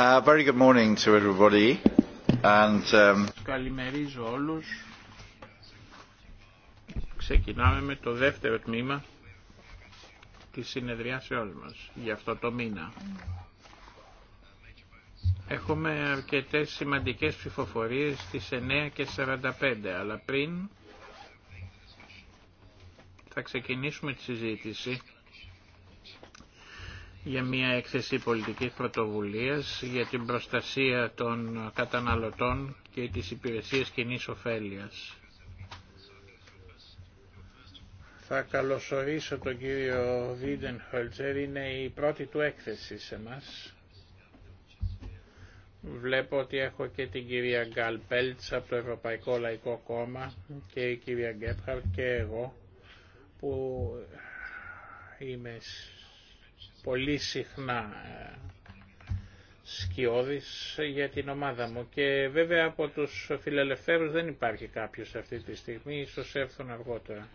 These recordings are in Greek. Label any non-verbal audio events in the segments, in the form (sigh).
Uh, very um, Καλημερίζω όλους. Ξεκινάμε με το δεύτερο τμήμα της συνεδριάσεώς μας για αυτό το μήνα. Έχουμε αρκετέ σημαντικές ψηφοφορίε στι 9 και 45, αλλά πριν θα ξεκινήσουμε τη συζήτηση για μια έκθεση πολιτικής πρωτοβουλίας για την προστασία των καταναλωτών και της υπηρεσίας κοινή ωφέλεια. Θα καλωσορίσω τον κύριο Βίντεν είναι η πρώτη του έκθεση σε μας. Βλέπω ότι έχω και την κυρία Γκάλ από το Ευρωπαϊκό Λαϊκό Κόμμα και η κυρία Γκέπχαρτ και εγώ που είμαι πολύ συχνά ε, σκιώδης για την ομάδα μου και βέβαια από τους φιλελευθέρους δεν υπάρχει κάποιος αυτή τη στιγμή, ίσως έρθουν αργότερα.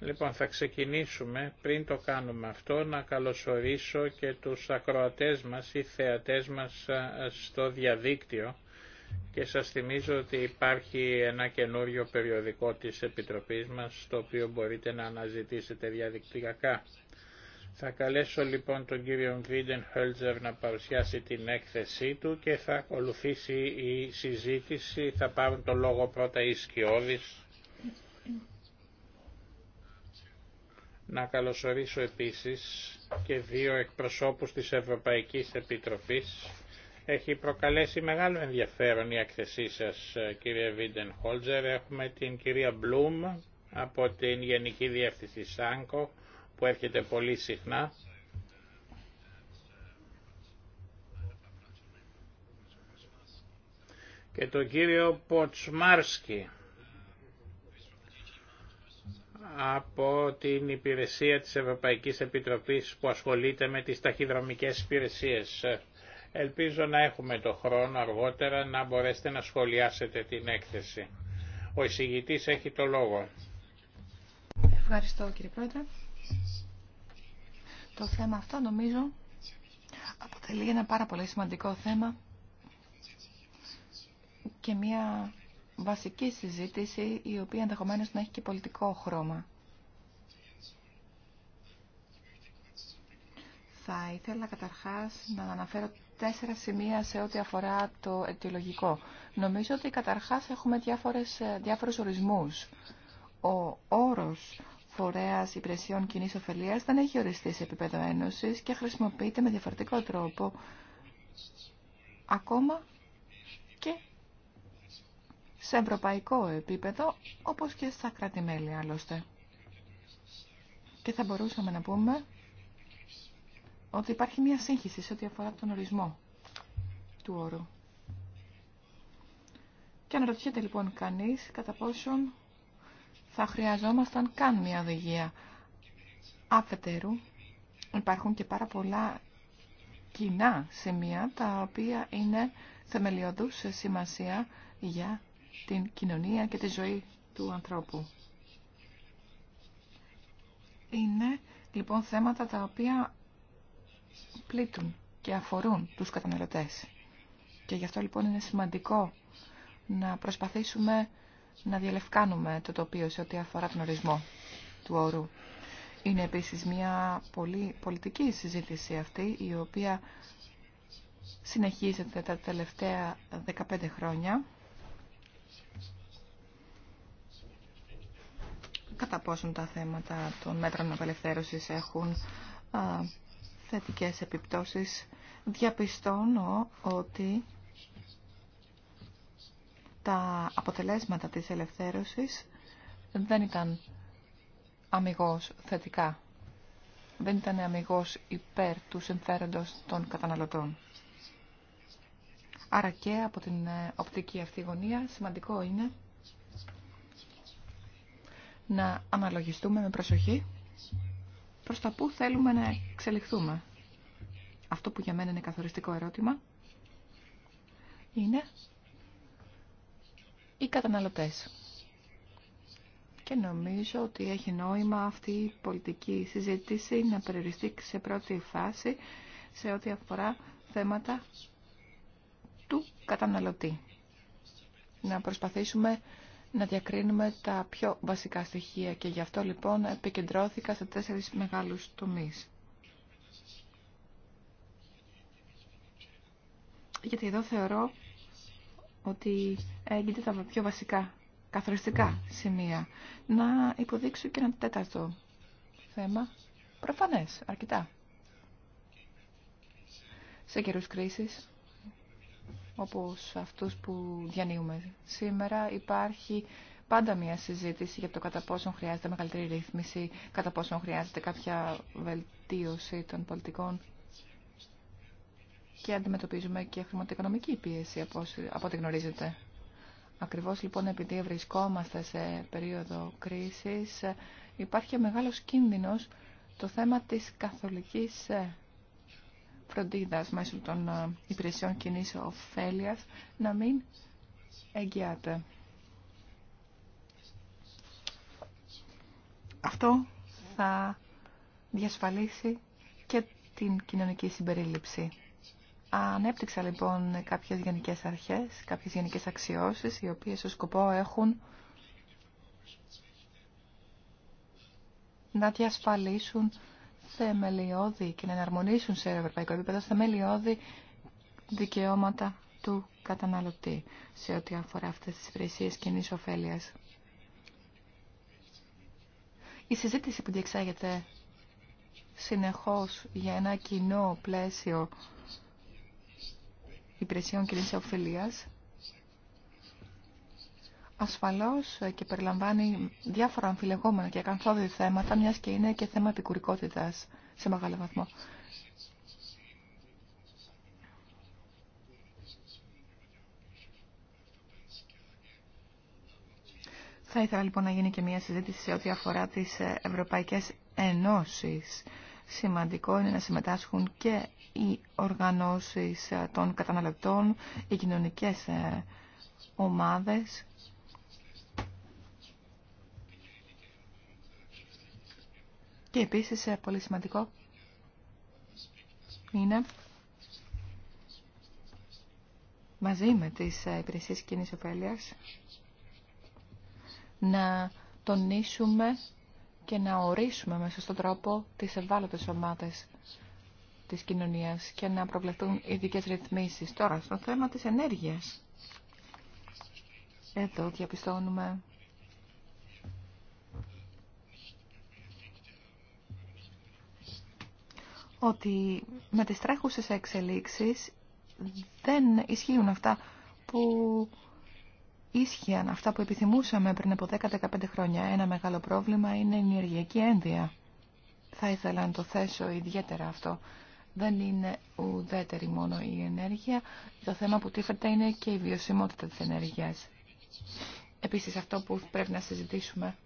Λοιπόν, θα ξεκινήσουμε, πριν το κάνουμε αυτό, να καλωσορίσω και τους ακροατές μας ή θεατές μας ε, στο διαδίκτυο και σας θυμίζω ότι υπάρχει ένα καινούριο περιοδικό της Επιτροπής μας, το οποίο μπορείτε να αναζητήσετε διαδικτυακά. Θα καλέσω λοιπόν τον κύριο Βίντεν να παρουσιάσει την έκθεσή του και θα ακολουθήσει η συζήτηση. Θα πάρουν το λόγο πρώτα οι σκιώδεις. Να καλωσορίσω επίσης και δύο εκπροσώπους της Ευρωπαϊκής Επιτροπής. Έχει προκαλέσει μεγάλο ενδιαφέρον η έκθεσή σας, κύριε Βίντεν Χόλτζερ. Έχουμε την κυρία Μπλουμ από την Γενική Διεύθυνση Σάνκο που έρχεται πολύ συχνά. και τον κύριο Ποτσμάρσκι από την υπηρεσία της Ευρωπαϊκής Επιτροπής που ασχολείται με τις ταχυδρομικές υπηρεσίες. Ελπίζω να έχουμε το χρόνο αργότερα να μπορέσετε να σχολιάσετε την έκθεση. Ο εισηγητής έχει το λόγο. Ευχαριστώ κύριε Πρόεδρε. Το θέμα αυτό νομίζω αποτελεί ένα πάρα πολύ σημαντικό θέμα και μια βασική συζήτηση η οποία ενδεχομένως να έχει και πολιτικό χρώμα. Θα ήθελα καταρχάς να αναφέρω τέσσερα σημεία σε ό,τι αφορά το αιτιολογικό. Νομίζω ότι καταρχάς έχουμε διάφορες, ε, διάφορους ορισμούς. Ο όρος Φορέα υπηρεσιών κοινή ωφελία δεν έχει οριστεί σε επίπεδο ένωση και χρησιμοποιείται με διαφορετικό τρόπο ακόμα και σε ευρωπαϊκό επίπεδο όπως και στα κράτη-μέλη άλλωστε. Και θα μπορούσαμε να πούμε ότι υπάρχει μια σύγχυση σε ό,τι αφορά τον ορισμό του όρου. Και αναρωτιέται λοιπόν κανείς κατά πόσον θα χρειαζόμασταν καν μια οδηγία. Αφετέρου υπάρχουν και πάρα πολλά κοινά σημεία τα οποία είναι θεμελιωδούς σε σημασία για την κοινωνία και τη ζωή του ανθρώπου. Είναι λοιπόν θέματα τα οποία πλήττουν και αφορούν τους καταναλωτές. Και γι' αυτό λοιπόν είναι σημαντικό να προσπαθήσουμε να διαλευκάνουμε το τοπίο σε ό,τι αφορά τον ορισμό του όρου. Είναι επίσης μια πολύ πολιτική συζήτηση αυτή, η οποία συνεχίζεται τα τελευταία 15 χρόνια. Κατά πόσον τα θέματα των μέτρων απελευθέρωσης έχουν θετικές επιπτώσεις. Διαπιστώνω ότι τα αποτελέσματα της ελευθέρωσης δεν ήταν αμυγός θετικά. Δεν ήταν αμυγός υπέρ του συμφέροντος των καταναλωτών. Άρα και από την ε, οπτική αυτή γωνία σημαντικό είναι να αναλογιστούμε με προσοχή προς τα που θέλουμε να εξελιχθούμε. Αυτό που για μένα είναι καθοριστικό ερώτημα είναι οι καταναλωτές. Και νομίζω ότι έχει νόημα αυτή η πολιτική συζήτηση να περιοριστεί σε πρώτη φάση σε ό,τι αφορά θέματα του καταναλωτή. Να προσπαθήσουμε να διακρίνουμε τα πιο βασικά στοιχεία και γι' αυτό λοιπόν επικεντρώθηκα σε τέσσερις μεγάλους τομείς. Γιατί εδώ θεωρώ ότι έγινε τα πιο βασικά καθοριστικά σημεία. Να υποδείξω και ένα τέταρτο θέμα. Προφανές, αρκετά. Σε καιρούς κρίσης, όπως αυτούς που διανύουμε σήμερα, υπάρχει πάντα μια συζήτηση για το κατά πόσο χρειάζεται μεγαλύτερη ρύθμιση, κατά πόσο χρειάζεται κάποια βελτίωση των πολιτικών και αντιμετωπίζουμε και χρηματοοικονομική πίεση από, από ό,τι γνωρίζετε. Ακριβώς λοιπόν επειδή βρισκόμαστε σε περίοδο κρίσης υπάρχει μεγάλος κίνδυνος το θέμα της καθολικής ε, φροντίδας μέσω των ε, υπηρεσιών κοινή ωφέλεια να μην εγγυάται. Αυτό θα διασφαλίσει και την κοινωνική συμπερίληψη. Ανέπτυξα λοιπόν κάποιες γενικές αρχές, κάποιες γενικές αξιώσεις, οι οποίες στο σκοπό έχουν να διασφαλίσουν θεμελιώδη και να εναρμονίσουν σε ευρωπαϊκό επίπεδο θεμελιώδη δικαιώματα του καταναλωτή σε ό,τι αφορά αυτές τις υπηρεσίε κοινή ωφέλεια. Η συζήτηση που διεξάγεται συνεχώς για ένα κοινό πλαίσιο υπηρεσιών λύσεων ωφελία. ασφαλώς και περιλαμβάνει διάφορα αμφιλεγόμενα και ακαθόδη θέματα, μια και είναι και θέμα επικουρικότητας σε μεγάλο βαθμό. Θα ήθελα λοιπόν να γίνει και μια συζήτηση σε ό,τι αφορά τι ε, Ευρωπαϊκές ενώσει σημαντικό είναι να συμμετάσχουν και οι οργανώσεις ε, των καταναλωτών, οι κοινωνικές ε, ομάδες. Και επίσης ε, πολύ σημαντικό είναι μαζί με τις υπηρεσίες κοινής ωφέλειας να τονίσουμε και να ορίσουμε μέσα στον τρόπο τις ευάλωτες ομάδες της κοινωνίας και να προβλεφθούν ειδικέ ρυθμίσεις. Τώρα, στο θέμα της ενέργειας. Εδώ διαπιστώνουμε ότι με τις τρέχουσες εξελίξεις δεν ισχύουν αυτά που ίσχυαν αυτά που επιθυμούσαμε πριν από 10-15 χρόνια. Ένα μεγάλο πρόβλημα είναι η ενεργειακή ένδυα. Θα ήθελα να το θέσω ιδιαίτερα αυτό. Δεν είναι ουδέτερη μόνο η ενέργεια. Το θέμα που τίθεται είναι και η βιωσιμότητα της ενέργειας. Επίσης αυτό που πρέπει να συζητήσουμε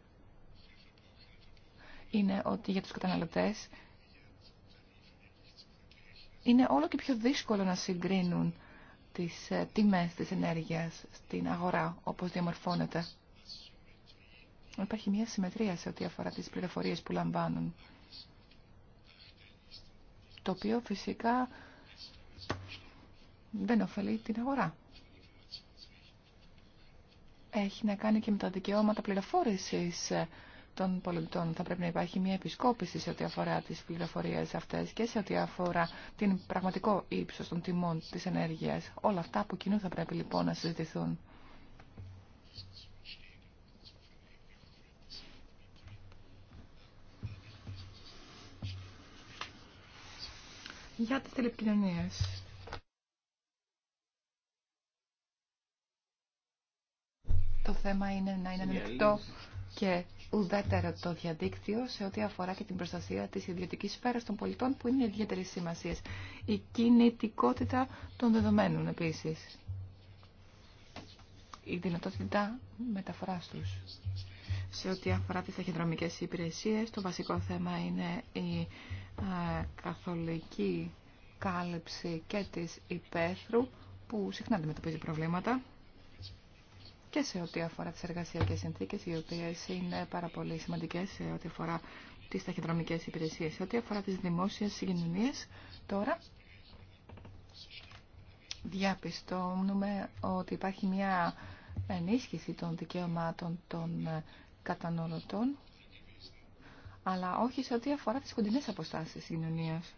είναι ότι για τους καταναλωτές είναι όλο και πιο δύσκολο να συγκρίνουν τις ε, τιμές της ενέργειας στην αγορά όπως διαμορφώνεται. Υπάρχει μια συμμετρία σε ό,τι αφορά τις πληροφορίες που λαμβάνουν. Το οποίο φυσικά δεν ωφελεί την αγορά. Έχει να κάνει και με τα δικαιώματα πληροφόρησης ε, των πολιτών. Θα πρέπει να υπάρχει μια επισκόπηση σε ό,τι αφορά τις πληροφορίες αυτές και σε ό,τι αφορά την πραγματικό ύψος των τιμών της ενέργειας. Όλα αυτά από κοινού θα πρέπει λοιπόν να συζητηθούν. Για τις τηλεπικοινωνίες. Το θέμα είναι να είναι ανοιχτό και ουδέτερο το διαδίκτυο σε ό,τι αφορά και την προστασία της ιδιωτικής σφαίρας των πολιτών που είναι ιδιαίτερη σημασία. Η κινητικότητα των δεδομένων επίσης. Η δυνατότητα μεταφοράς τους. Σε ό,τι αφορά τις ταχυδρομικές υπηρεσίες, το βασικό θέμα είναι η ε, καθολική κάλυψη και της υπαίθρου που συχνά αντιμετωπίζει προβλήματα και σε ό,τι αφορά τις εργασιακές συνθήκες, οι οποίες είναι πάρα πολύ σημαντικές σε ό,τι αφορά τις ταχυδρομικές υπηρεσίες. Σε ό,τι αφορά τις δημόσιες συγκοινωνίες, τώρα διαπιστώνουμε ότι υπάρχει μια ενίσχυση των δικαιωμάτων των ε, καταναλωτών, αλλά όχι σε ό,τι αφορά τις κοντινές αποστάσεις συγκοινωνίας.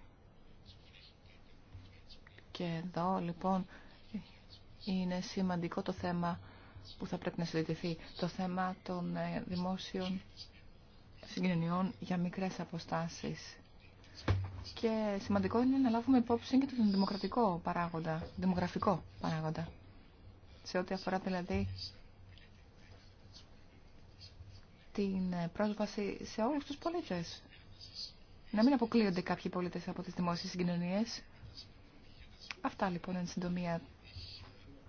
Και εδώ λοιπόν είναι σημαντικό το θέμα που θα πρέπει να συζητηθεί το θέμα των ε, δημόσιων συγκοινωνιών για μικρές αποστάσεις. Και σημαντικό είναι να λάβουμε υπόψη και τον δημοκρατικό παράγοντα, δημογραφικό παράγοντα. Σε ό,τι αφορά δηλαδή την ε, πρόσβαση σε όλους τους πολίτες. Να μην αποκλείονται κάποιοι πολίτες από τις δημόσιες συγκοινωνίες. Αυτά λοιπόν εν συντομία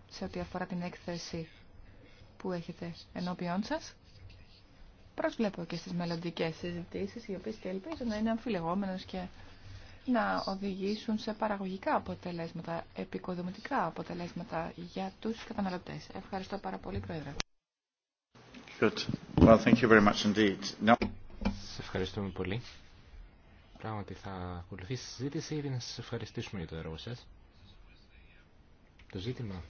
σε ό,τι αφορά την έκθεση που έχετε ενώπιόν σας. Προσβλέπω και στις μελλοντικέ συζητήσεις, οι οποίες και ελπίζω να είναι αμφιλεγόμενες και να οδηγήσουν σε παραγωγικά αποτελέσματα, επικοδομητικά αποτελέσματα για τους καταναλωτές. Ευχαριστώ πάρα πολύ, Πρόεδρε. Good. Well, thank you very much indeed. Now. Σας ευχαριστούμε πολύ. Πράγματι θα ακολουθήσει η συζήτηση ήδη να σας ευχαριστήσουμε για το έργο σας. Το ζήτημα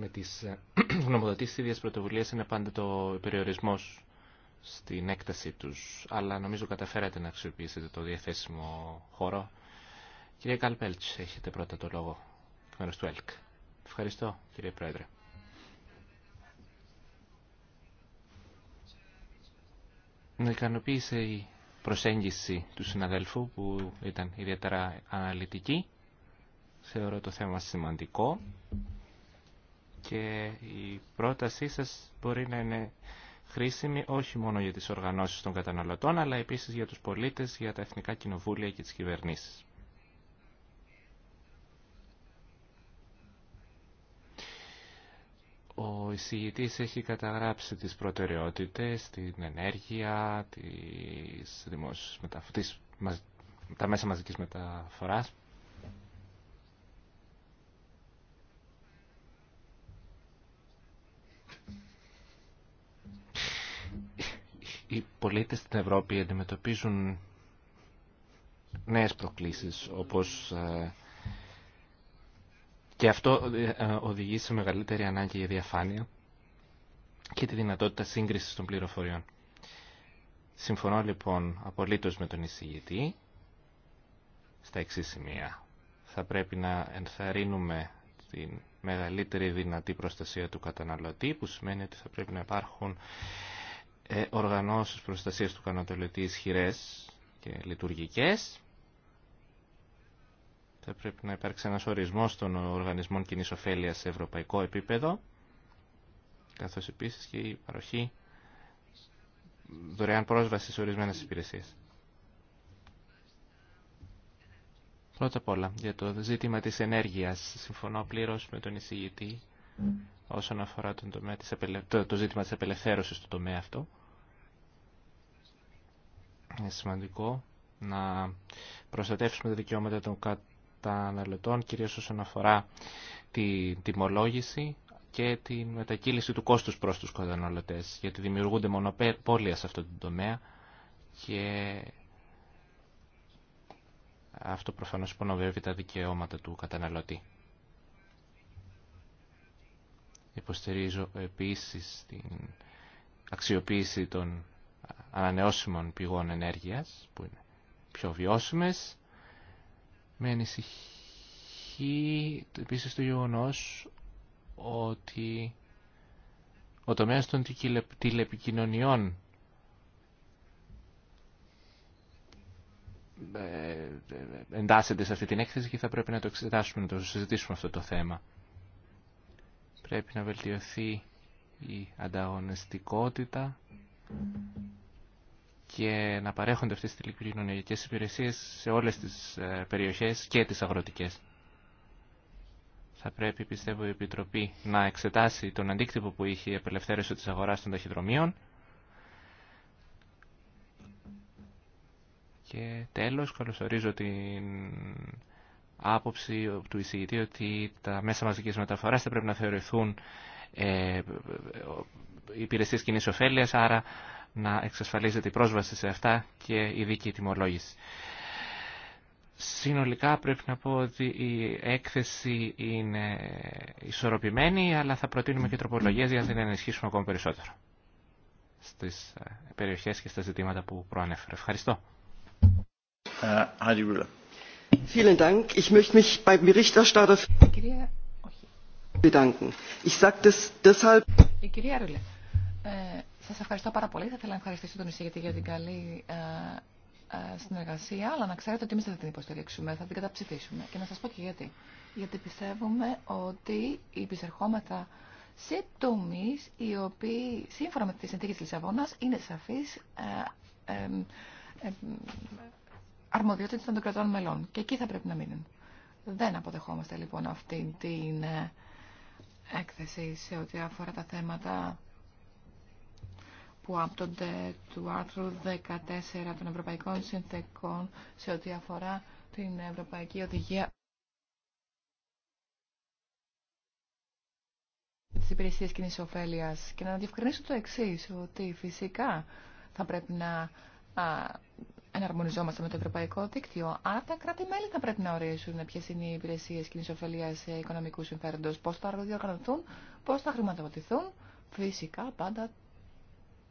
με τις ε, (clears throat) γνωμοδοτήσεις ίδια πρωτοβουλία είναι πάντα το περιορισμό στην έκταση τους, αλλά νομίζω καταφέρατε να αξιοποιήσετε το διαθέσιμο χώρο. Κύριε Καλπέλτ, έχετε πρώτα το λόγο, μέρος του ΕΛΚ. Ευχαριστώ, κύριε Πρόεδρε. Με ικανοποίησε η προσέγγιση του συναδέλφου που ήταν ιδιαίτερα αναλυτική. Θεωρώ το θέμα σημαντικό και η πρότασή σας μπορεί να είναι χρήσιμη όχι μόνο για τις οργανώσεις των καταναλωτών, αλλά επίσης για τους πολίτες, για τα εθνικά κοινοβούλια και τις κυβερνήσεις. Ο εισηγητής έχει καταγράψει τις προτεραιότητες, την ενέργεια, τις, δημόσιες, τα μέσα μαζικής μεταφοράς. οι πολίτες στην Ευρώπη αντιμετωπίζουν νέες προκλήσεις, όπως ε, και αυτό ε, ε, οδηγεί σε μεγαλύτερη ανάγκη για διαφάνεια και τη δυνατότητα σύγκρισης των πληροφοριών. Συμφωνώ λοιπόν απολύτως με τον εισηγητή στα εξή σημεία. Θα πρέπει να ενθαρρύνουμε την μεγαλύτερη δυνατή προστασία του καταναλωτή, που σημαίνει ότι θα πρέπει να υπάρχουν ε, οργανώσεις προστασίας του κανατολωτή ισχυρές και λειτουργικές. Θα πρέπει να υπάρξει ένας ορισμός των οργανισμών κοινή ωφέλεια σε ευρωπαϊκό επίπεδο, καθώς επίσης και η παροχή δωρεάν πρόσβαση σε ορισμένες υπηρεσίες. Πρώτα απ' όλα, για το ζήτημα της ενέργειας. Συμφωνώ πλήρως με τον εισηγητή όσον αφορά τον τομέα το, ζήτημα της απελευθέρωσης του τομέα αυτό. Είναι σημαντικό να προστατεύσουμε τα δικαιώματα των καταναλωτών, κυρίως όσον αφορά την τιμολόγηση και την μετακύληση του κόστους προς τους καταναλωτές, γιατί δημιουργούνται μονοπόλια σε αυτό το τομέα και αυτό προφανώς υπονοβεύει τα δικαιώματα του καταναλωτή. Υποστηρίζω επίσης την αξιοποίηση των ανανεώσιμων πηγών ενέργειας, που είναι πιο βιώσιμες. Με ανησυχεί επίσης το γεγονός ότι ο τομέας των τηλεπικοινωνιών ε, ε, εντάσσεται σε αυτή την έκθεση και θα πρέπει να το εξετάσουμε, να το συζητήσουμε αυτό το θέμα. Πρέπει να βελτιωθεί η ανταγωνιστικότητα και να παρέχονται αυτές τις τηλεπικοινωνιακές υπηρεσίες σε όλες τις περιοχές και τις αγροτικές. Θα πρέπει, πιστεύω, η Επιτροπή να εξετάσει τον αντίκτυπο που είχε η απελευθέρωση της αγοράς των ταχυδρομείων Και τέλος, καλωσορίζω την άποψη του εισηγητή ότι τα μέσα μαζικής μεταφοράς θα πρέπει να θεωρηθούν ε, υπηρεσίες κοινής άρα να εξασφαλίζεται η πρόσβαση σε αυτά και η δίκαιη τιμολόγηση. Συνολικά πρέπει να πω ότι η έκθεση είναι ισορροπημένη, αλλά θα προτείνουμε και τροπολογίες για να την ενισχύσουμε ακόμα περισσότερο στις ε, περιοχές και στα ζητήματα που προανέφερα. Ευχαριστώ. Ε, Vielen Dank. Σας ευχαριστώ πάρα πολύ. Θα ήθελα να ευχαριστήσω τον εισηγητή για την καλή ε, ε, συνεργασία, αλλά να ξέρετε ότι εμεί δεν θα την υποστηρίξουμε, θα την καταψηφίσουμε. Και να σας πω και γιατί. Γιατί πιστεύουμε ότι υπησερχόμεθα σε τομεί οι οποίοι, σύμφωνα με τη συνθήκη τη Λισαβόνα, είναι σαφείς ε, ε αρμοδιότητε των κρατών μελών. Και εκεί θα πρέπει να μείνουν. Δεν αποδεχόμαστε λοιπόν αυτή την έκθεση σε ό,τι αφορά τα θέματα που άπτονται του άρθρου 14 των Ευρωπαϊκών Συνθεκών σε ό,τι αφορά την Ευρωπαϊκή Οδηγία τη Υπηρεσία Κοινή Οφέλεια. Και να διευκρινίσω το εξή, ότι φυσικά θα πρέπει να εναρμονιζόμαστε με το Ευρωπαϊκό Δίκτυο. αλλά τα κράτη-μέλη θα πρέπει να ορίσουν ποιε είναι οι υπηρεσίε κοινή σε οικονομικού συμφέροντο, πώ θα διοργανωθούν, πώ θα χρηματοδοτηθούν. Φυσικά πάντα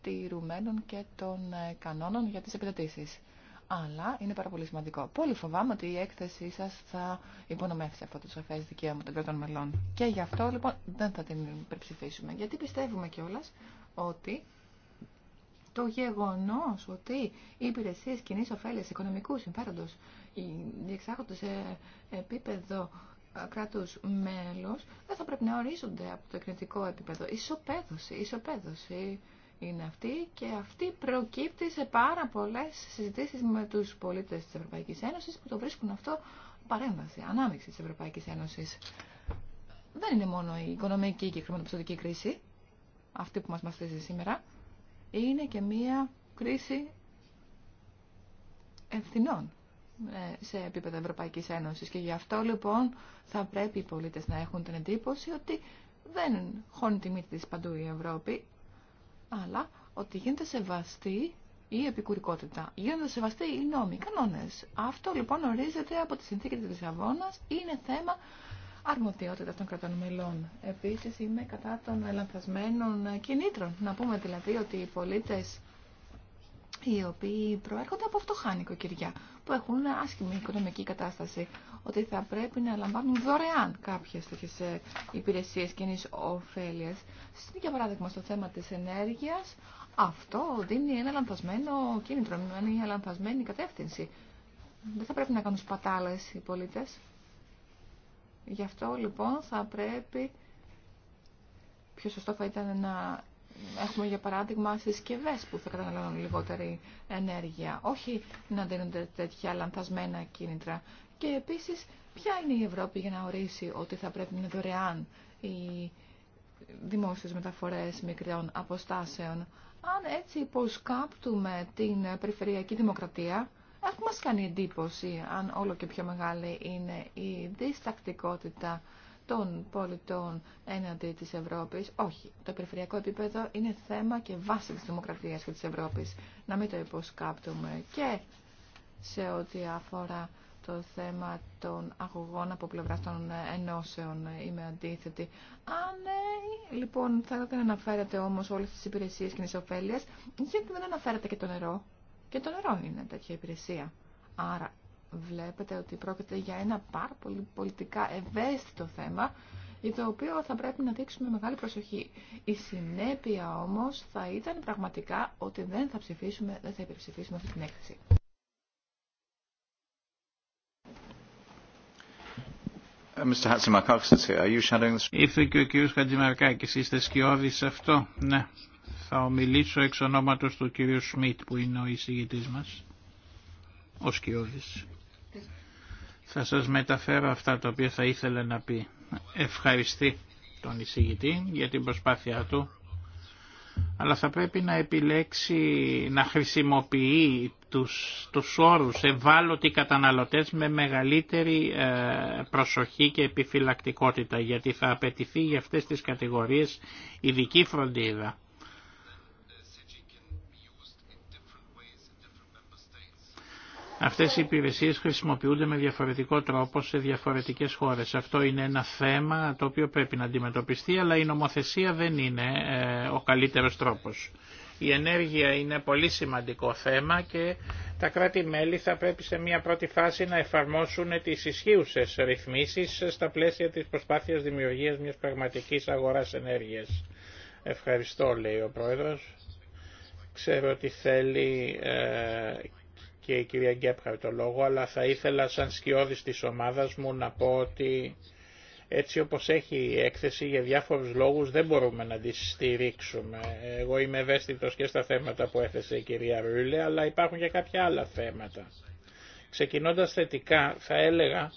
τηρουμένων και των ε, κανόνων για τις επιδοτήσεις. Αλλά είναι πάρα πολύ σημαντικό. Πολύ φοβάμαι ότι η έκθεσή σας θα υπονομεύσει αυτό το σαφές δικαίωμα των κρατών μελών. Και γι' αυτό λοιπόν δεν θα την υπερψηφίσουμε. Γιατί πιστεύουμε κιόλα ότι το γεγονός ότι οι υπηρεσίε κοινή ωφέλεια οικονομικού συμφέροντος διεξάγονται σε επίπεδο ε, κράτους μέλος δεν θα πρέπει να ορίζονται από το εκνητικό επίπεδο. Ισοπαίδωση, ισοπαίδωση είναι αυτή και αυτή προκύπτει σε πάρα πολλέ συζητήσει με του πολίτε τη Ευρωπαϊκή Ένωση που το βρίσκουν αυτό παρέμβαση, ανάμειξη τη Ευρωπαϊκή Ένωση. Δεν είναι μόνο η οικονομική και η χρηματοπιστωτική κρίση, αυτή που μας μαθαίνει σήμερα, είναι και μία κρίση ευθυνών ε, σε επίπεδο Ευρωπαϊκής Ένωσης και γι' αυτό λοιπόν θα πρέπει οι πολίτες να έχουν την εντύπωση ότι δεν χώνει τη μύτη της παντού η Ευρώπη, αλλά ότι γίνεται σεβαστή η επικουρικότητα. Γίνονται σεβαστοί οι νόμοι, οι κανόνες. Αυτό λοιπόν ορίζεται από τη συνθήκη τη Λισαβόνα. είναι θέμα αρμοδιότητα των κρατών μελών. Επίσης είμαι κατά των λανθασμένων κινήτρων. Να πούμε δηλαδή ότι οι πολίτες οι οποίοι προέρχονται από φτωχά νοικοκυριά, που έχουν άσχημη οικονομική κατάσταση, ότι θα πρέπει να λαμβάνουν δωρεάν κάποιες τέτοιες ε, υπηρεσίες κοινή ωφέλειας. Για παράδειγμα, στο θέμα της ενέργειας, αυτό δίνει ένα λανθασμένο κίνητρο, μια λανθασμένη κατεύθυνση. Δεν θα πρέπει να κάνουν σπατάλες οι πολίτες. Γι' αυτό λοιπόν θα πρέπει πιο σωστό θα ήταν να έχουμε για παράδειγμα συσκευέ που θα καταναλώνουν λιγότερη ενέργεια. Όχι να δίνονται τέτοια λανθασμένα κίνητρα. Και επίσης, ποια είναι η Ευρώπη για να ορίσει ότι θα πρέπει να είναι δωρεάν οι δημόσιε μεταφορές μικρών αποστάσεων. Αν έτσι υποσκάπτουμε την περιφερειακή δημοκρατία, έχουμε μας κάνει εντύπωση αν όλο και πιο μεγάλη είναι η διστακτικότητα των πολιτών έναντι τη Ευρώπης. Όχι, το περιφερειακό επίπεδο είναι θέμα και βάση της δημοκρατίας και της Ευρώπης. Να μην το υποσκάπτουμε και σε ό,τι αφορά το θέμα των αγωγών από πλευρά των ενώσεων. Είμαι αντίθετη. Α, ναι, λοιπόν, θέλετε να αναφέρετε όμως όλες τις υπηρεσίες κοινής ωφέλεια, γιατί δεν αναφέρετε και το νερό. Και το νερό είναι τέτοια υπηρεσία. Άρα βλέπετε ότι πρόκειται για ένα πάρα πολύ πολιτικά ευαίσθητο θέμα για το οποίο θα πρέπει να δείξουμε μεγάλη προσοχή. Η συνέπεια όμως θα ήταν πραγματικά ότι δεν θα ψηφίσουμε, δεν θα υπερψηφίσουμε αυτή την έκθεση. Ε, Ήρθε και ο κύριος Χατζημαρκάκης, είστε σκιώδης σε αυτό. Ναι, θα ομιλήσω εξ ονόματος του κύριου Σμιτ που είναι ο εισηγητής μας, ο σκιώδης. Θα σας μεταφέρω αυτά τα οποία θα ήθελε να πει. ευχαριστεί τον εισηγητή για την προσπάθειά του, αλλά θα πρέπει να επιλέξει να χρησιμοποιεί τους, τους όρους ευάλωτοι καταναλωτές με μεγαλύτερη ε, προσοχή και επιφυλακτικότητα, γιατί θα απαιτηθεί για αυτές τις κατηγορίες ειδική φροντίδα. Αυτές οι υπηρεσίες χρησιμοποιούνται με διαφορετικό τρόπο σε διαφορετικές χώρες. Αυτό είναι ένα θέμα το οποίο πρέπει να αντιμετωπιστεί, αλλά η νομοθεσία δεν είναι ε, ο καλύτερος τρόπος. Η ενέργεια είναι πολύ σημαντικό θέμα και τα κράτη-μέλη θα πρέπει σε μια πρώτη φάση να εφαρμόσουν τις ισχύουσες ρυθμίσεις στα πλαίσια της προσπάθειας δημιουργίας μιας πραγματικής αγοράς ενέργειας. Ευχαριστώ, λέει ο Πρόεδρος. Ξέρω ότι θέλει ε, και η κυρία Γκέπχαρ το λόγο, αλλά θα ήθελα σαν σκιώδης της ομάδας μου να πω ότι έτσι όπως έχει η έκθεση για διάφορους λόγους δεν μπορούμε να τη στηρίξουμε. Εγώ είμαι ευαίσθητος και στα θέματα που έθεσε η κυρία Ρούλε, αλλά υπάρχουν και κάποια άλλα θέματα. Ξεκινώντας θετικά θα έλεγα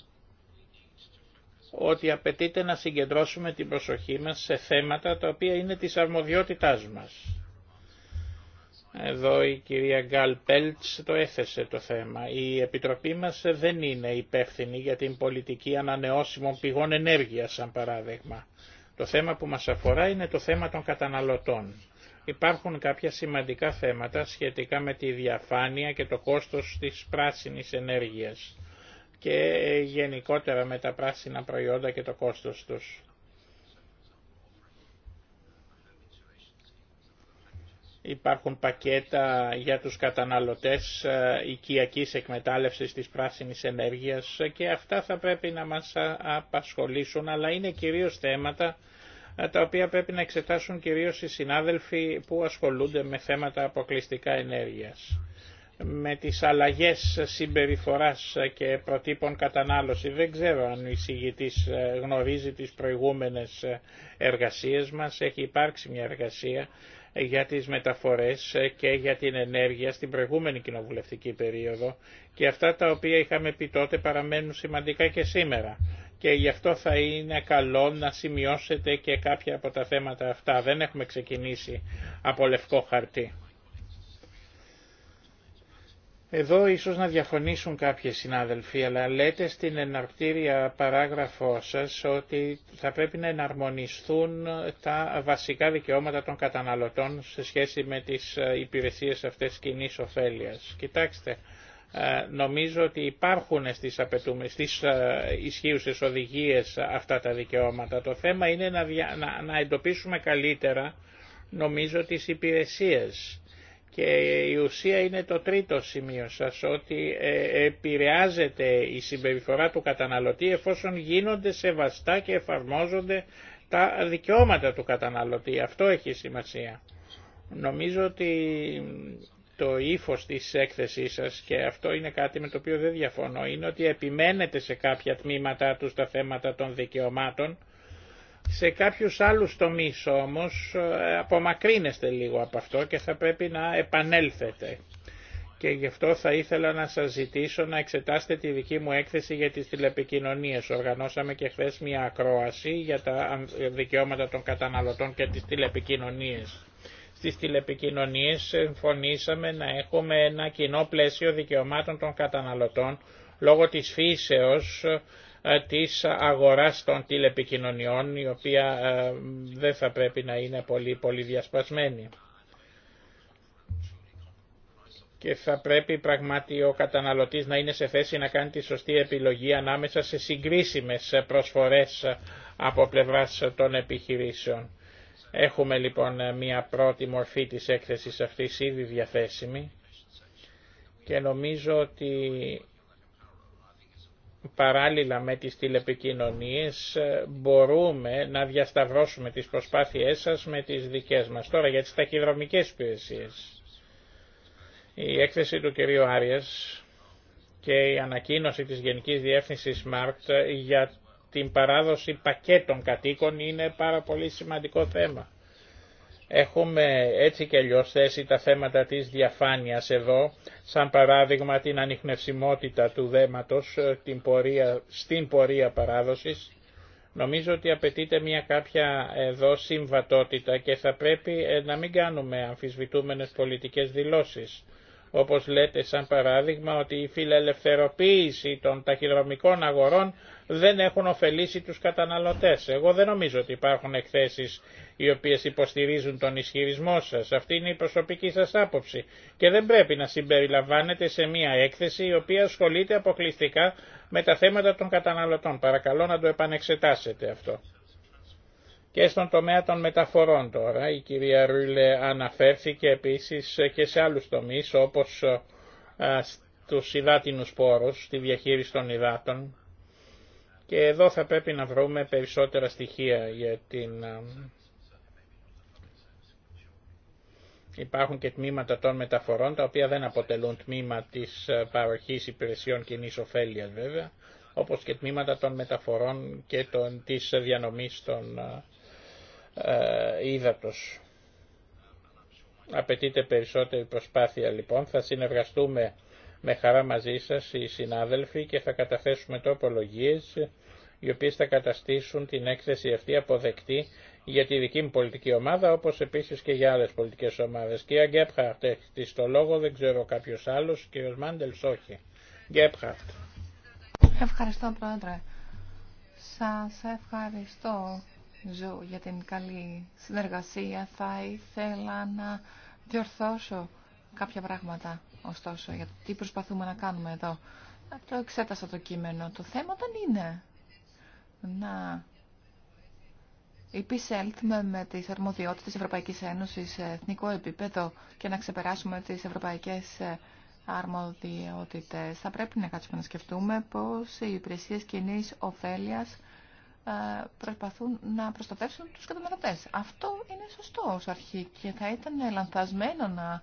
ότι απαιτείται να συγκεντρώσουμε την προσοχή μας σε θέματα τα οποία είναι της αρμοδιότητάς μας. Εδώ η κυρία Γκάλ Πέλτς το έθεσε το θέμα. Η Επιτροπή μας δεν είναι υπεύθυνη για την πολιτική ανανεώσιμων πηγών ενέργειας, σαν παράδειγμα. Το θέμα που μας αφορά είναι το θέμα των καταναλωτών. Υπάρχουν κάποια σημαντικά θέματα σχετικά με τη διαφάνεια και το κόστος της πράσινης ενέργειας και γενικότερα με τα πράσινα προϊόντα και το κόστος τους. Υπάρχουν πακέτα για τους καταναλωτές ε, οικιακής εκμετάλλευσης της πράσινης ενέργειας ε, και αυτά θα πρέπει να μας απασχολήσουν, αλλά είναι κυρίως θέματα ε, τα οποία πρέπει να εξετάσουν κυρίως οι συνάδελφοι που ασχολούνται με θέματα αποκλειστικά ενέργειας. Με τις αλλαγές συμπεριφοράς και προτύπων κατανάλωση δεν ξέρω αν ο γνωρίζει τις προηγούμενες εργασίες μας, έχει υπάρξει μια εργασία για τις μεταφορές και για την ενέργεια στην προηγούμενη κοινοβουλευτική περίοδο και αυτά τα οποία είχαμε πει τότε παραμένουν σημαντικά και σήμερα. Και γι' αυτό θα είναι καλό να σημειώσετε και κάποια από τα θέματα αυτά. Δεν έχουμε ξεκινήσει από λευκό χαρτί. Εδώ ίσως να διαφωνήσουν κάποιοι συνάδελφοι, αλλά λέτε στην εναρκτήρια παράγραφό σας ότι θα πρέπει να εναρμονιστούν τα βασικά δικαιώματα των καταναλωτών σε σχέση με τις ε, υπηρεσίες αυτές κοινή ωφέλεια. Κοιτάξτε, ε, νομίζω ότι υπάρχουν στις, στις ε, ισχύουσες οδηγίες αυτά τα δικαιώματα. Το θέμα είναι να, να εντοπίσουμε καλύτερα, νομίζω, τις υπηρεσίες και η ουσία είναι το τρίτο σημείο σας, ότι ε, επηρεάζεται η συμπεριφορά του καταναλωτή εφόσον γίνονται σεβαστά και εφαρμόζονται τα δικαιώματα του καταναλωτή. Αυτό έχει σημασία. Νομίζω ότι το ύφο της έκθεσής σας και αυτό είναι κάτι με το οποίο δεν διαφωνώ, είναι ότι επιμένετε σε κάποια τμήματα του στα θέματα των δικαιωμάτων σε κάποιους άλλους τομείς όμως ε, απομακρύνεστε λίγο από αυτό και θα πρέπει να επανέλθετε. Και γι' αυτό θα ήθελα να σας ζητήσω να εξετάσετε τη δική μου έκθεση για τις τηλεπικοινωνίες. Οργανώσαμε και χθε μια ακρόαση για τα δικαιώματα των καταναλωτών και τις τηλεπικοινωνίες. Στις τηλεπικοινωνίες συμφωνήσαμε να έχουμε ένα κοινό πλαίσιο δικαιωμάτων των καταναλωτών λόγω της φύσεως ε, της αγοράς των τηλεπικοινωνιών η οποία ε, δεν θα πρέπει να είναι πολύ, πολύ διασπασμένη. Και θα πρέπει πραγματικά ο καταναλωτής να είναι σε θέση να κάνει τη σωστή επιλογή ανάμεσα σε συγκρίσιμες προσφορές από πλευράς των επιχειρήσεων. Έχουμε λοιπόν μια πρώτη μορφή της έκθεσης αυτής ήδη διαθέσιμη και νομίζω ότι παράλληλα με τις τηλεπικοινωνίες ε, μπορούμε να διασταυρώσουμε τις προσπάθειές σας με τις δικές μας. Τώρα για τις ταχυδρομικές υπηρεσίε. Η έκθεση του κυρίου Άριας και η ανακοίνωση της Γενικής Διεύθυνσης ΜΑΡΚΤ για την παράδοση πακέτων κατοίκων είναι πάρα πολύ σημαντικό θέμα. Έχουμε έτσι και αλλιώς θέσει τα θέματα της διαφάνειας εδώ, σαν παράδειγμα την ανιχνευσιμότητα του δέματος ε, την πορεία, στην πορεία παράδοσης. Νομίζω ότι απαιτείται μια κάποια εδώ συμβατότητα και θα πρέπει ε, να μην κάνουμε αμφισβητούμενες πολιτικές δηλώσεις. Όπως λέτε σαν παράδειγμα ότι η φιλελευθεροποίηση των ταχυδρομικών αγορών δεν έχουν ωφελήσει τους καταναλωτές. Εγώ δεν νομίζω ότι υπάρχουν εκθέσεις οι οποίες υποστηρίζουν τον ισχυρισμό σας. Αυτή είναι η προσωπική σας άποψη και δεν πρέπει να συμπεριλαμβάνετε σε μια έκθεση η οποία ασχολείται αποκλειστικά με τα θέματα των καταναλωτών. Παρακαλώ να το επανεξετάσετε αυτό. Και στον τομέα των μεταφορών τώρα, η κυρία Ρούλε αναφέρθηκε επίσης και σε άλλους τομείς όπως στους υδάτινους πόρους, τη διαχείριση των υδάτων, και εδώ θα πρέπει να βρούμε περισσότερα στοιχεία για την... Υπάρχουν και τμήματα των μεταφορών, τα οποία δεν αποτελούν τμήμα της παροχής υπηρεσιών κοινή ωφέλεια βέβαια, όπως και τμήματα των μεταφορών και των, της διανομής των ε, ύδατος. Απαιτείται περισσότερη προσπάθεια λοιπόν, θα συνεργαστούμε με χαρά μαζί σας οι συνάδελφοι και θα καταθέσουμε τροπολογίες οι οποίες θα καταστήσουν την έκθεση αυτή αποδεκτή για τη δική μου πολιτική ομάδα, όπως επίσης και για άλλες πολιτικές ομάδες. Κυρία Γκέπχαρτ, έχει το λόγο, δεν ξέρω κάποιος άλλος, κύριος Μάντελ, όχι. Γκέπχαρτ. Ευχαριστώ, Πρόεδρε. Σας ευχαριστώ, Ζου, για την καλή συνεργασία. Θα ήθελα να διορθώσω κάποια πράγματα, ωστόσο, για το τι προσπαθούμε να κάνουμε εδώ. Το εξέτασα το κείμενο. Το θέμα δεν είναι να υπησέλθουμε με τις αρμοδιότητες της Ευρωπαϊκής Ένωσης σε εθνικό επίπεδο και να ξεπεράσουμε τις ευρωπαϊκές ε, αρμοδιότητες. Θα πρέπει να κάτσουμε να σκεφτούμε πώς οι υπηρεσίε κοινή ωφέλεια ε, προσπαθούν να προστατεύσουν τους καταναλωτές. Αυτό είναι σωστό ως αρχή και θα ήταν λανθασμένο να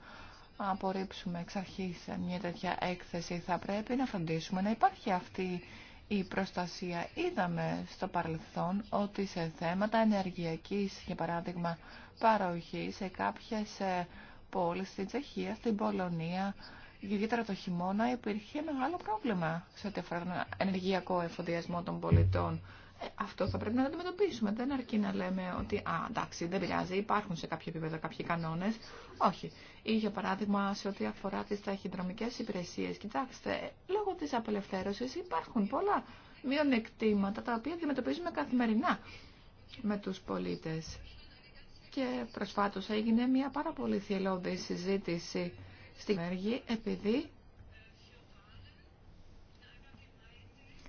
απορρίψουμε εξ αρχής μια τέτοια έκθεση. Θα πρέπει να φροντίσουμε να υπάρχει αυτή η προστασία. Είδαμε στο παρελθόν ότι σε θέματα ενεργειακής, για παράδειγμα, παροχή σε κάποιες ε, πόλεις στην Τσεχία, στην Πολωνία, ιδιαίτερα το χειμώνα, υπήρχε μεγάλο πρόβλημα σε ό,τι αφορά τον ενεργειακό εφοδιασμό των πολιτών ε, αυτό θα πρέπει να το αντιμετωπίσουμε. Δεν αρκεί να λέμε ότι α, εντάξει, δεν πειράζει, υπάρχουν σε κάποιο επίπεδο κάποιοι κανόνε. Όχι. Ή για παράδειγμα, σε ό,τι αφορά τι ταχυδρομικέ υπηρεσίε, κοιτάξτε, λόγω τη απελευθέρωση υπάρχουν πολλά μειονεκτήματα τα οποία αντιμετωπίζουμε καθημερινά με του πολίτε. Και προσφάτω έγινε μια πάρα πολύ θελώδη συζήτηση στην Έργη, επειδή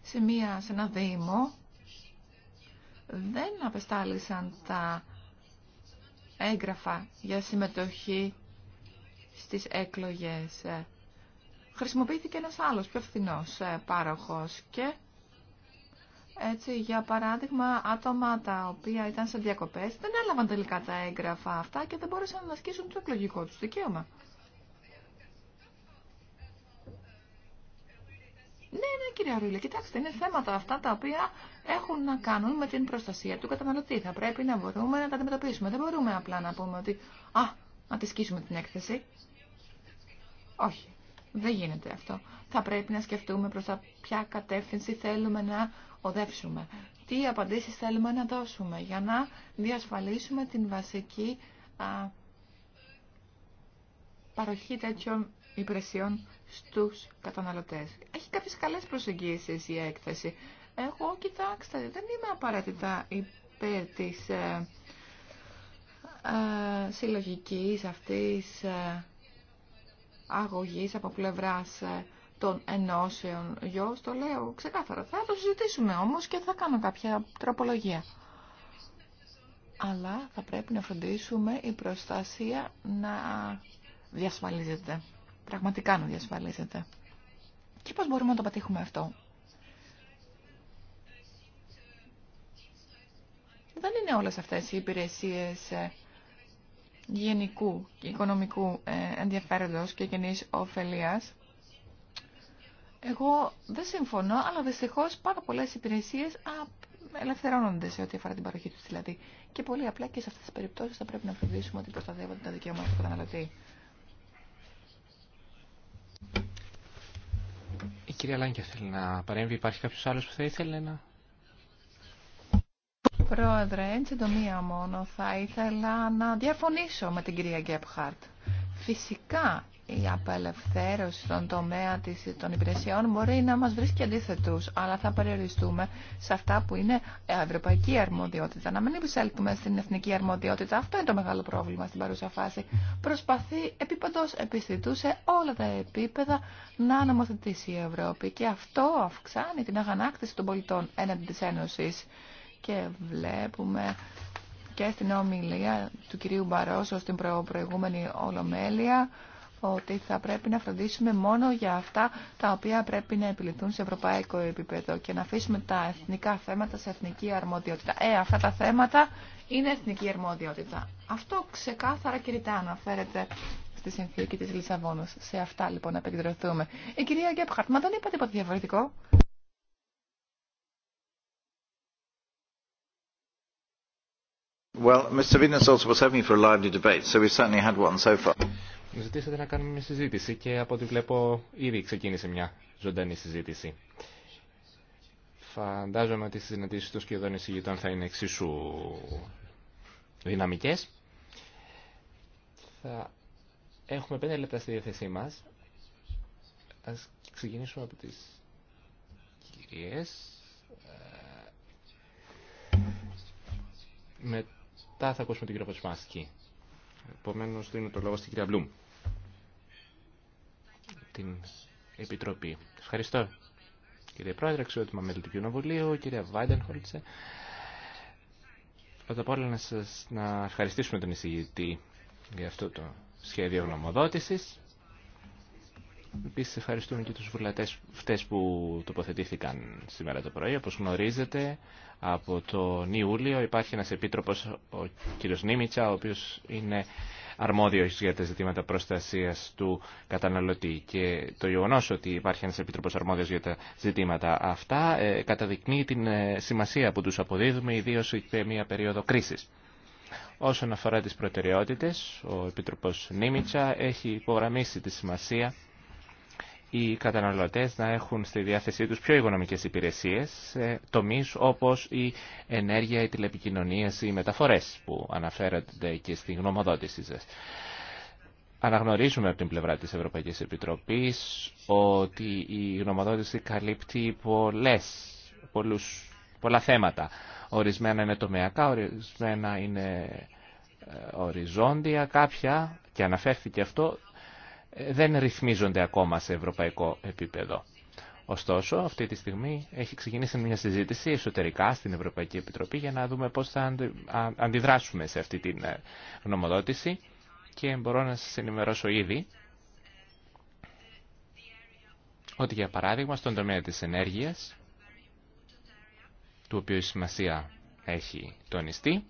σε, μια, σε ένα Δήμο δεν απεστάλησαν τα έγγραφα για συμμετοχή στις εκλογές. Χρησιμοποιήθηκε ένας άλλος πιο φθηνός ε, πάροχος και έτσι, για παράδειγμα, άτομα τα οποία ήταν σε διακοπές δεν έλαβαν τελικά τα έγγραφα αυτά και δεν μπόρεσαν να ασκήσουν το εκλογικό τους δικαίωμα. Ναι, ναι, κυρία Ρούλη, κοιτάξτε, είναι θέματα αυτά τα οποία έχουν να κάνουν με την προστασία του καταναλωτή. Θα πρέπει να μπορούμε να τα αντιμετωπίσουμε. Δεν μπορούμε απλά να πούμε ότι α, να τη σκίσουμε την έκθεση. Όχι, δεν γίνεται αυτό. Θα πρέπει να σκεφτούμε προς τα ποια κατεύθυνση θέλουμε να οδεύσουμε. Τι απαντήσεις θέλουμε να δώσουμε για να διασφαλίσουμε την βασική α, παροχή τέτοιων υπηρεσιών στους καταναλωτές. Έχει κάποιες καλές προσεγγίσεις η έκθεση. Εγώ, κοιτάξτε, δεν είμαι απαραίτητα υπέρ της ε, ε συλλογικής αυτής ε, αγωγής από πλευράς ε, των ενώσεων γιος, το λέω ξεκάθαρα. Θα το συζητήσουμε όμως και θα κάνω κάποια τροπολογία. Αλλά θα πρέπει να φροντίσουμε η προστασία να διασφαλίζεται πραγματικά να διασφαλίζεται. Και πώς μπορούμε να το πατήχουμε αυτό. Δεν είναι όλες αυτές οι υπηρεσίες ε, γενικού και οικονομικού ε, ενδιαφέροντος και γενής ωφελίας. Εγώ δεν συμφωνώ, αλλά δυστυχώς πάρα πολλές υπηρεσίες ελευθερώνονται σε ό,τι αφορά την παροχή τους δηλαδή. Και πολύ απλά και σε αυτές τις περιπτώσεις θα πρέπει να φροντίσουμε ότι προστατεύονται τα δικαιώματα του καταναλωτή. κυρία Λάγκια θέλει να παρέμβει. Υπάρχει κάποιος άλλος που θα ήθελε να... Πρόεδρε, εν συντομία μόνο θα ήθελα να διαφωνήσω με την κυρία Γκέπχαρτ. Φυσικά η απελευθέρωση στον τομέα της, των υπηρεσιών μπορεί να μας βρίσκει αντίθετους, αλλά θα περιοριστούμε σε αυτά που είναι ευρωπαϊκή αρμοδιότητα. Να μην επισέλθουμε στην εθνική αρμοδιότητα. Αυτό είναι το μεγάλο πρόβλημα στην παρούσα φάση. Προσπαθεί επίπεδος επιστητού σε όλα τα επίπεδα να νομοθετήσει η Ευρώπη και αυτό αυξάνει την αγανάκτηση των πολιτών έναντι της Ένωσης. Και βλέπουμε και στην ομιλία του κυρίου Μπαρόσο στην προηγούμενη Ολομέλεια ότι θα πρέπει να φροντίσουμε μόνο για αυτά τα οποία πρέπει να επιληθούν σε ευρωπαϊκό επίπεδο και να αφήσουμε τα εθνικά θέματα σε εθνική αρμοδιότητα. Ε, αυτά τα θέματα είναι εθνική αρμοδιότητα. Αυτό ξεκάθαρα και ρητά αναφέρεται στη συνθήκη της Λισαβόνος. Σε αυτά λοιπόν να επικεντρωθούμε. Η ε, κυρία Γκέπχαρτ, μα δεν είπα τίποτα διαφορετικό. Well, Mr. also was hoping for a lively debate, so we certainly had one so far ζητήσατε να κάνουμε μια συζήτηση και από ό,τι βλέπω ήδη ξεκίνησε μια ζωντανή συζήτηση. Φαντάζομαι ότι οι συναντήσεις των σχεδόν εισηγητών θα είναι εξίσου δυναμικές. Θα έχουμε πέντε λεπτά στη διάθεσή μας. Ας ξεκινήσουμε από τις κυρίες. Ε, μετά θα ακούσουμε την κυρία Ποτσμάσκη. Επομένως δίνω το λόγο στην κυρία Μπλουμ την Επιτροπή. Ευχαριστώ. Κύριε Πρόεδρε, αξιότιμα μέλη του Κοινοβουλίου, κυρία Βάιντενχολτσε. Πρώτα απ' όλα να, σας, να ευχαριστήσουμε τον εισηγητή για αυτό το σχέδιο γνωμοδότησης. Επίση, ευχαριστούμε και τους βουλατές αυτές που τοποθετήθηκαν σήμερα το πρωί. Όπως γνωρίζετε, από τον Ιούλιο υπάρχει ένας επίτροπος, ο κ. Νίμιτσα, ο οποίος είναι αρμόδιο για τα ζητήματα προστασίας του καταναλωτή. Και το γεγονό ότι υπάρχει ένας επίτροπος αρμόδιο για τα ζητήματα αυτά ε, καταδεικνύει την ε, σημασία που τους αποδίδουμε, ιδίως σε μια περίοδο κρίσης. Όσον αφορά τις προτεραιότητες, ο Επίτροπος Νίμιτσα έχει υπογραμμίσει τη σημασία οι καταναλωτέ να έχουν στη διάθεσή τους πιο οικονομικές υπηρεσίες σε τομείς όπως η ενέργεια, οι τηλεπικοινωνίες, οι μεταφορές που αναφέρονται και στη γνωμοδότηση Αναγνωρίζουμε από την πλευρά της Ευρωπαϊκής Επιτροπής ότι η γνωμοδότηση καλύπτει πολλές, πολλούς, πολλά θέματα. Ορισμένα είναι τομεακά, ορισμένα είναι ε, οριζόντια, κάποια, και αναφέρθηκε αυτό, δεν ρυθμίζονται ακόμα σε ευρωπαϊκό επίπεδο. Ωστόσο, αυτή τη στιγμή έχει ξεκινήσει μια συζήτηση εσωτερικά στην Ευρωπαϊκή Επιτροπή για να δούμε πώς θα αντιδράσουμε σε αυτή την ε, γνωμοδότηση και μπορώ να σας ενημερώσω ήδη ότι για παράδειγμα στον τομέα της ενέργειας, του οποίου η σημασία έχει τονιστεί,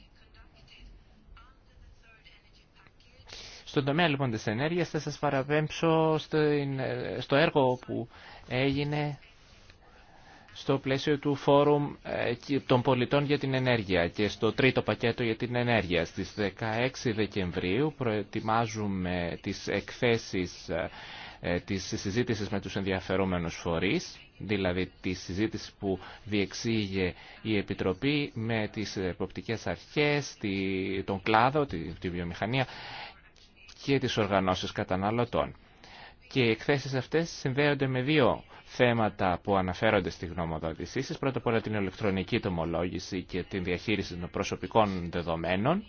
Στον τομέα λοιπόν της ενέργειας θα σας παραπέμψω στο έργο που έγινε στο πλαίσιο του Φόρουμ ε, των Πολιτών για την Ενέργεια και στο τρίτο πακέτο για την ενέργεια. Στις 16 Δεκεμβρίου προετοιμάζουμε τις εκθέσεις ε, της συζήτησης με τους ενδιαφερόμενους φορείς, δηλαδή τη συζήτηση που διεξήγε η Επιτροπή με τις εποπτικές αρχές, τον κλάδο, τη βιομηχανία, και τις οργανώσεις καταναλωτών. Και οι εκθέσεις αυτές συνδέονται με δύο θέματα που αναφέρονται στη γνωμοδότησή σας. Πρώτα απ' όλα την ηλεκτρονική τομολόγηση και την διαχείριση των προσωπικών δεδομένων.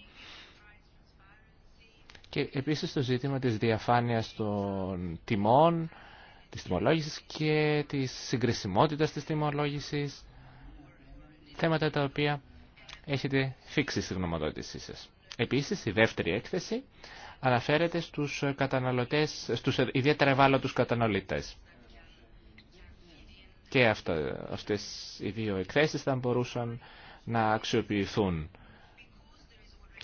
Και επίσης το ζήτημα της διαφάνειας των τιμών, της τιμολόγησης και της συγκρισιμότητας της τιμολόγησης. Θέματα τα οποία έχετε φίξει στη γνωμοδότησή σας. Επίσης η δεύτερη έκθεση αναφέρεται στους, καταναλωτές, στους ιδιαίτερα ευάλωτους καταναλωτές. Και αυτά, αυτές οι δύο εκθέσεις θα μπορούσαν να αξιοποιηθούν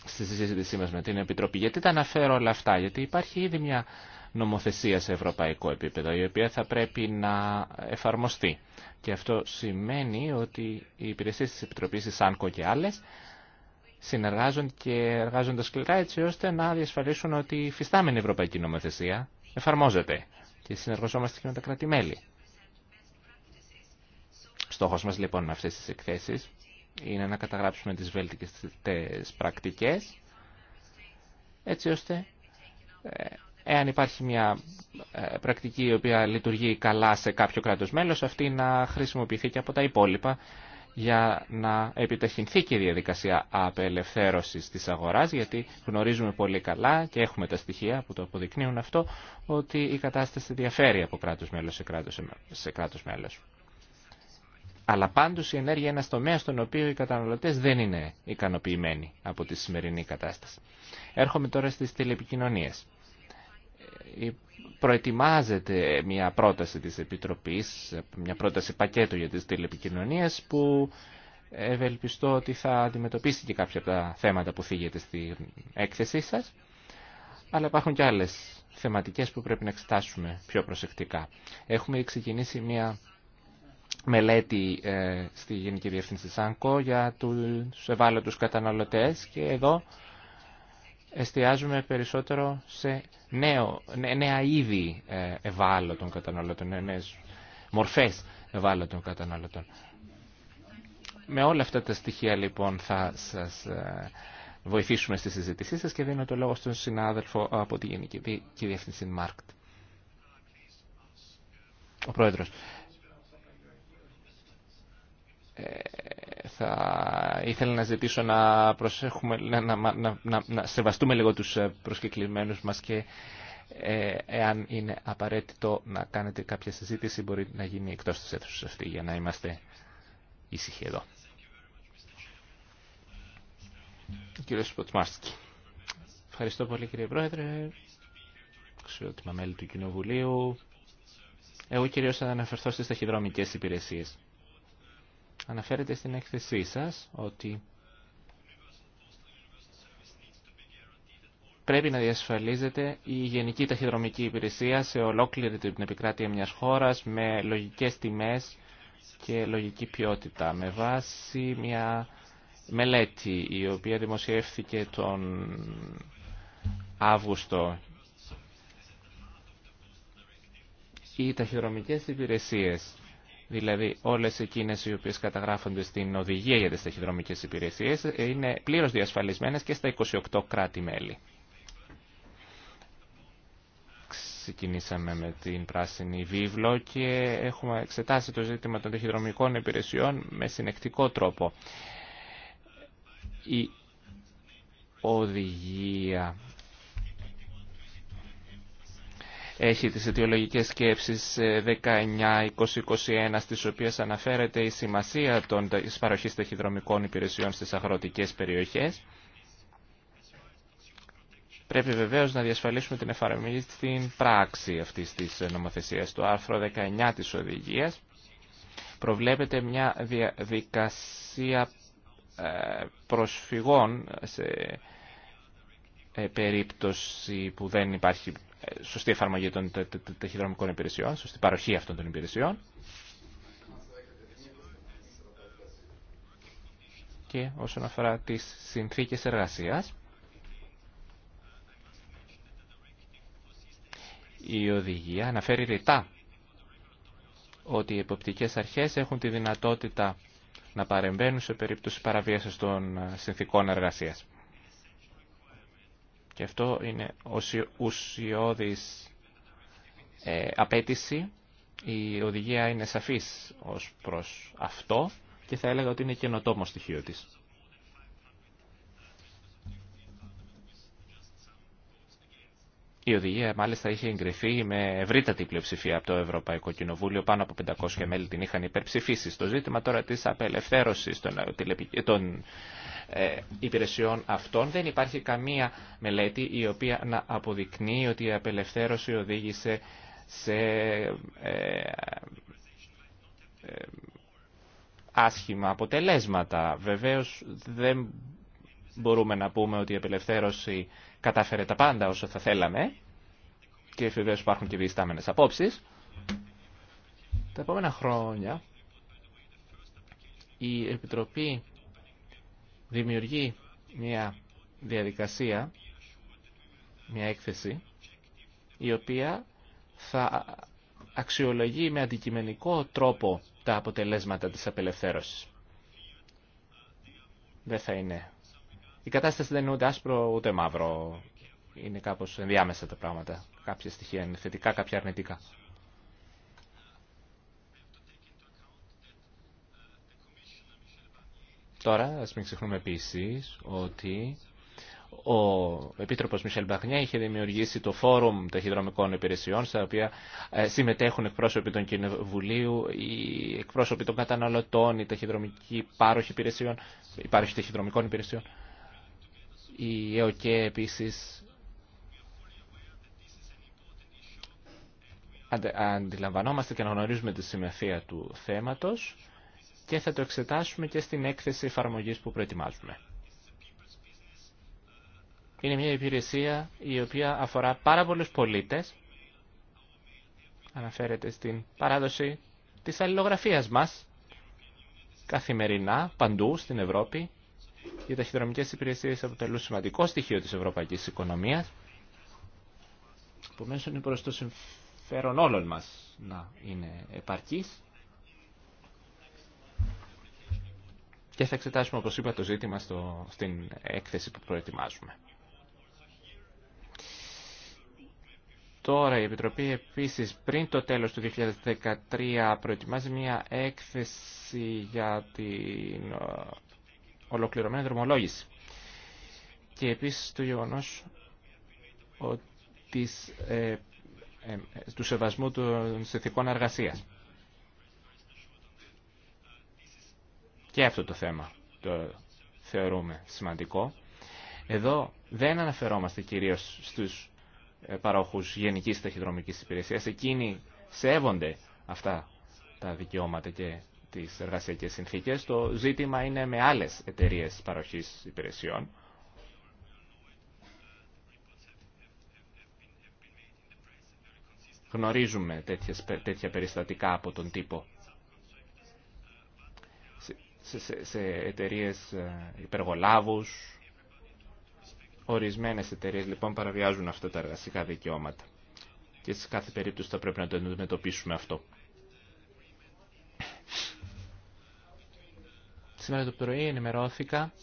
στη συζήτησή μας με την Επιτροπή. Γιατί τα αναφέρω όλα αυτά, γιατί υπάρχει ήδη μια νομοθεσία σε ευρωπαϊκό επίπεδο, η οποία θα πρέπει να εφαρμοστεί. Και αυτό σημαίνει ότι οι υπηρεσίες της Επιτροπής, η ΣΑΝΚΟ και άλλες, συνεργάζονται και εργάζονται σκληρά έτσι ώστε να διασφαλίσουν ότι η φυστάμενη ευρωπαϊκή νομοθεσία εφαρμόζεται και συνεργαζόμαστε και με τα κράτη-μέλη. Στόχος μας λοιπόν με αυτές τις εκθέσεις είναι να καταγράψουμε τις βέλτικες πρακτικές έτσι ώστε ε, εάν υπάρχει μια ε, πρακτική η οποία λειτουργεί καλά σε κάποιο κράτος μέλος αυτή να χρησιμοποιηθεί και από τα υπόλοιπα για να επιταχυνθεί και η διαδικασία απελευθέρωσης της αγοράς, γιατί γνωρίζουμε πολύ καλά και έχουμε τα στοιχεία που το αποδεικνύουν αυτό, ότι η κατάσταση διαφέρει από κράτος μέλος σε κράτος, σε κράτος μέλος. Αλλά πάντως η ενέργεια είναι ένας τομέας στον οποίο οι καταναλωτές δεν είναι ικανοποιημένοι από τη σημερινή κατάσταση. Έρχομαι τώρα στις τηλεπικοινωνίες προετοιμάζεται μια πρόταση της Επιτροπής, μια πρόταση πακέτου για τις τηλεπικοινωνίες που ευελπιστώ ότι θα αντιμετωπίσει και κάποια από τα θέματα που φύγετε στην έκθεσή σας. Αλλά υπάρχουν και άλλες θεματικές που πρέπει να εξετάσουμε πιο προσεκτικά. Έχουμε ξεκινήσει μια μελέτη ε, στη Γενική Διεύθυνση ΣΑΝΚΟ για τους ευάλωτους καταναλωτές και εδώ εστιάζουμε περισσότερο σε νέο, νέα είδη ε, ευάλωτων καταναλωτών, νέες μορφές ευάλωτων καταναλωτών. Με όλα αυτά τα στοιχεία λοιπόν θα σας ε, βοηθήσουμε στη συζήτησή σας και δίνω το λόγο στον συνάδελφο από τη Γενική Διεύθυνση Μάρκτ. Ο Πρόεδρος. Ε, θα ήθελα να ζητήσω να προσέχουμε, να, να, να, να σεβαστούμε λίγο τους ε, προσκεκλημένους μας και ε, εάν είναι απαραίτητο να κάνετε κάποια συζήτηση μπορεί να γίνει εκτός της αίθουσας αυτή για να είμαστε ήσυχοι εδώ. Κύριε Σποτσμάρσκι. Ευχαριστώ πολύ κύριε Πρόεδρε, αξιότιμα μέλη του Κοινοβουλίου. Εγώ κυρίως θα αναφερθώ στις ταχυδρομικές υπηρεσίες. Αναφέρεται στην έκθεσή σας ότι πρέπει να διασφαλίζεται η γενική ταχυδρομική υπηρεσία σε ολόκληρη την επικράτεια μιας χώρας με λογικές τιμές και λογική ποιότητα με βάση μια μελέτη η οποία δημοσιεύθηκε τον Αύγουστο. Οι ταχυδρομικές υπηρεσίες δηλαδή όλες εκείνε οι οποίε καταγράφονται στην οδηγία για τι ταχυδρομικέ υπηρεσίε, ε, είναι πλήρως διασφαλισμένες και στα 28 κράτη-μέλη. Ξεκινήσαμε με την πράσινη βίβλο και έχουμε εξετάσει το ζήτημα των ταχυδρομικών υπηρεσιών με συνεκτικό τρόπο. Η οδηγία έχει τις αιτιολογικές 19 19-2021, ε, στις οποίες αναφέρεται η σημασία των παροχής ταχυδρομικών υπηρεσιών στις αγροτικές περιοχές. Πρέπει βεβαίως να διασφαλίσουμε την εφαρμογή στην πράξη αυτής της ε, νομοθεσίας. Το άρθρο 19 της οδηγίας προβλέπεται μια διαδικασία ε, προσφυγών σε περίπτωση που δεν υπάρχει ε, σωστή εφαρμογή των ταχυδρομικών υπηρεσιών, σωστή παροχή αυτών των υπηρεσιών. Και όσον αφορά τις συνθήκες εργασίας, η οδηγία αναφέρει ρητά ότι οι εποπτικές αρχές έχουν τη δυνατότητα να παρεμβαίνουν σε περίπτωση παραβίασης των συνθήκων εργασίας. Και αυτό είναι ουσιώδης ε, απέτηση. Η οδηγία είναι σαφής ως προς αυτό και θα έλεγα ότι είναι καινοτόμο στοιχείο της. Η οδηγία μάλιστα είχε εγκριθεί με ευρύτατη πλειοψηφία από το Ευρωπαϊκό Κοινοβούλιο, πάνω από 500 μέλη την είχαν υπερψηφίσει. Στο ζήτημα τώρα τη απελευθέρωση των, ε, ε, ε, υπηρεσιών αυτών δεν υπάρχει καμία μελέτη η οποία να αποδεικνύει ότι η απελευθέρωση οδήγησε σε άσχημα αποτελέσματα. Βεβαίως δεν μπορούμε να πούμε ότι η απελευθέρωση κατάφερε τα πάντα όσο θα θέλαμε και βεβαίω υπάρχουν και διεστάμενε απόψει. Τα επόμενα χρόνια η Επιτροπή δημιουργεί μια διαδικασία, μια έκθεση, η οποία θα αξιολογεί με αντικειμενικό τρόπο τα αποτελέσματα της απελευθέρωσης. Δεν θα είναι η κατάσταση δεν είναι ούτε άσπρο ούτε μαύρο. Είναι κάπως ενδιάμεσα τα πράγματα. Κάποια στοιχεία είναι θετικά, κάποια αρνητικά. Τώρα, α μην ξεχνούμε επίση ότι ο Επίτροπος Μισελ Μπαχνιά είχε δημιουργήσει το Φόρουμ Ταχυδρομικών Υπηρεσιών, στα οποία ε, συμμετέχουν εκπρόσωποι των Κοινοβουλίου, οι εκπρόσωποι των καταναλωτών, οι ταχυδρομικοί πάροχοι, υπηρεσιών, οι πάροχοι ταχυδρομικών υπηρεσιών. Η ΕΟΚΕ επίσης αντιλαμβανόμαστε και αναγνωρίζουμε τη σημασία του θέματος και θα το εξετάσουμε και στην έκθεση εφαρμογής που προετοιμάζουμε. Είναι μια υπηρεσία η οποία αφορά πάρα πολλούς πολίτες. Αναφέρεται στην παράδοση της αλληλογραφίας μας καθημερινά, παντού στην Ευρώπη. Οι ταχυδρομικέ υπηρεσίε αποτελούν σημαντικό στοιχείο της ευρωπαϊκής οικονομίας. που είναι προ το συμφέρον όλων μας να είναι επαρκής. Και θα εξετάσουμε, όπω είπα, το ζήτημα στο, στην έκθεση που προετοιμάζουμε. Τώρα η Επιτροπή επίσης πριν το τέλος του 2013 προετοιμάζει μια έκθεση για την ε, ολοκληρωμένη δρομολόγηση. Και επίσης το γεγονός ε, ε, του σεβασμού των συνθηκών εργασία Και αυτό το θέμα το θεωρούμε σημαντικό. Εδώ δεν αναφερόμαστε κυρίως στους ε, παρόχους γενικής ταχυδρομικής υπηρεσίας. Εκείνοι σέβονται αυτά τα δικαιώματα και τις εργασιακές συνθήκες. Το ζήτημα είναι με άλλες εταιρείες παροχής υπηρεσιών. Γνωρίζουμε τέτοια περιστατικά από τον τύπο. Σε, σε, σε εταιρείες ε, υπεργολάβους, ορισμένες εταιρείες λοιπόν παραβιάζουν αυτά τα εργασικά δικαιώματα. Και σε κάθε περίπτωση θα πρέπει να το αντιμετωπίσουμε αυτό. Σήμερα το πρωί ενημερώθηκα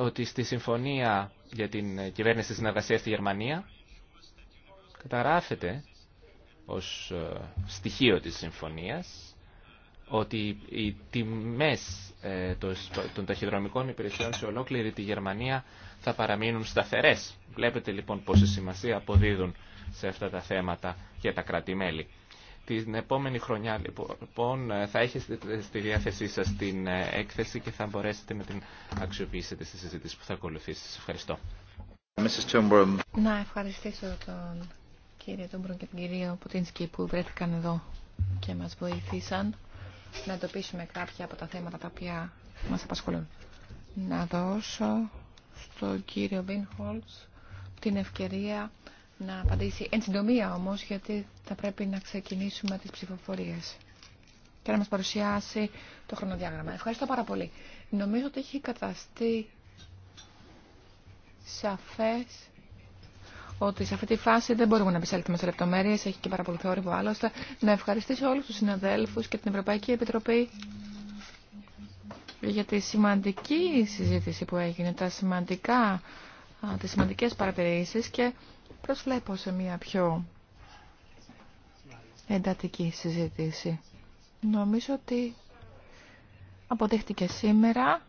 ότι στη συμφωνία για την κυβέρνηση της συνεργασίας στη Γερμανία καταγράφεται ως ε, στοιχείο της συμφωνίας ότι οι τιμές ε, των ταχυδρομικών υπηρεσιών σε ολόκληρη τη Γερμανία θα παραμείνουν σταθερές. Βλέπετε λοιπόν πόση σημασία αποδίδουν σε αυτά τα θέματα και τα κρατημέλη. Την επόμενη χρονιά λοιπόν ε, θα έχετε στη διάθεσή σας την ε, έκθεση και θα μπορέσετε να την αξιοποιήσετε στη συζήτηση που θα ακολουθήσει. Σας ευχαριστώ. Να ευχαριστήσω τον κύριο Τόμπρον και την κυρία Πουτίνσκι που βρέθηκαν εδώ και μας βοηθήσαν να εντοπίσουμε κάποια από τα θέματα τα οποία μας απασχολούν. Να δώσω στον κύριο Βίνχολτς την ευκαιρία να απαντήσει εν συντομία όμως, γιατί θα πρέπει να ξεκινήσουμε τις ψηφοφορίες και να μας παρουσιάσει το χρονοδιάγραμμα. Ευχαριστώ πάρα πολύ. Νομίζω ότι έχει καταστεί σαφές ότι σε αυτή τη φάση δεν μπορούμε να επισέλθουμε σε λεπτομέρειες, έχει και πάρα πολύ θόρυβο άλλωστε. Να ευχαριστήσω όλους τους συναδέλφους και την Ευρωπαϊκή Επιτροπή για τη σημαντική συζήτηση που έγινε, τα σημαντικά, τις σημαντικές παρατηρήσεις και προσβλέπω σε μια πιο εντατική συζήτηση. Νομίζω ότι αποδέχτηκε σήμερα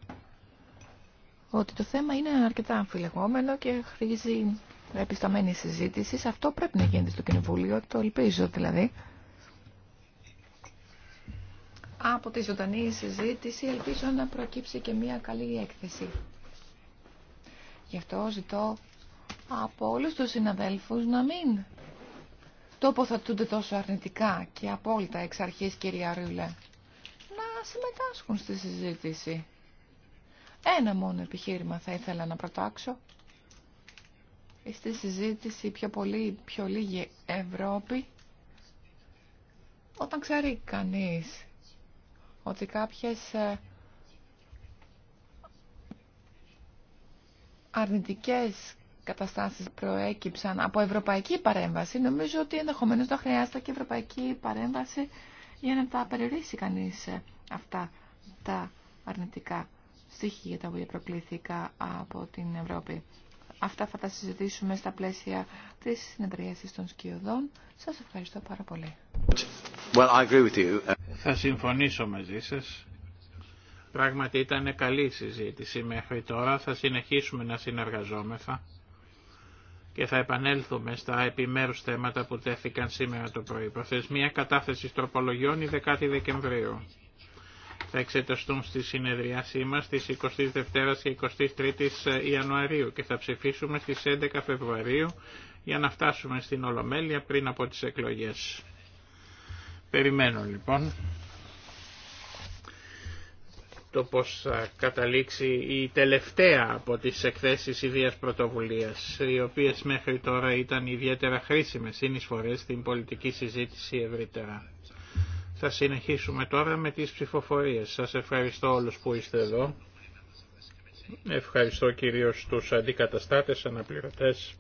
ότι το θέμα είναι αρκετά αμφιλεγόμενο και χρήζει επισταμένη συζήτηση. Αυτό πρέπει να γίνεται στο Κοινοβούλιο, το ελπίζω δηλαδή. Από τη ζωντανή συζήτηση ελπίζω να προκύψει και μια καλή έκθεση. Γι' αυτό ζητώ από όλους τους συναδέλφους να μην τοποθετούνται τόσο αρνητικά και απόλυτα εξ αρχής κυρία Ρούλε να συμμετάσχουν στη συζήτηση. Ένα μόνο επιχείρημα θα ήθελα να προτάξω. Στη συζήτηση πιο πολύ, πιο λίγη Ευρώπη, όταν ξέρει κανείς ότι κάποιες ε, αρνητικές καταστάσεις προέκυψαν από ευρωπαϊκή παρέμβαση, νομίζω ότι ενδεχομένω να χρειάζεται και ευρωπαϊκή παρέμβαση για να τα περιορίσει κανεί ε, αυτά τα αρνητικά στοιχεία τα οποία προκλήθηκα από την Ευρώπη. Αυτά θα τα συζητήσουμε στα πλαίσια τη συνεδρίαση των σκιωδών. Σα ευχαριστώ πάρα πολύ. Well, I agree with you. Θα συμφωνήσω μαζί σα. Πράγματι ήταν καλή συζήτηση μέχρι τώρα. Θα συνεχίσουμε να συνεργαζόμεθα και θα επανέλθουμε στα επιμέρους θέματα που τέθηκαν σήμερα το πρωί. Προθεσμία κατάθεση τροπολογιών η 10η Δεκεμβρίου. Θα εξεταστούν στη συνεδριάσή μας στις 22 και 23 Ιανουαρίου και θα ψηφίσουμε στις 11 Φεβρουαρίου για να φτάσουμε στην Ολομέλεια πριν από τις εκλογές. Περιμένω λοιπόν το πως θα καταλήξει η τελευταία από τις εκθέσεις ιδίας πρωτοβουλίας, οι οποίες μέχρι τώρα ήταν ιδιαίτερα χρήσιμες φορές στην πολιτική συζήτηση ευρύτερα. Θα συνεχίσουμε τώρα με τις ψηφοφορίες. Σας ευχαριστώ όλους που είστε εδώ. Ευχαριστώ κυρίως τους αντικαταστάτες, αναπληρωτές.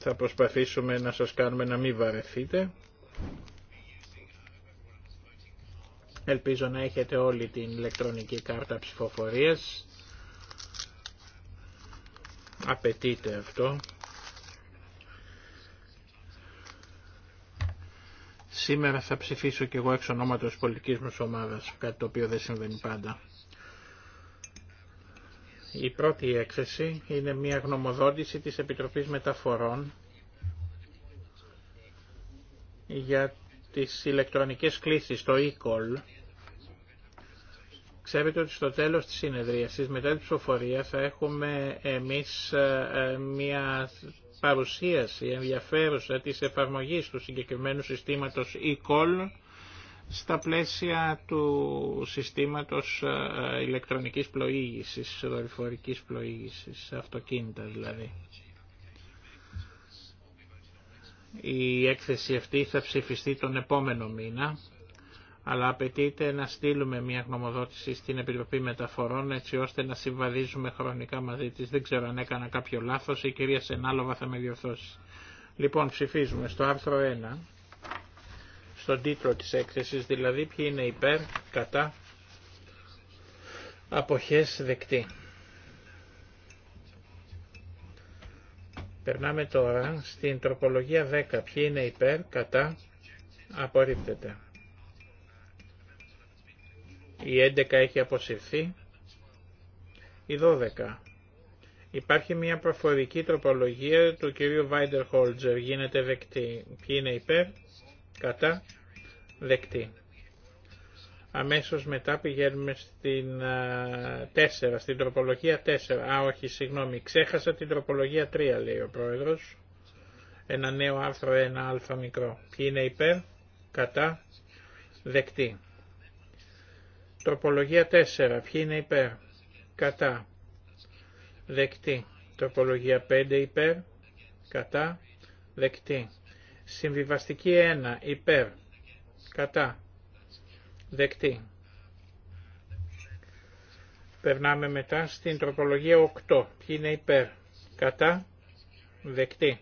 Θα προσπαθήσουμε να σας κάνουμε να μην βαρεθείτε. Ελπίζω να έχετε όλη την ηλεκτρονική κάρτα ψηφοφορίας. Απαιτείται αυτό. Σήμερα θα ψηφίσω και εγώ εξ ονόματος πολιτικής μου ομάδας, κάτι το οποίο δεν συμβαίνει πάντα. Η πρώτη έκθεση είναι μια γνωμοδότηση της Επιτροπής Μεταφορών για τις ηλεκτρονικές κλήσεις, το e-call, Ξέρετε ότι στο τέλος της συνεδρίασης, μετά την ψηφοφορία, θα έχουμε εμείς ε, ε, μια παρουσίαση ενδιαφέρουσα της εφαρμογής του συγκεκριμένου συστήματος e-call στα πλαίσια του συστήματος ε, ηλεκτρονικής πλοήγησης, δορυφορικής πλοήγησης, αυτοκίνητα δηλαδή. Η έκθεση αυτή θα ψηφιστεί τον επόμενο μήνα αλλά απαιτείται να στείλουμε μια γνωμοδότηση στην Επιτροπή Μεταφορών έτσι ώστε να συμβαδίζουμε χρονικά μαζί της. Δεν ξέρω αν έκανα κάποιο λάθος, η κυρία Σενάλοβα θα με διορθώσει. Λοιπόν, ψηφίζουμε στο άρθρο 1, στον τίτλο της έκθεσης, δηλαδή ποιοι είναι υπέρ, κατά, αποχές δεκτή. Περνάμε τώρα στην τροπολογία 10. Ποιοι είναι υπέρ, κατά, απορρίπτεται. Η 11 έχει αποσυρθεί. Η 12. Υπάρχει μια προφορική τροπολογία του κυρίου Βάιντερ Χόλτζερ. Γίνεται δεκτή. Ποιοι είναι υπέρ, κατά, δεκτή. Αμέσως μετά πηγαίνουμε στην 4, στην τροπολογία 4. Α, όχι, συγγνώμη, ξέχασα την τροπολογία 3, λέει ο πρόεδρος. Ένα νέο ένα 1α μικρό. Ποιοι είναι υπέρ, κατά, δεκτή. Τροπολογία 4. Ποιοι είναι υπέρ. Κατά. Δεκτή. Τροπολογία 5 υπέρ. Κατά. Δεκτή. Συμβιβαστική 1 υπέρ. Κατά. Δεκτή. Περνάμε μετά στην τροπολογία 8. Ποιοι είναι υπέρ. Κατά. Δεκτή.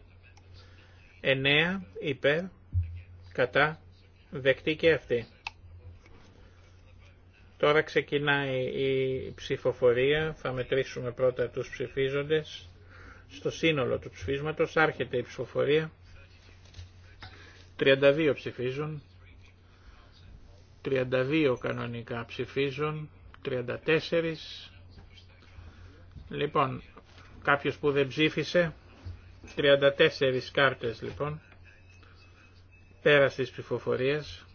9 υπέρ. Κατά. Δεκτή και αυτή. Τώρα ξεκινάει η ψηφοφορία. Θα μετρήσουμε πρώτα τους ψηφίζοντες. Στο σύνολο του ψηφίσματος άρχεται η ψηφοφορία. 32 ψηφίζουν. 32 κανονικά ψηφίζουν. 34. Λοιπόν, κάποιος που δεν ψήφισε. 34 κάρτες λοιπόν. Πέρα της ψηφοφορίας.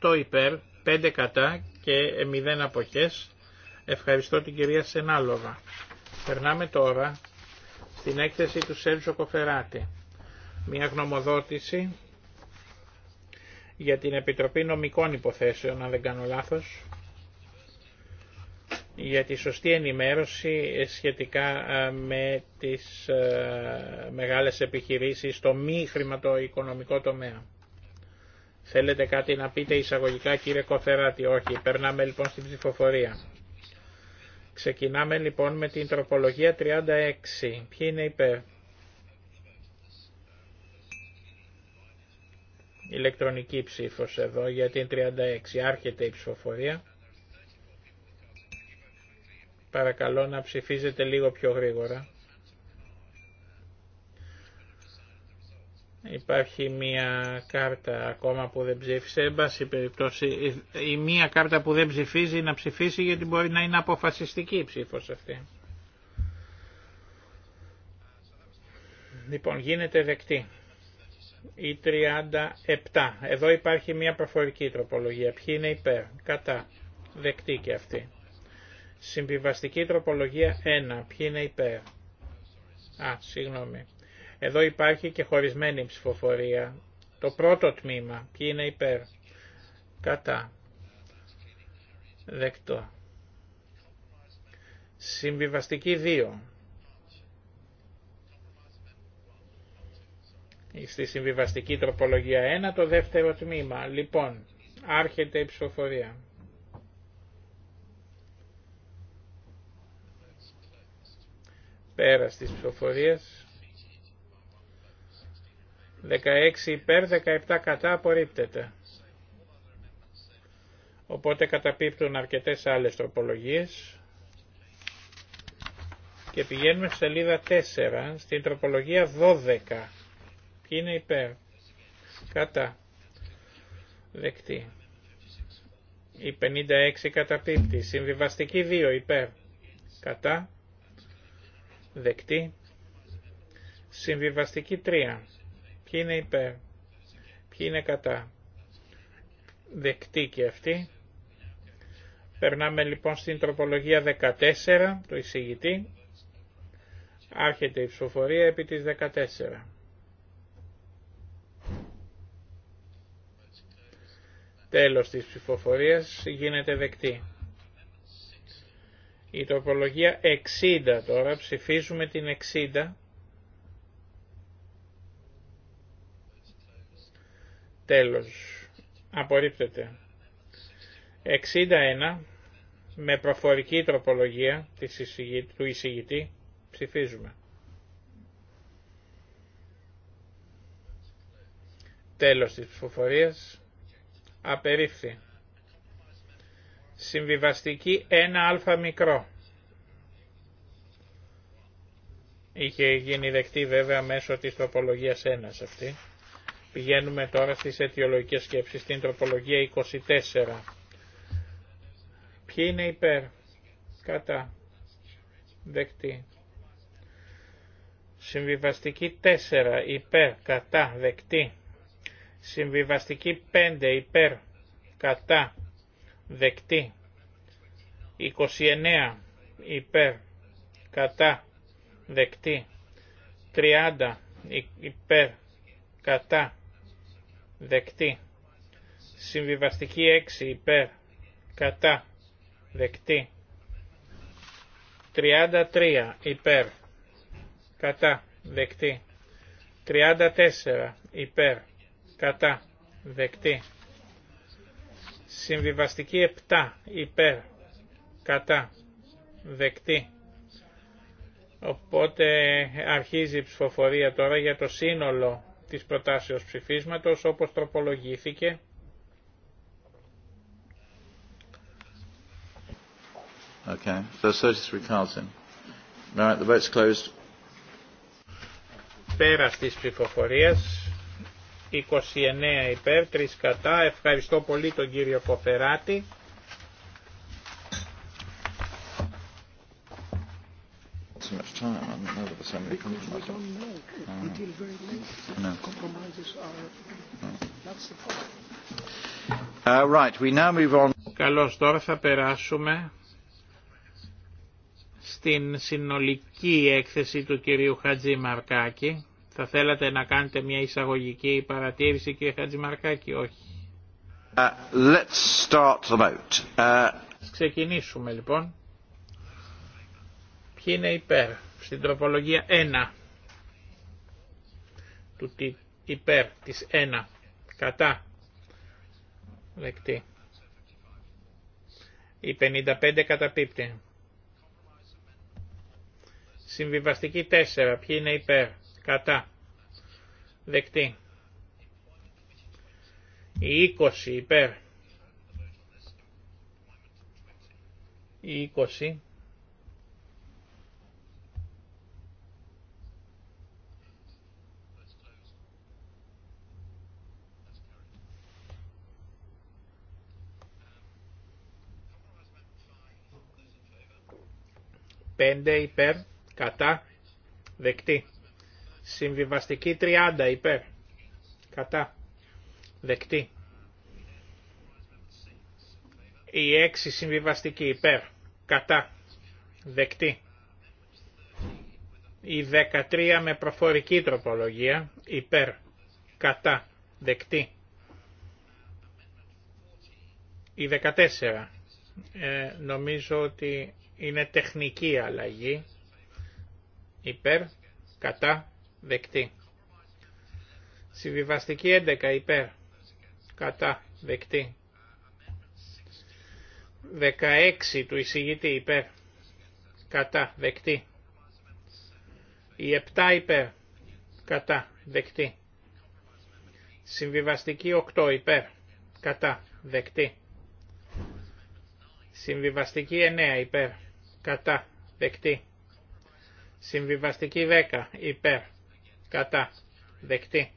28 υπέρ, 5 κατά και 0 αποχές. Ευχαριστώ την κυρία Σενάλοβα. Περνάμε τώρα στην έκθεση του Σέρτζο Κοφεράτη. Μια γνωμοδότηση για την Επιτροπή Νομικών Υποθέσεων, αν δεν κάνω λάθος, για τη σωστή ενημέρωση σχετικά ε, με τις ε, μεγάλες επιχειρήσεις στο μη χρηματοοικονομικό τομέα. Θέλετε κάτι να πείτε εισαγωγικά κύριε Κοφεράτη, όχι. Περνάμε λοιπόν στην ψηφοφορία. Ξεκινάμε λοιπόν με την τροπολογία 36. Ποιοι είναι υπέρ. Ηλεκτρονική ψήφος εδώ για την 36. Άρχεται η ψηφοφορία. Παρακαλώ να ψηφίζετε λίγο πιο γρήγορα. Υπάρχει μία κάρτα ακόμα που δεν ψήφισε, εν πάση περιπτώσει, η μία κάρτα που δεν ψηφίζει να ψηφίσει γιατί μπορεί να είναι αποφασιστική η ψήφος αυτή. Λοιπόν, γίνεται δεκτή. Η 37. Εδώ υπάρχει μία προφορική τροπολογία. Ποιοι είναι υπέρ, κατά, δεκτή και αυτή. Συμβιβαστική τροπολογία 1. Ποιοι είναι υπέρ. Α, συγγνώμη. Εδώ υπάρχει και χωρισμένη ψηφοφορία. Το πρώτο τμήμα, ποιοι είναι υπέρ, κατά, δεκτό. Συμβιβαστική 2. Στη συμβιβαστική τροπολογία 1 το δεύτερο τμήμα. Λοιπόν, άρχεται η ψηφοφορία. Πέρα της ψηφοφορίας 16 υπέρ, 17 κατά απορρίπτεται. Οπότε καταπίπτουν αρκετές άλλες τροπολογίες. Και πηγαίνουμε στη σελίδα 4, στην τροπολογία 12. Ποιοι είναι υπέρ. Κατά. Δεκτή. Η 56 καταπίπτει. Συμβιβαστική 2 υπέρ. Κατά. Δεκτή. Συμβιβαστική 3 Ποιοι είναι υπέρ. Ποιοι είναι κατά. Δεκτή και αυτή. Περνάμε λοιπόν στην τροπολογία 14 το εισηγητή. Άρχεται η ψηφοφορία επί της 14. Τέλος της ψηφοφορίας γίνεται δεκτή. Η τροπολογία 60 τώρα, ψηφίζουμε την 60. Τέλος. Απορρίπτεται. 61 με προφορική τροπολογία του εισηγητή ψηφίζουμε. Τέλος της ψηφοφορίας. Απερίφθη. Συμβιβαστική 1α μικρό. Είχε γίνει δεκτή βέβαια μέσω της τροπολογίας 1 αυτή. Πηγαίνουμε τώρα στις αιτιολογικές σκέψεις, στην τροπολογία 24. Ποιοι είναι υπέρ, κατά, δεκτή. Συμβιβαστική 4, υπέρ, κατά, δεκτή. Συμβιβαστική 5, υπέρ, κατά, δεκτή. 29, υπέρ, κατά, δεκτή. 30, υπέρ, κατά, δεκτή. Συμβιβαστική 6 υπέρ, κατά, δεκτή. 33 υπέρ, κατά, δεκτή. 34 υπέρ, κατά, δεκτή. Συμβιβαστική 7 υπέρ, κατά, δεκτή. Οπότε αρχίζει η ψηφοφορία τώρα για το σύνολο της προτάσεως ψηφίσματος όπως τροπολογήθηκε. Okay. So 33 cards in. Right, the vote's closed. Πέρα της ψηφοφορίας, 29 υπέρ, 3 κατά. Ευχαριστώ πολύ τον κύριο Κοφεράτη. Ε, Καλώς τώρα θα περάσουμε στην συνολική έκθεση του κυρίου Χατζημαρκάκη Θα θέλατε να κάνετε μια εισαγωγική παρατήρηση κύριε Χατζή όχι. Ε, let's start the vote. Ε, ξεκινήσουμε λοιπόν. Ποιοι είναι υπέρ. Στην τροπολογία 1 του τι υπέρ της 1 κατά δεκτή. Η 55 καταπίπτει. Συμβιβαστική 4. Ποιοι είναι υπέρ. Κατά. Δεκτή. Η 20 υπέρ. Η 20 5 υπέρ κατά δεκτή. Συμβιβαστική 30 υπέρ κατά δεκτή. Η 6 συμβιβαστική υπέρ κατά δεκτή. Η 13 με προφορική τροπολογία υπέρ κατά δεκτή. Η 14 ε, νομίζω ότι είναι τεχνική αλλαγή. Υπέρ, κατά, δεκτή. Συμβιβαστική 11 υπέρ, κατά, δεκτή. 16 του εισηγητή υπέρ, κατά, δεκτή. Η 7 υπέρ, κατά, δεκτή. Συμβιβαστική 8 υπέρ, κατά, δεκτή. Συμβιβαστική 9 υπέρ, κατά, δεκτή. Συμβιβαστική 10, υπέρ, κατά, δεκτή.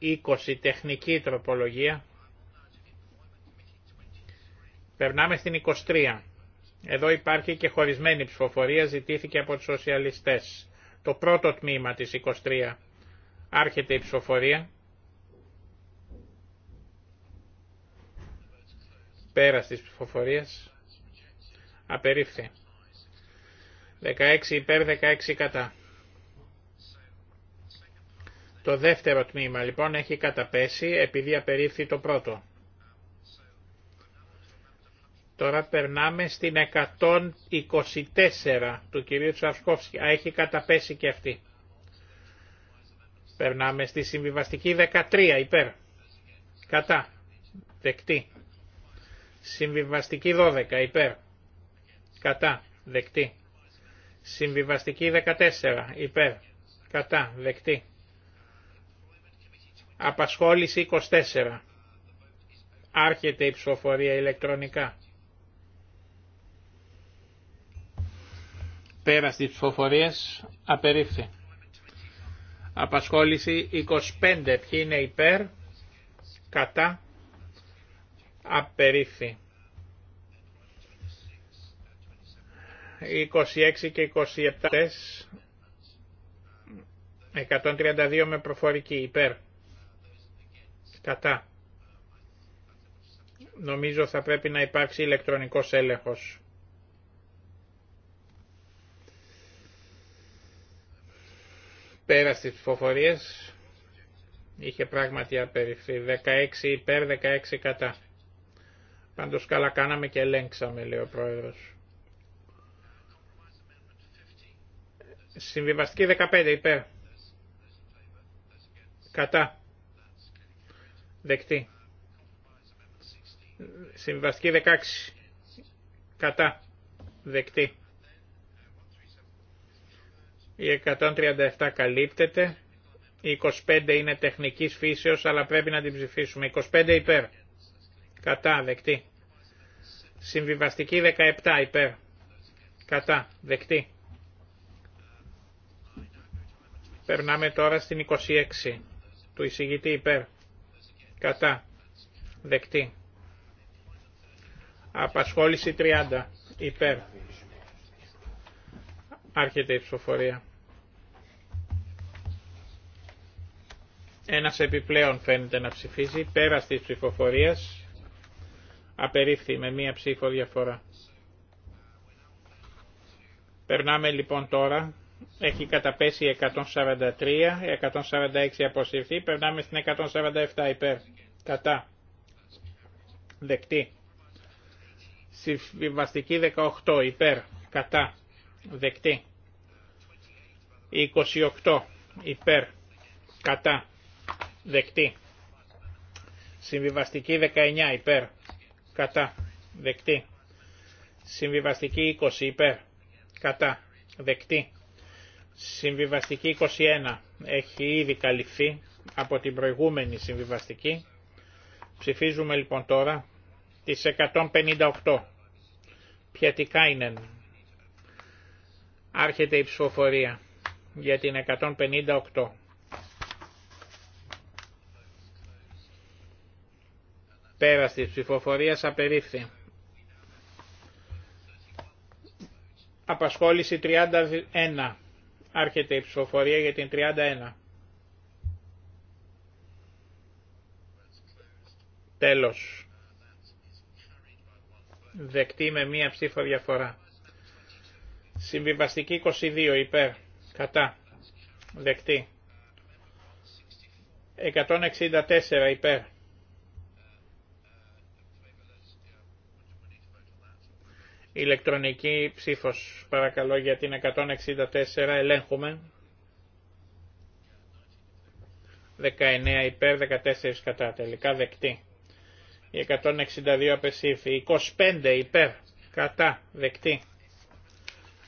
Η 20 τεχνική τροπολογία. Περνάμε στην 23. Εδώ υπάρχει και χωρισμένη ψηφοφορία ζητήθηκε από τους σοσιαλιστές. Το πρώτο τμήμα της 23 άρχεται η ψηφοφορία. Πέρα τη ψηφοφορία. Απερίφθη. 16 υπέρ 16 κατά. Το δεύτερο τμήμα λοιπόν έχει καταπέσει επειδή απερίφθη το πρώτο. Τώρα περνάμε στην 124 του κυρίου Τσαρσκόφσκη. Α, έχει καταπέσει και αυτή. Περνάμε στη συμβιβαστική 13 υπέρ. Κατά. Δεκτή. Συμβιβαστική 12 υπέρ. Κατά. Δεκτή. Συμβιβαστική 14 υπέρ. Κατά. Δεκτή. Απασχόληση 24. Άρχεται η ψηφοφορία ηλεκτρονικά. Πέρα στις ψηφοφορίες απερίφθη. Απασχόληση 25. Ποιοι είναι υπέρ, κατά, απερίφθη. 26 και 27 132 με προφορική υπέρ. Κατά. Νομίζω θα πρέπει να υπάρξει ηλεκτρονικός έλεγχος. Πέρα στις ψηφοφορίες είχε πράγματι απεριφθεί. 16 υπέρ, 16 κατά. Πάντως καλά κάναμε και ελέγξαμε, λέει ο Πρόεδρος. Συμβιβαστική 15 υπέρ. Κατά. Δεκτή. Συμβιβαστική 16. Κατά. Δεκτή. Η 137 καλύπτεται. Η 25 είναι τεχνικής φύσεως αλλά πρέπει να την ψηφίσουμε. 25 υπέρ κατά δεκτή. Συμβιβαστική 17 υπέρ, κατά δεκτή. Περνάμε τώρα στην 26 του εισηγητή υπέρ, κατά δεκτή. Απασχόληση 30 υπέρ. Άρχεται η ψηφοφορία. Ένας επιπλέον φαίνεται να ψηφίζει πέρα ψηφοφορίας. Απερίφθη με μία ψήφο διαφορά. Περνάμε λοιπόν τώρα. Έχει καταπέσει 143, 146 αποσυρθεί. Περνάμε στην 147 υπέρ. Κατά. Δεκτή. Συμβιβαστική 18 υπέρ. Κατά. Δεκτή. 28 υπέρ. Κατά. Δεκτή. Συμβιβαστική 19 υπέρ κατά, δεκτή. Συμβιβαστική 20 υπέρ, κατά, δεκτή. Συμβιβαστική 21 έχει ήδη καλυφθεί από την προηγούμενη συμβιβαστική. Ψηφίζουμε λοιπόν τώρα τις 158. Πιατικά είναι. Άρχεται η ψηφοφορία για την 158. Πέραστη της ψηφοφορίας απερίφθη. Απασχόληση 31. Άρχεται η ψηφοφορία για την 31. Τέλος. Δεκτή με μία ψήφο διαφορά. Συμβιβαστική 22 υπέρ. Κατά. Δεκτή. 164 υπέρ. Ηλεκτρονική ψήφος παρακαλώ για την 164 ελέγχουμε. 19 υπέρ, 14 κατά τελικά δεκτή. Η 162 απεσήφη, 25 υπέρ, κατά δεκτή.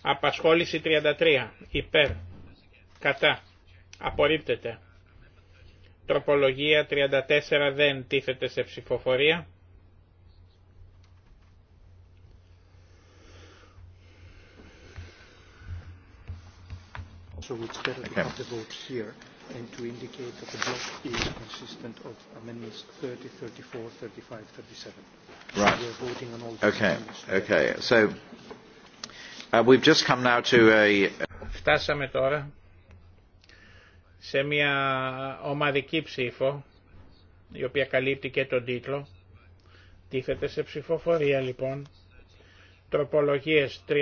Απασχόληση 33 υπέρ, κατά, απορρίπτεται. Τροπολογία 34 δεν τίθεται σε ψηφοφορία. so it's better to have the vote here and to indicate that the block is consistent of amendments 30, 34, 35, 37. Right. We're voting on all okay. Okay. So uh, we've just come now to a. Φτάσαμε τώρα σε μια ομαδική ψήφο, η οποία καλύπτει και τον τίτλο. Τίθεται σε ψηφοφορία λοιπόν τροπολογίες 34,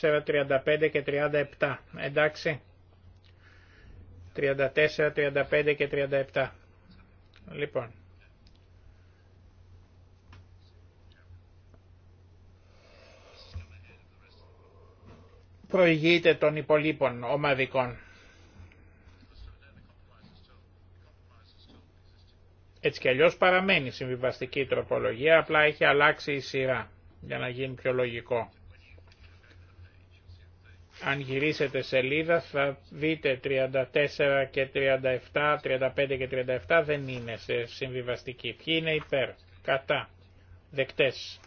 35 και 37. Εντάξει. 34, 35 και 37. Λοιπόν. Προηγείται των υπολείπων ομαδικών. Έτσι κι αλλιώς παραμένει συμβιβαστική τροπολογία, απλά έχει αλλάξει η σειρά για να γίνει πιο λογικό αν γυρίσετε σελίδα θα δείτε 34 και 37, 35 και 37 δεν είναι σε συμβιβαστική. Ποιοι είναι υπέρ, κατά, δεκτές.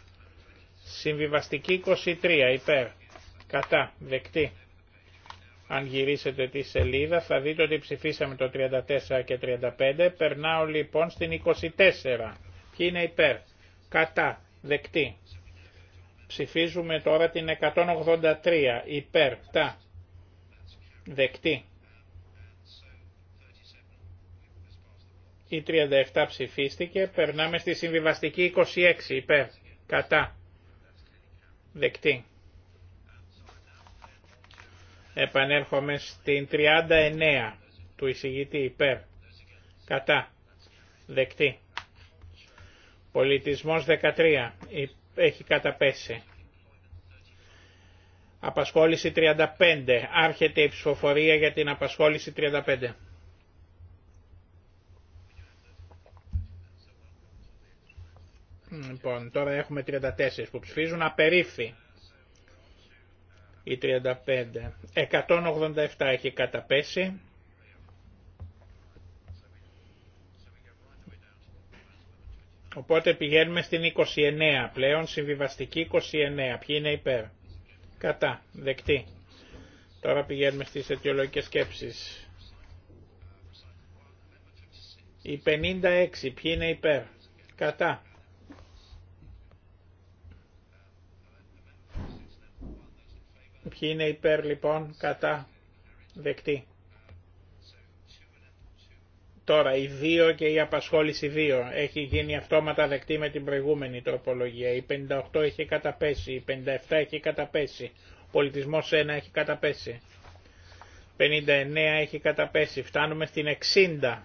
Συμβιβαστική 23 υπέρ, κατά, δεκτή. Αν γυρίσετε τη σελίδα θα δείτε ότι ψηφίσαμε το 34 και 35. Περνάω λοιπόν στην 24. Ποιοι είναι υπέρ, κατά, δεκτή. Ψηφίζουμε τώρα την 183 υπέρ τα δεκτή. Η 37 ψηφίστηκε, περνάμε στη συμβιβαστική 26 υπέρ κατά δεκτή. Επανέρχομαι στην 39 του εισηγητή υπέρ κατά δεκτή. Πολιτισμός 13 υπέρ έχει καταπέσει. Απασχόληση 35. Άρχεται η ψηφοφορία για την απασχόληση 35. Λοιπόν, τώρα έχουμε 34 που ψηφίζουν απερίφθη. Η 35. 187 έχει καταπέσει. Οπότε πηγαίνουμε στην 29 πλέον, συμβιβαστική 29. Ποιοι είναι υπέρ. Κατά. Δεκτή. Τώρα πηγαίνουμε στις αιτιολογικές σκέψεις. Η 56. Ποιοι είναι υπέρ. Κατά. Ποιοι είναι υπέρ λοιπόν. Κατά. Δεκτή. Τώρα η 2 και η απασχόληση 2 έχει γίνει αυτόματα δεκτή με την προηγούμενη τροπολογία. Η 58 έχει καταπέσει, η 57 έχει καταπέσει, ο πολιτισμός 1 έχει καταπέσει, 59 έχει καταπέσει, φτάνουμε στην 60.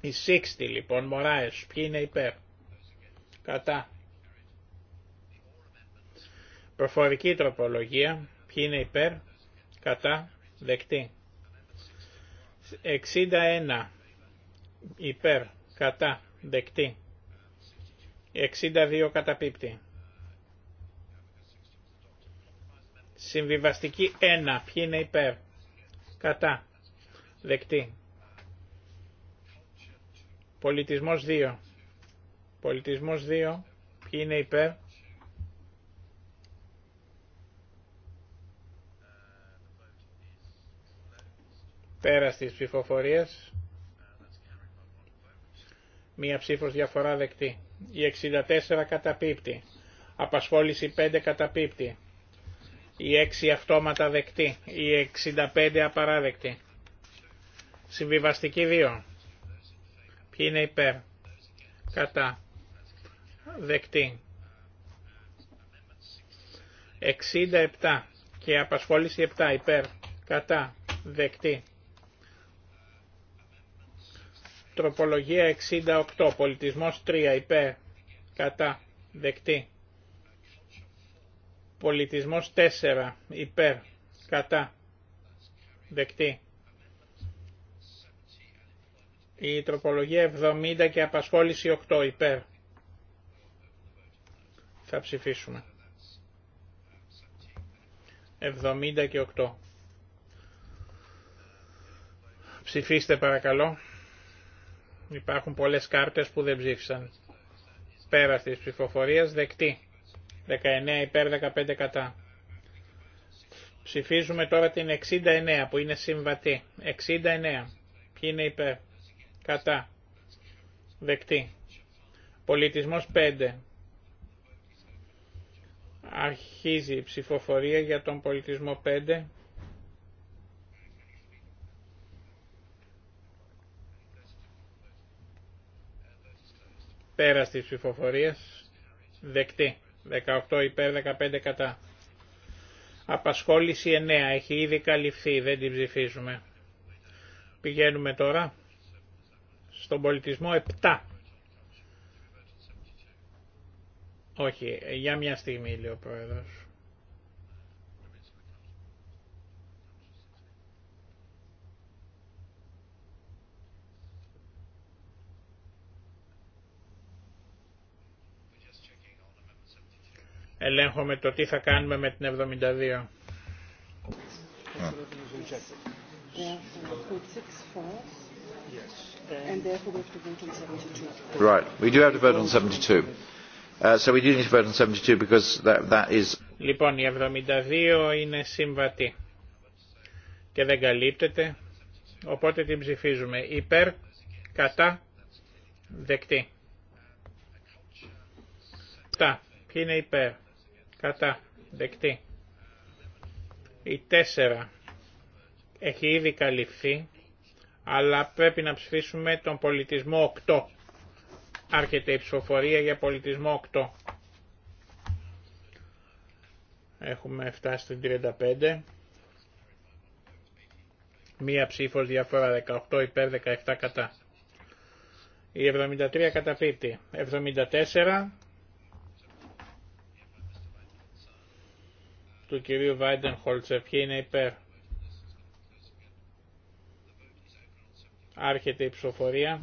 Η 60 λοιπόν, Μωράες, ποιοι είναι υπέρ. Κατά. Προφορική τροπολογία, ποιοι είναι υπέρ κατά, δεκτή. 61 υπέρ, κατά, δεκτή. 62 καταπίπτει. Συμβιβαστική 1, ποιοι είναι υπέρ, κατά, δεκτή. Πολιτισμός 2. Πολιτισμός 2, ποιοι είναι υπέρ, Πέρα της ψηφοφορίας. Μία ψήφος διαφορά δεκτή. Η 64 καταπίπτει. Απασχόληση 5 καταπίπτει. Η 6 αυτόματα δεκτή. Η 65 απαράδεκτη. Συμβιβαστική 2. Ποιοι είναι υπέρ. Κατά. Δεκτή. 67 και απασχόληση 7 υπέρ. Κατά. Δεκτή. Τροπολογία 68. Πολιτισμός 3. Υπέρ. Κατά. Δεκτή. Πολιτισμός 4. Υπέρ. Κατά. Δεκτή. Η τροπολογία 70 και απασχόληση 8. Υπέρ. Θα ψηφίσουμε. 70 και 8. Ψηφίστε παρακαλώ. Υπάρχουν πολλές κάρτες που δεν ψήφισαν. Πέρα της ψηφοφορίας δεκτή. 19 υπέρ 15 κατά. Ψηφίζουμε τώρα την 69 που είναι συμβατή. 69. Ποιοι είναι υπέρ. Κατά. Δεκτή. Πολιτισμός 5. Αρχίζει η ψηφοφορία για τον πολιτισμό 5. Πέρα της ψηφοφορίας. Δεκτή. 18 υπέρ 15 κατά. Απασχόληση 9. Έχει ήδη καλυφθεί. Δεν την ψηφίζουμε. Πηγαίνουμε τώρα στον πολιτισμό 7. Όχι, για μια στιγμή λέει ο Πρόεδρος. Ελέγχομαι το τι θα κάνουμε με την 72. Uh, λοιπόν, η 72 είναι συμβατή και δεν καλύπτεται, οπότε την ψηφίζουμε. Υπέρ, κατά, δεκτή. 7. Ποιοι είναι υπέρ κατά, δεκτή. Η τέσσερα έχει ήδη καλυφθεί, αλλά πρέπει να ψηφίσουμε τον πολιτισμό 8. Άρχεται η ψηφοφορία για πολιτισμό 8. Έχουμε φτάσει στην 35. Μία ψήφος διαφορά 18 υπέρ 17 κατά. Η 73 καταπίπτει. 74 του κυρίου Βάιντεν Χολτσεφ. Ποιοι είναι υπέρ. Άρχεται η ψηφοφορία.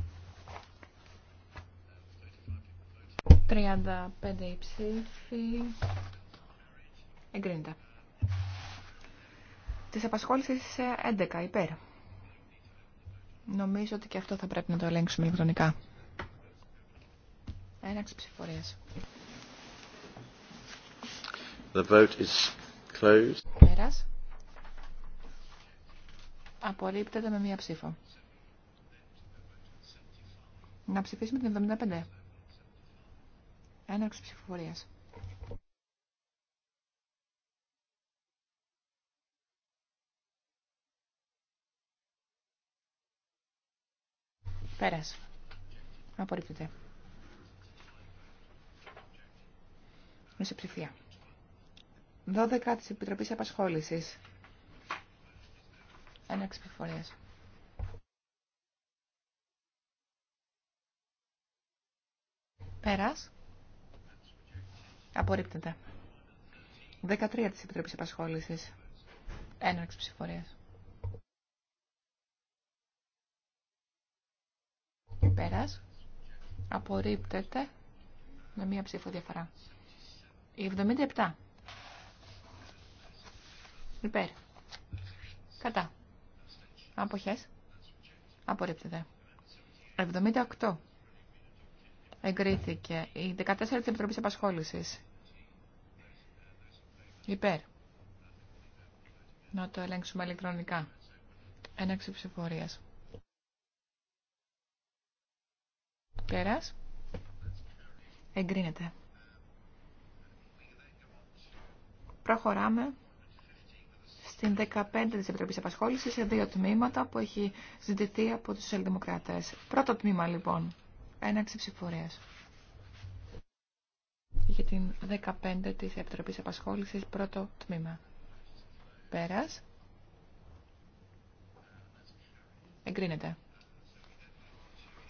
35 η ψήφοι. Εγκρίνεται. Τη απασχόληση 11 υπέρ. Νομίζω ότι και αυτό θα πρέπει να το ελέγξουμε ηλεκτρονικά. Έναξη ψηφορίας. The vote is closed. Πέρας. Απορρίπτεται με μία ψήφο. Να ψηφίσουμε την 75. Έναρξη ψηφοφορίας. Πέρας. Απορρίπτεται. Μέσα ψηφία. 12 της Επιτροπής Απασχόλησης. Ένα ψηφοφορίας. Πέρας. Απορρίπτεται. 13 της Επιτροπής Απασχόλησης. Έναρξη ψηφορίας. Πέρας. Απορρίπτεται με μία ψήφο διαφορά. Η 77 Υπέρ. Κατά. Αποχές. Απορρίπτεται. 78. Εγκρίθηκε. Η 14 της Επιτροπής Απασχόλησης. Υπέρ. Να το ελέγξουμε ηλεκτρονικά. Έναξη ψηφορίας. Πέρας. Εγκρίνεται. Προχωράμε στην 15 της Επιτροπής Απασχόλησης σε δύο τμήματα που έχει ζητηθεί από τους Σελδημοκρατές. Πρώτο τμήμα λοιπόν, ένα ψηφορίας. Για την 15 της Επιτροπής Απασχόλησης, πρώτο τμήμα. Πέρας. Εγκρίνεται.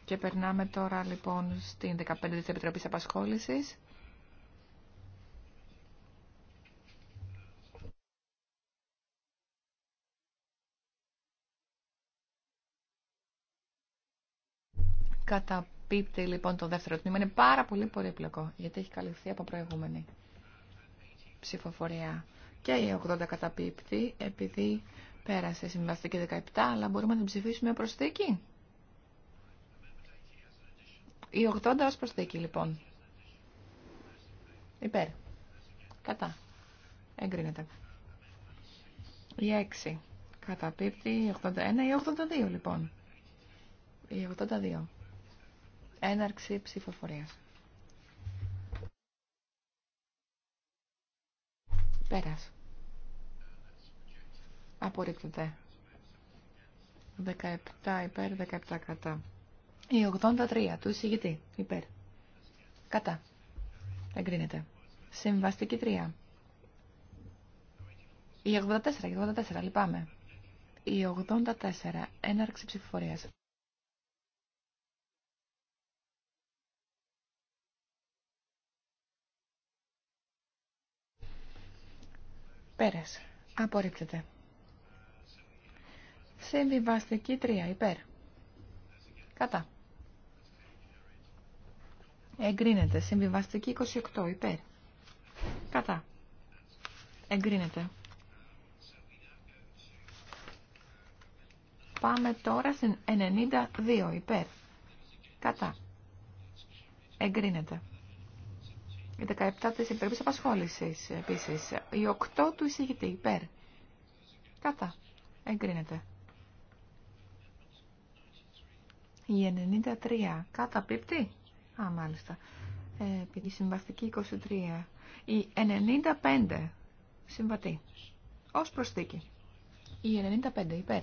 Και περνάμε τώρα λοιπόν στην 15 της Επιτροπής Απασχόλησης. Καταπίπτει λοιπόν το δεύτερο τμήμα. Είναι πάρα πολύ πολύπλοκο, γιατί έχει καλυφθεί από προηγούμενη ψηφοφορία. Και η 80 καταπίπτει, επειδή πέρασε η συμβαστική 17, αλλά μπορούμε να την ψηφίσουμε προσθήκη. Η 80 ως προσθήκη λοιπόν. Υπέρ. Κατά. Εγκρίνεται. Η 6. Καταπίπτει η 81 ή 82 λοιπόν. Η 82. Έναρξη ψηφοφορίας. Πέρας. Απορρίπτεται. 17 υπέρ, 17 κατά. Η 83 του εισηγητή υπέρ. Κατά. Εγκρίνεται. Συμβαστική 3. Η 84, η 84, λυπάμαι. Η 84, έναρξη ψηφοφορίας. Πέρες. Απορρίπτεται. Συμβιβαστική 3. Υπέρ. Κατά. Εγκρίνεται. Συμβιβαστική 28. Υπέρ. Κατά. Εγκρίνεται. Πάμε τώρα στην 92. Υπέρ. Κατά. Εγκρίνεται. Η 17 της Επιτροπής Απασχόλησης επίσης. Η 8 του εισηγητή υπέρ. Κατά. Εγκρίνεται. Η 93 κατά πίπτη. Α, μάλιστα. Ε, η συμβαστική 23. Η 95 συμβατή. Ως προσθήκη. Η 95 υπέρ.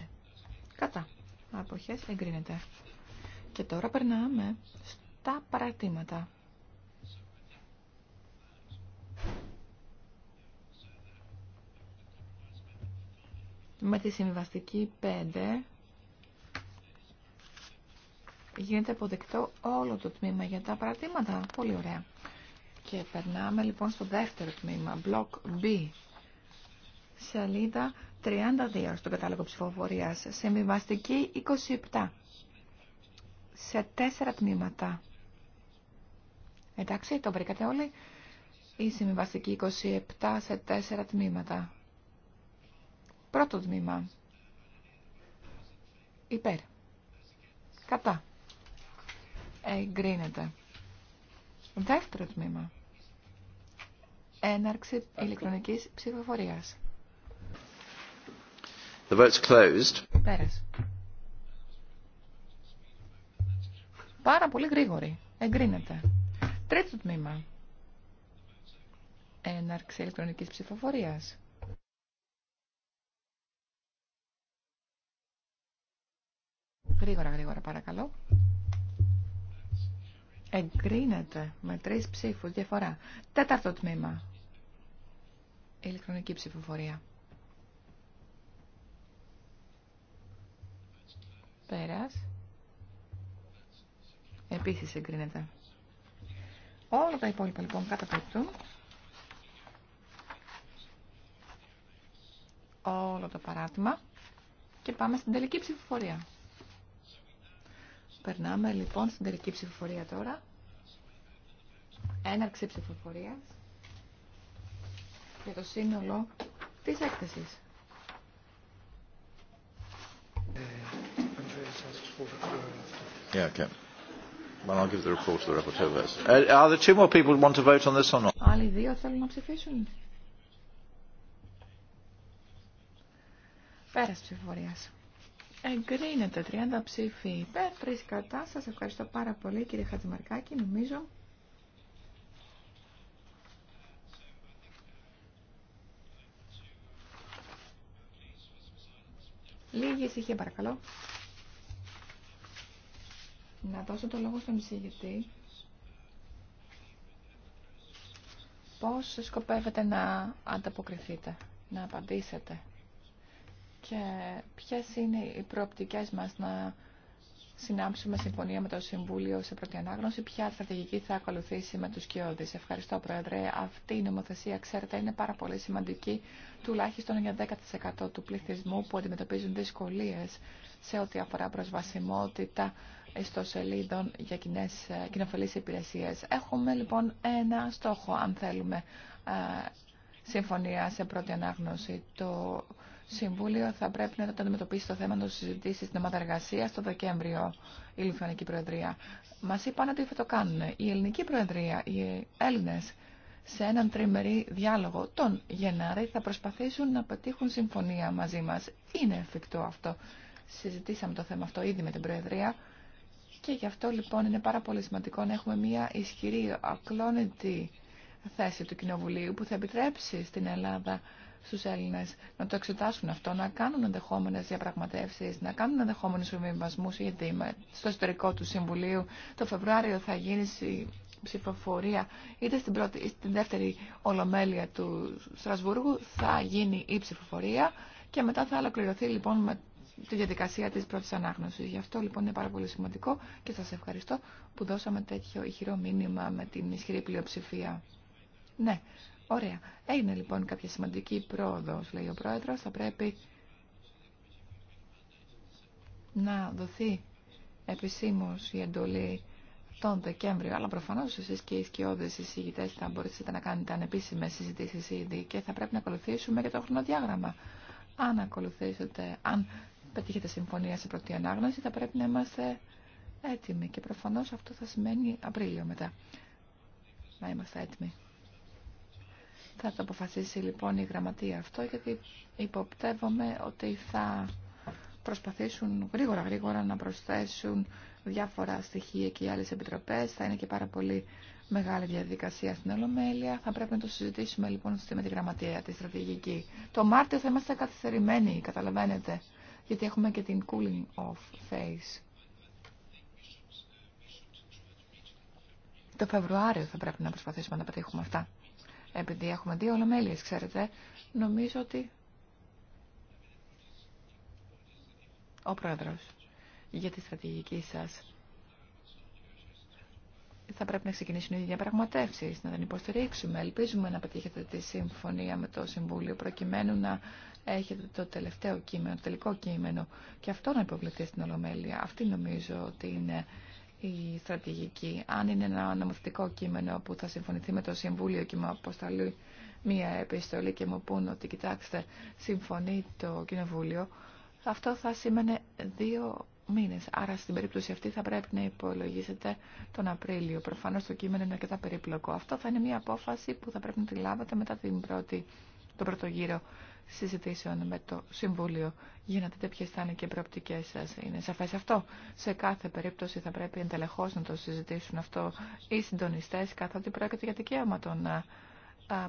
Κατά. Αποχές εγκρίνεται. Και τώρα περνάμε στα παρατήματα. με τη συμβαστική 5 γίνεται αποδεκτό όλο το τμήμα για τα παρατήματα. Πολύ ωραία. Και περνάμε λοιπόν στο δεύτερο τμήμα, Block B, σελίδα 32 στον κατάλογο ψηφοφορίας, συμβιβαστική 27, σε τέσσερα τμήματα. Εντάξει, το βρήκατε όλοι. Η συμβιβαστική 27 σε τέσσερα τμήματα. Πρώτο τμήμα. Υπέρ. Κατά. Εγκρίνεται. Δεύτερο τμήμα. Έναρξη ηλεκτρονικής ψηφοφορίας. The vote's closed. Πέρας. Πάρα πολύ γρήγορη. Εγκρίνεται. Τρίτο τμήμα. Έναρξη ηλεκτρονικής ψηφοφορίας. Γρήγορα, γρήγορα, παρακαλώ. Εγκρίνεται με τρει ψήφου διαφορά. Τέταρτο τμήμα. Ηλεκτρονική ψηφοφορία. Πέρας. Επίσης εγκρίνεται. Όλα τα υπόλοιπα λοιπόν καταπληκτούν. Όλο το παράτημα. Και πάμε στην τελική ψηφοφορία. Περνάμε λοιπόν στην τελική ψηφοφορία τώρα. Έναρξη ψηφοφορίας για το σύνολο της έκθεσης. Yeah, okay. Well, I'll give the report to the rapporteur first. Uh, are there two more people who want to vote on this or not? Άλλοι δύο θέλουν να ψηφίσουν. Πέρας ψηφοφορίας. Εγκρίνεται 30 ψήφοι υπέρ, κατά. Σας ευχαριστώ πάρα πολύ κύριε Χατζημαρκάκη. Νομίζω Λίγη ησυχία παρακαλώ. Να δώσω το λόγο στον εισηγητή. Πώς σκοπεύετε να ανταποκριθείτε, να απαντήσετε και ποιες είναι οι προοπτικές μας να συνάψουμε συμφωνία με το Συμβούλιο σε πρώτη ανάγνωση, ποια στρατηγική θα ακολουθήσει με τους κοιόδης. Ευχαριστώ Πρόεδρε. Αυτή η νομοθεσία, ξέρετε, είναι πάρα πολύ σημαντική, τουλάχιστον για 10% του πληθυσμού που αντιμετωπίζουν δυσκολίες σε ό,τι αφορά προσβασιμότητα ιστοσελίδων για κοινές, ε, κοινοφελείς υπηρεσίες. Έχουμε λοιπόν ένα στόχο, αν θέλουμε, ε, συμφωνία σε πρώτη ανάγνωση. Το Συμβούλιο θα πρέπει να το αντιμετωπίσει το θέμα των συζητήσει στην ομάδα εργασία το Δεκέμβριο η Λιθουανική Προεδρία. Μα είπαν ότι θα το κάνουν. Η Ελληνική Προεδρία, οι Έλληνε, σε έναν τριμερή διάλογο τον Γενάρη θα προσπαθήσουν να πετύχουν συμφωνία μαζί μα. Είναι εφικτό αυτό. Συζητήσαμε το θέμα αυτό ήδη με την Προεδρία. Και γι' αυτό λοιπόν είναι πάρα πολύ σημαντικό να έχουμε μια ισχυρή, ακλόνητη θέση του Κοινοβουλίου που θα επιτρέψει στην Ελλάδα στου Έλληνε, να το εξετάσουν αυτό, να κάνουν ενδεχόμενε διαπραγματεύσει, να κάνουν ενδεχόμενου συμβιβασμούς, γιατί στο ιστορικό του Συμβουλίου το Φεβρουάριο θα γίνει η ψηφοφορία είτε στην, πρώτη, στην δεύτερη ολομέλεια του Στρασβούργου θα γίνει η ψηφοφορία και μετά θα ολοκληρωθεί λοιπόν με τη διαδικασία της πρώτης ανάγνωσης. Γι' αυτό λοιπόν είναι πάρα πολύ σημαντικό και σας ευχαριστώ που δώσαμε τέτοιο ηχηρό μήνυμα με την ισχυρή πλειοψηφία. Ναι, Ωραία. Έγινε λοιπόν κάποια σημαντική πρόοδο, λέει ο πρόεδρο, Θα πρέπει να δοθεί επισήμω η εντολή τον Δεκέμβριο, αλλά προφανώ εσεί και οι σκιώδες συζητητέ θα μπορέσετε να κάνετε ανεπίσημε συζητήσει ήδη και θα πρέπει να ακολουθήσουμε και το χρονοδιάγραμμα. Αν ακολουθήσετε, αν πετύχετε συμφωνία σε πρώτη ανάγνωση, θα πρέπει να είμαστε έτοιμοι και προφανώ αυτό θα σημαίνει Απρίλιο μετά. Να είμαστε έτοιμοι. Θα το αποφασίσει λοιπόν η γραμματεία αυτό γιατί υποπτεύομαι ότι θα προσπαθήσουν γρήγορα γρήγορα να προσθέσουν διάφορα στοιχεία και οι άλλες επιτροπές. Θα είναι και πάρα πολύ μεγάλη διαδικασία στην Ολομέλεια. Θα πρέπει να το συζητήσουμε λοιπόν με τη γραμματεία, τη στρατηγική. Το Μάρτιο θα είμαστε καθυστερημένοι, καταλαβαίνετε, γιατί έχουμε και την cooling off phase. Το Φεβρουάριο θα πρέπει να προσπαθήσουμε να πετύχουμε αυτά επειδή έχουμε δύο ολομέλειες, ξέρετε, νομίζω ότι ο Πρόεδρος για τη στρατηγική σας θα πρέπει να ξεκινήσουν οι διαπραγματεύσει, να την υποστηρίξουμε. Ελπίζουμε να πετύχετε τη συμφωνία με το Συμβούλιο, προκειμένου να έχετε το τελευταίο κείμενο, το τελικό κείμενο, και αυτό να υποβληθεί στην Ολομέλεια. Αυτή νομίζω ότι είναι η στρατηγική. Αν είναι ένα νομοθετικό κείμενο που θα συμφωνηθεί με το Συμβούλιο και μου αποσταλεί μία επιστολή και μου πούν ότι κοιτάξτε, συμφωνεί το Κοινοβούλιο, αυτό θα σήμαινε δύο μήνες. Άρα στην περίπτωση αυτή θα πρέπει να υπολογίσετε τον Απρίλιο. Προφανώς το κείμενο είναι αρκετά περίπλοκο. Αυτό θα είναι μία απόφαση που θα πρέπει να τη λάβετε μετά την πρώτη, τον πρώτο γύρο συζητήσεων με το Συμβούλιο για να δείτε ποιες θα είναι και οι προοπτικές σας. Είναι σαφέ αυτό. Σε κάθε περίπτωση θα πρέπει εντελεχώ να το συζητήσουν αυτό οι συντονιστές καθότι πρόκειται για δικαίωμα των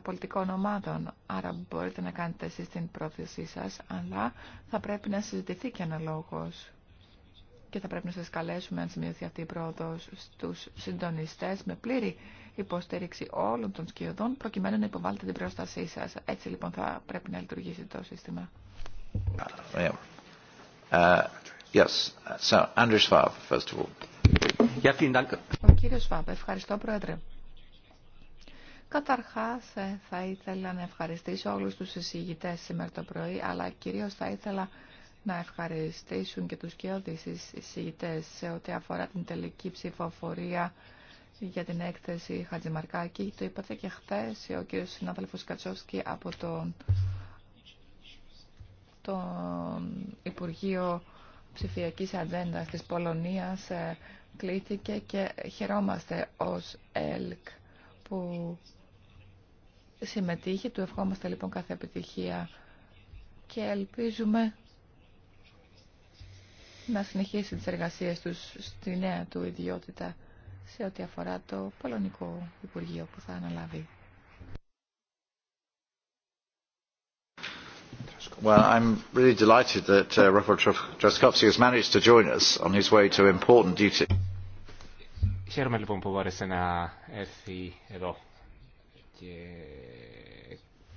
πολιτικών ομάδων. Άρα μπορείτε να κάνετε εσεί την πρόθεσή σα, αλλά θα πρέπει να συζητηθεί και αναλόγω. Και θα πρέπει να σας καλέσουμε αν σημειωθεί αυτή η πρόοδος στους συντονιστές με πλήρη υποστήριξη όλων των σκιωδών προκειμένου να υποβάλλετε την πρόστασή σα. Έτσι λοιπόν θα πρέπει να λειτουργήσει το σύστημα. Uh, Ο κύριος Σφάπ, ευχαριστώ Πρόεδρε. Καταρχάς ε, θα ήθελα να ευχαριστήσω όλους τους εισηγητές σήμερα το πρωί, αλλά κυρίως θα ήθελα να ευχαριστήσουν και τους κοιόδης εισηγητές σε ό,τι αφορά την τελική ψηφοφορία για την έκθεση Χατζημαρκάκη. Το είπατε και χθε ο κύριος Συνάδελφο Κατσόφσκι από τον, Υπουργείο Ψηφιακής Ατζέντα της Πολωνίας ε, κλήθηκε και χαιρόμαστε ω ΕΛΚ που συμμετείχε. Του ευχόμαστε λοιπόν κάθε επιτυχία και ελπίζουμε να συνεχίσει τις εργασίες τους στη νέα του ιδιότητα σε ό,τι αφορά το Πολωνικό Υπουργείο που θα αναλάβει. Well, I'm really delighted that uh, Rafael Draskowski has managed to join us on his way to important duty. Χαίρομαι λοιπόν που μπόρεσε να έρθει εδώ και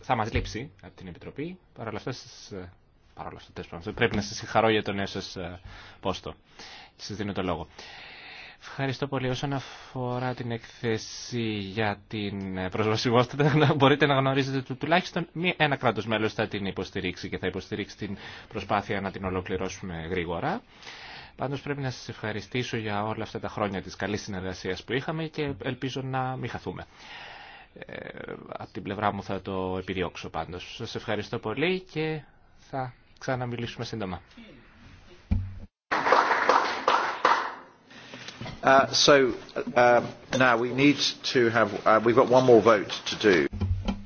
θα μας λείψει από την Επιτροπή. Παρ' όλα αυτά, ε, παρ όλα αυτά πρέπει να σας συγχαρώ για τον νέο σας ε, πόστο. Σας δίνω το λόγο. Ευχαριστώ πολύ. Όσον αφορά την εκθέση για την προσβασιμότητα, (laughs) μπορείτε να γνωρίζετε ότι τουλάχιστον ένα κράτος μέλος θα την υποστηρίξει και θα υποστηρίξει την προσπάθεια να την ολοκληρώσουμε γρήγορα. Πάντως πρέπει να σας ευχαριστήσω για όλα αυτά τα χρόνια της καλής συνεργασίας που είχαμε και ελπίζω να μην χαθούμε. Ε, από την πλευρά μου θα το επιδιώξω πάντως. Σας ευχαριστώ πολύ και θα ξαναμιλήσουμε σύντομα.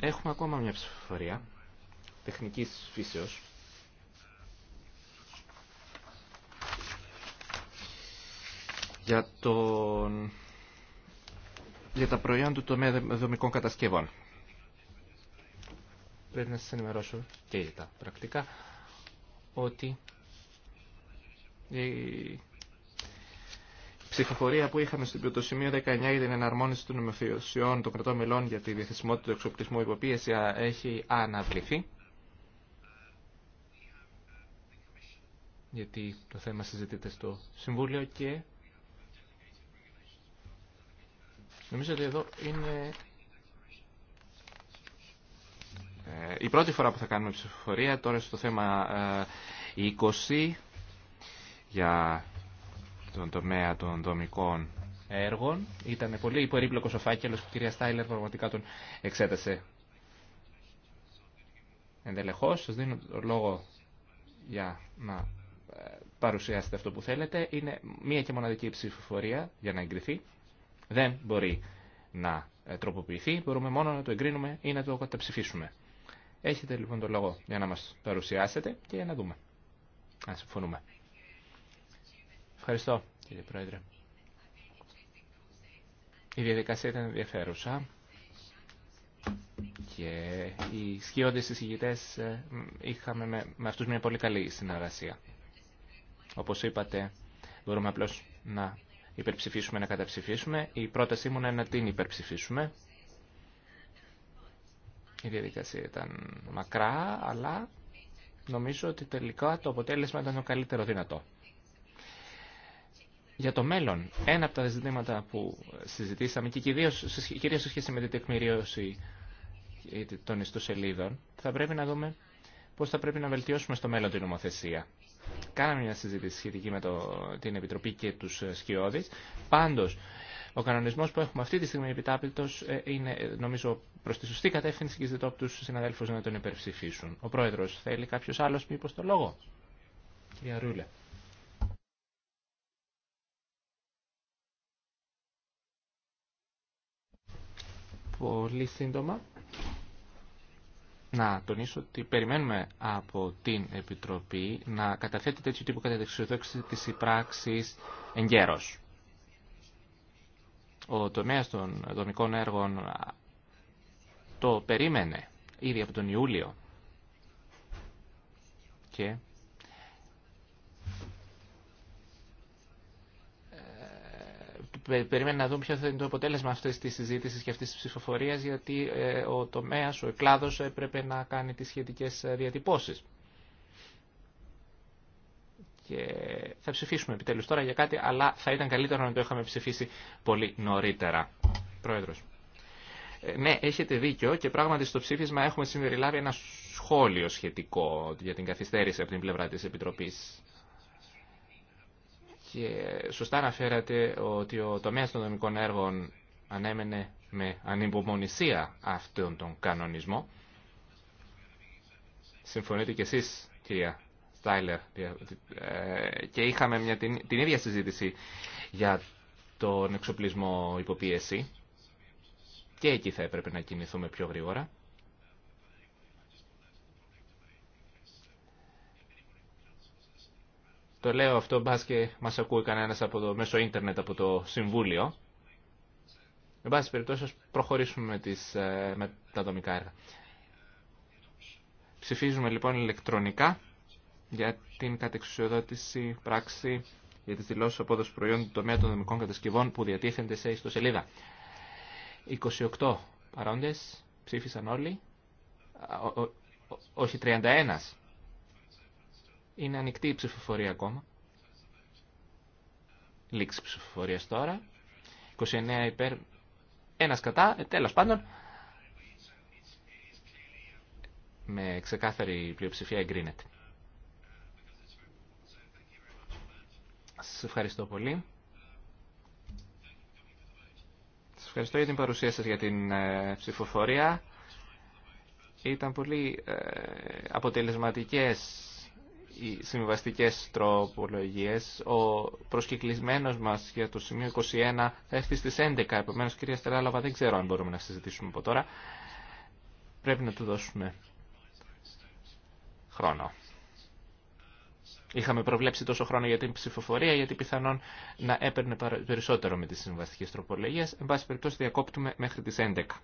Έχουμε ακόμα μια ψηφοφορία τεχνικής φύσεως. Για, τον... για τα προϊόντα του τομέα δομικών κατασκευών. Πρέπει να σας ενημερώσω και για τα πρακτικά ότι ψηφοφορία που είχαμε στο σημείο 19 για την εναρμόνιση των νομοθεσιών των κρατών μελών για τη διαθεσιμότητα του εξοπλισμού υποπίεση έχει αναβληθεί. Γιατί το θέμα συζητείται στο Συμβούλιο και νομίζω ότι εδώ είναι ε, η πρώτη φορά που θα κάνουμε ψηφοφορία. Τώρα στο θέμα 20 ε, για τον τομέα των δομικών έργων. Ήταν πολύ περίπλοκο ο φάκελο που η κυρία Στάιλερ πραγματικά τον εξέτασε εντελεχώ. Σα δίνω λόγο για να ε, παρουσιάσετε αυτό που θέλετε. Είναι μία και μοναδική ψηφοφορία για να εγκριθεί. Δεν μπορεί να ε, τροποποιηθεί. Μπορούμε μόνο να το εγκρίνουμε ή να το καταψηφίσουμε. Έχετε λοιπόν το λόγο για να μας παρουσιάσετε και να δούμε αν συμφωνούμε. Ευχαριστώ, κύριε Πρόεδρε. Η διαδικασία ήταν ενδιαφέρουσα και οι σκιώδεις εισηγητές ε, είχαμε με, με αυτούς μια πολύ καλή συνεργασία. Όπως είπατε, μπορούμε απλώς να υπερψηφίσουμε, να καταψηφίσουμε. Η πρότασή μου είναι να την υπερψηφίσουμε. Η διαδικασία ήταν μακρά, αλλά νομίζω ότι τελικά το αποτέλεσμα ήταν το καλύτερο δυνατό για το μέλλον. Ένα από τα ζητήματα που συζητήσαμε και κυρίως, σε σχέση με την τεκμηρίωση ε, των ιστοσελίδων, θα πρέπει να δούμε πώς θα πρέπει να βελτιώσουμε στο μέλλον την νομοθεσία. Κάναμε μια συζήτηση σχετική με το, την Επιτροπή και τους ε, Σκιώδης. Πάντως, ο κανονισμός που έχουμε αυτή τη στιγμή επιτάπητος ε, είναι νομίζω προς τη σωστή κατεύθυνση και ζητώ από τους συναδέλφους να τον υπερψηφίσουν. Ο Πρόεδρος θέλει κάποιος άλλος μήπως το λόγο. Κυρία Ρούλε. πολύ σύντομα να τονίσω ότι περιμένουμε από την Επιτροπή να καταθέτει τέτοιου τύπου τη της πράξης εγκαίρως. Ο τομέας των δομικών έργων το περίμενε ήδη από τον Ιούλιο και Περιμένουμε να δούμε ποιο θα είναι το αποτέλεσμα αυτή τη συζήτηση και αυτή τη ψηφοφορία, γιατί ε, ο τομέα, ο κλάδο έπρεπε να κάνει τι σχετικέ ε, διατυπώσει. Και θα ψηφίσουμε επιτέλου τώρα για κάτι, αλλά θα ήταν καλύτερο να το είχαμε ψηφίσει πολύ νωρίτερα. Πρόεδρος. Ε, ναι, έχετε δίκιο και πράγματι στο ψήφισμα έχουμε συμπεριλάβει ένα σχόλιο σχετικό για την καθυστέρηση από την πλευρά της Επιτροπής και σωστά αναφέρατε ότι ο τομέας των δομικών έργων ανέμενε με ανυπομονησία αυτόν τον κανονισμό. Συμφωνείτε και εσείς, κυρία Στάιλερ, ε, και είχαμε μια, την, την ίδια συζήτηση για τον εξοπλισμό υποπίεση. Και εκεί θα έπρεπε να κινηθούμε πιο γρήγορα. Το λέω αυτό μπα και μας ακούει κανένα από το, μέσω ίντερνετ από το Συμβούλιο. Με πάση περιπτώσει, προχωρήσουμε με, τις, ε, με τα δομικά έργα. Ψηφίζουμε λοιπόν ηλεκτρονικά για την κατεξουσιοδότηση πράξη για τις δηλώσεις απόδοση προϊόντων του τομέα των δομικών κατασκευών που διατίθενται σε ιστοσελίδα. 28 παρόντες ψήφισαν όλοι, όχι 31 είναι ανοιχτή η ψηφοφορία ακόμα. Λήξη ψηφοφορία τώρα. 29 υπέρ, ένας κατά, ε, τέλος πάντων. Με ξεκάθαρη πλειοψηφία εγκρίνεται. Σα ευχαριστώ πολύ. Σα ευχαριστώ για την παρουσία σας για την ε, ψηφοφορία. Ήταν πολύ ε, αποτελεσματικές οι συμβαστικές τροπολογίες. Ο προσκυκλισμένος μας για το σημείο 21 θα έρθει στις 11. Επομένως, κυρία Στεράλαβα, δεν ξέρω αν μπορούμε να συζητήσουμε από τώρα. Πρέπει να του δώσουμε χρόνο. Είχαμε προβλέψει τόσο χρόνο για την ψηφοφορία, γιατί πιθανόν να έπαιρνε περισσότερο με τις συμβαστικές τροπολογίες. Εν πάση περιπτώσει, διακόπτουμε μέχρι τις 11.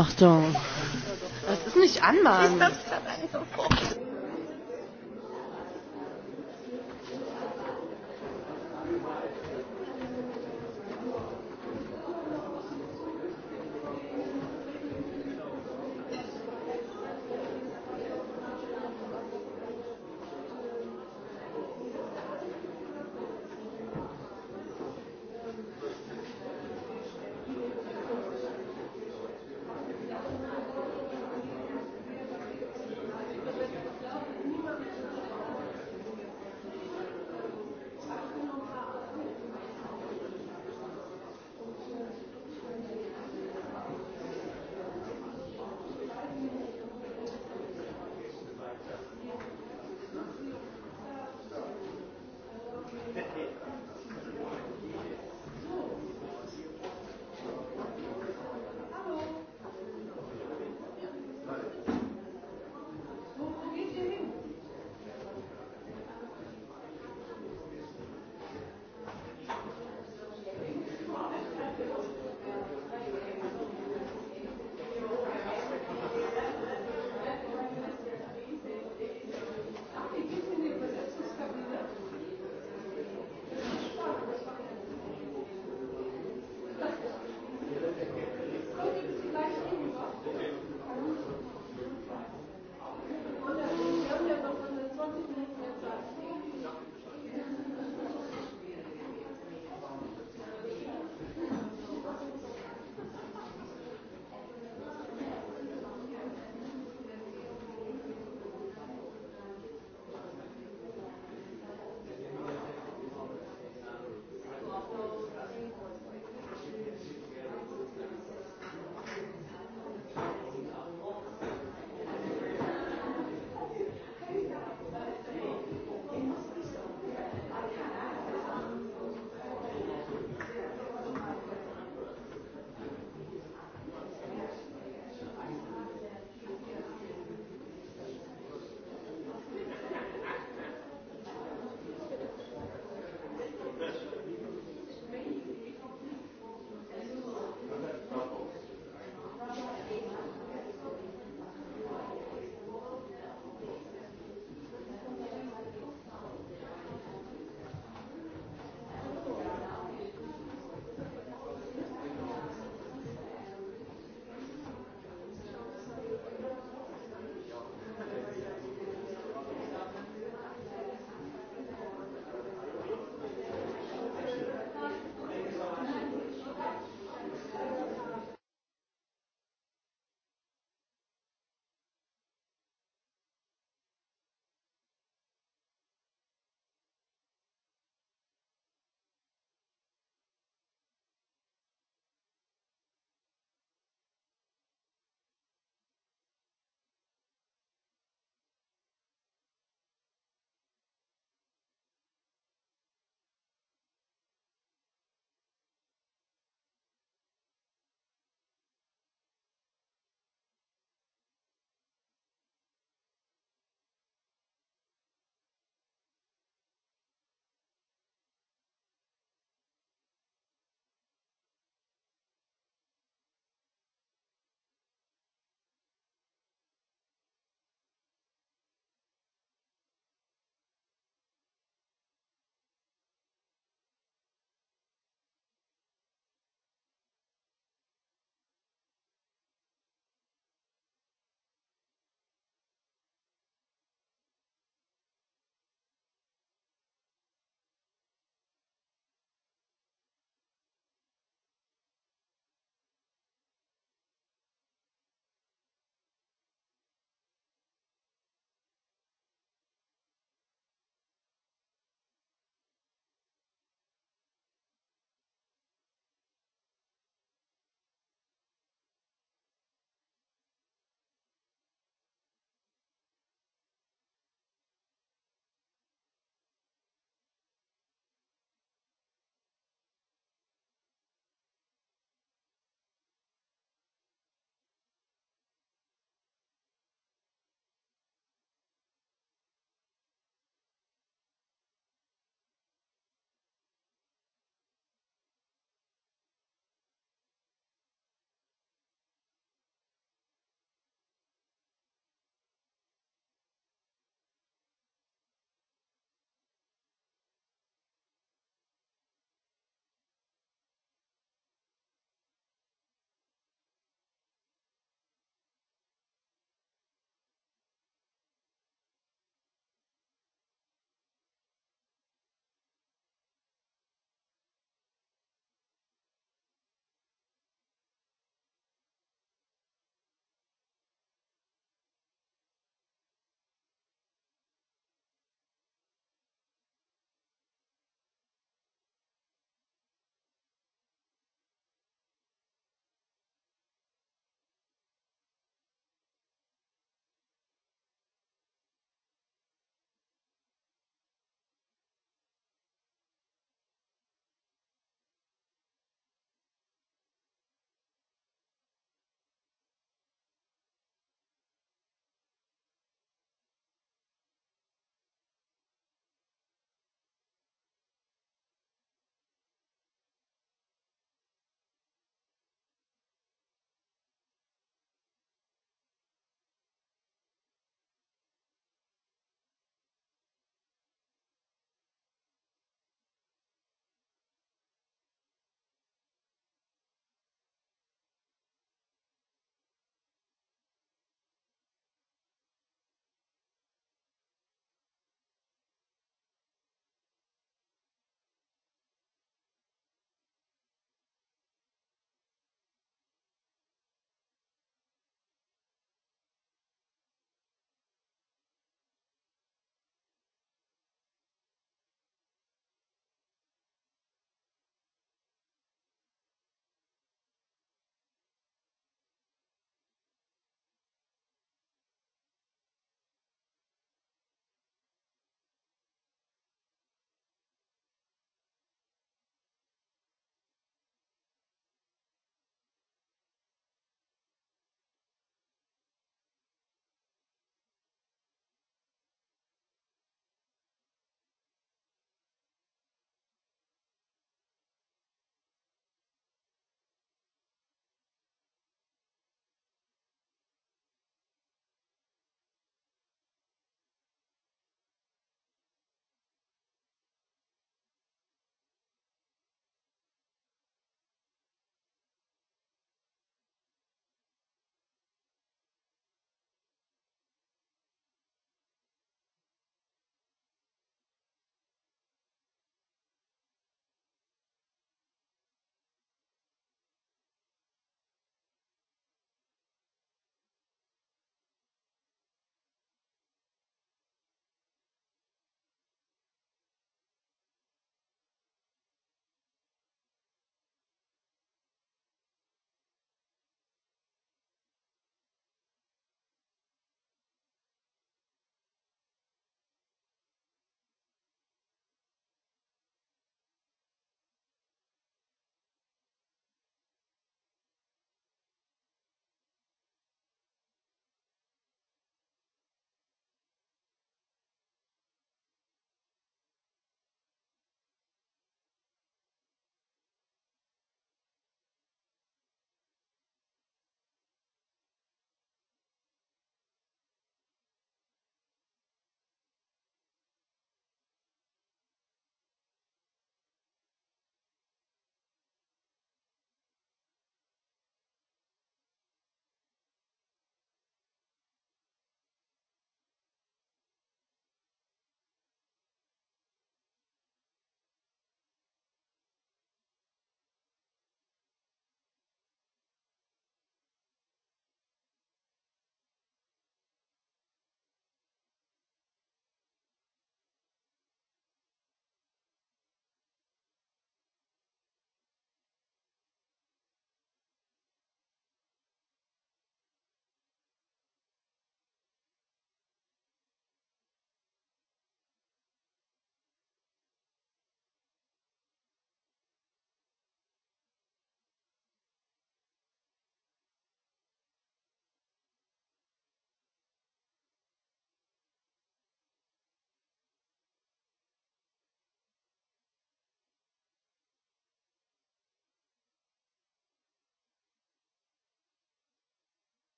Achtung. Das ist nicht anmachen. Ist das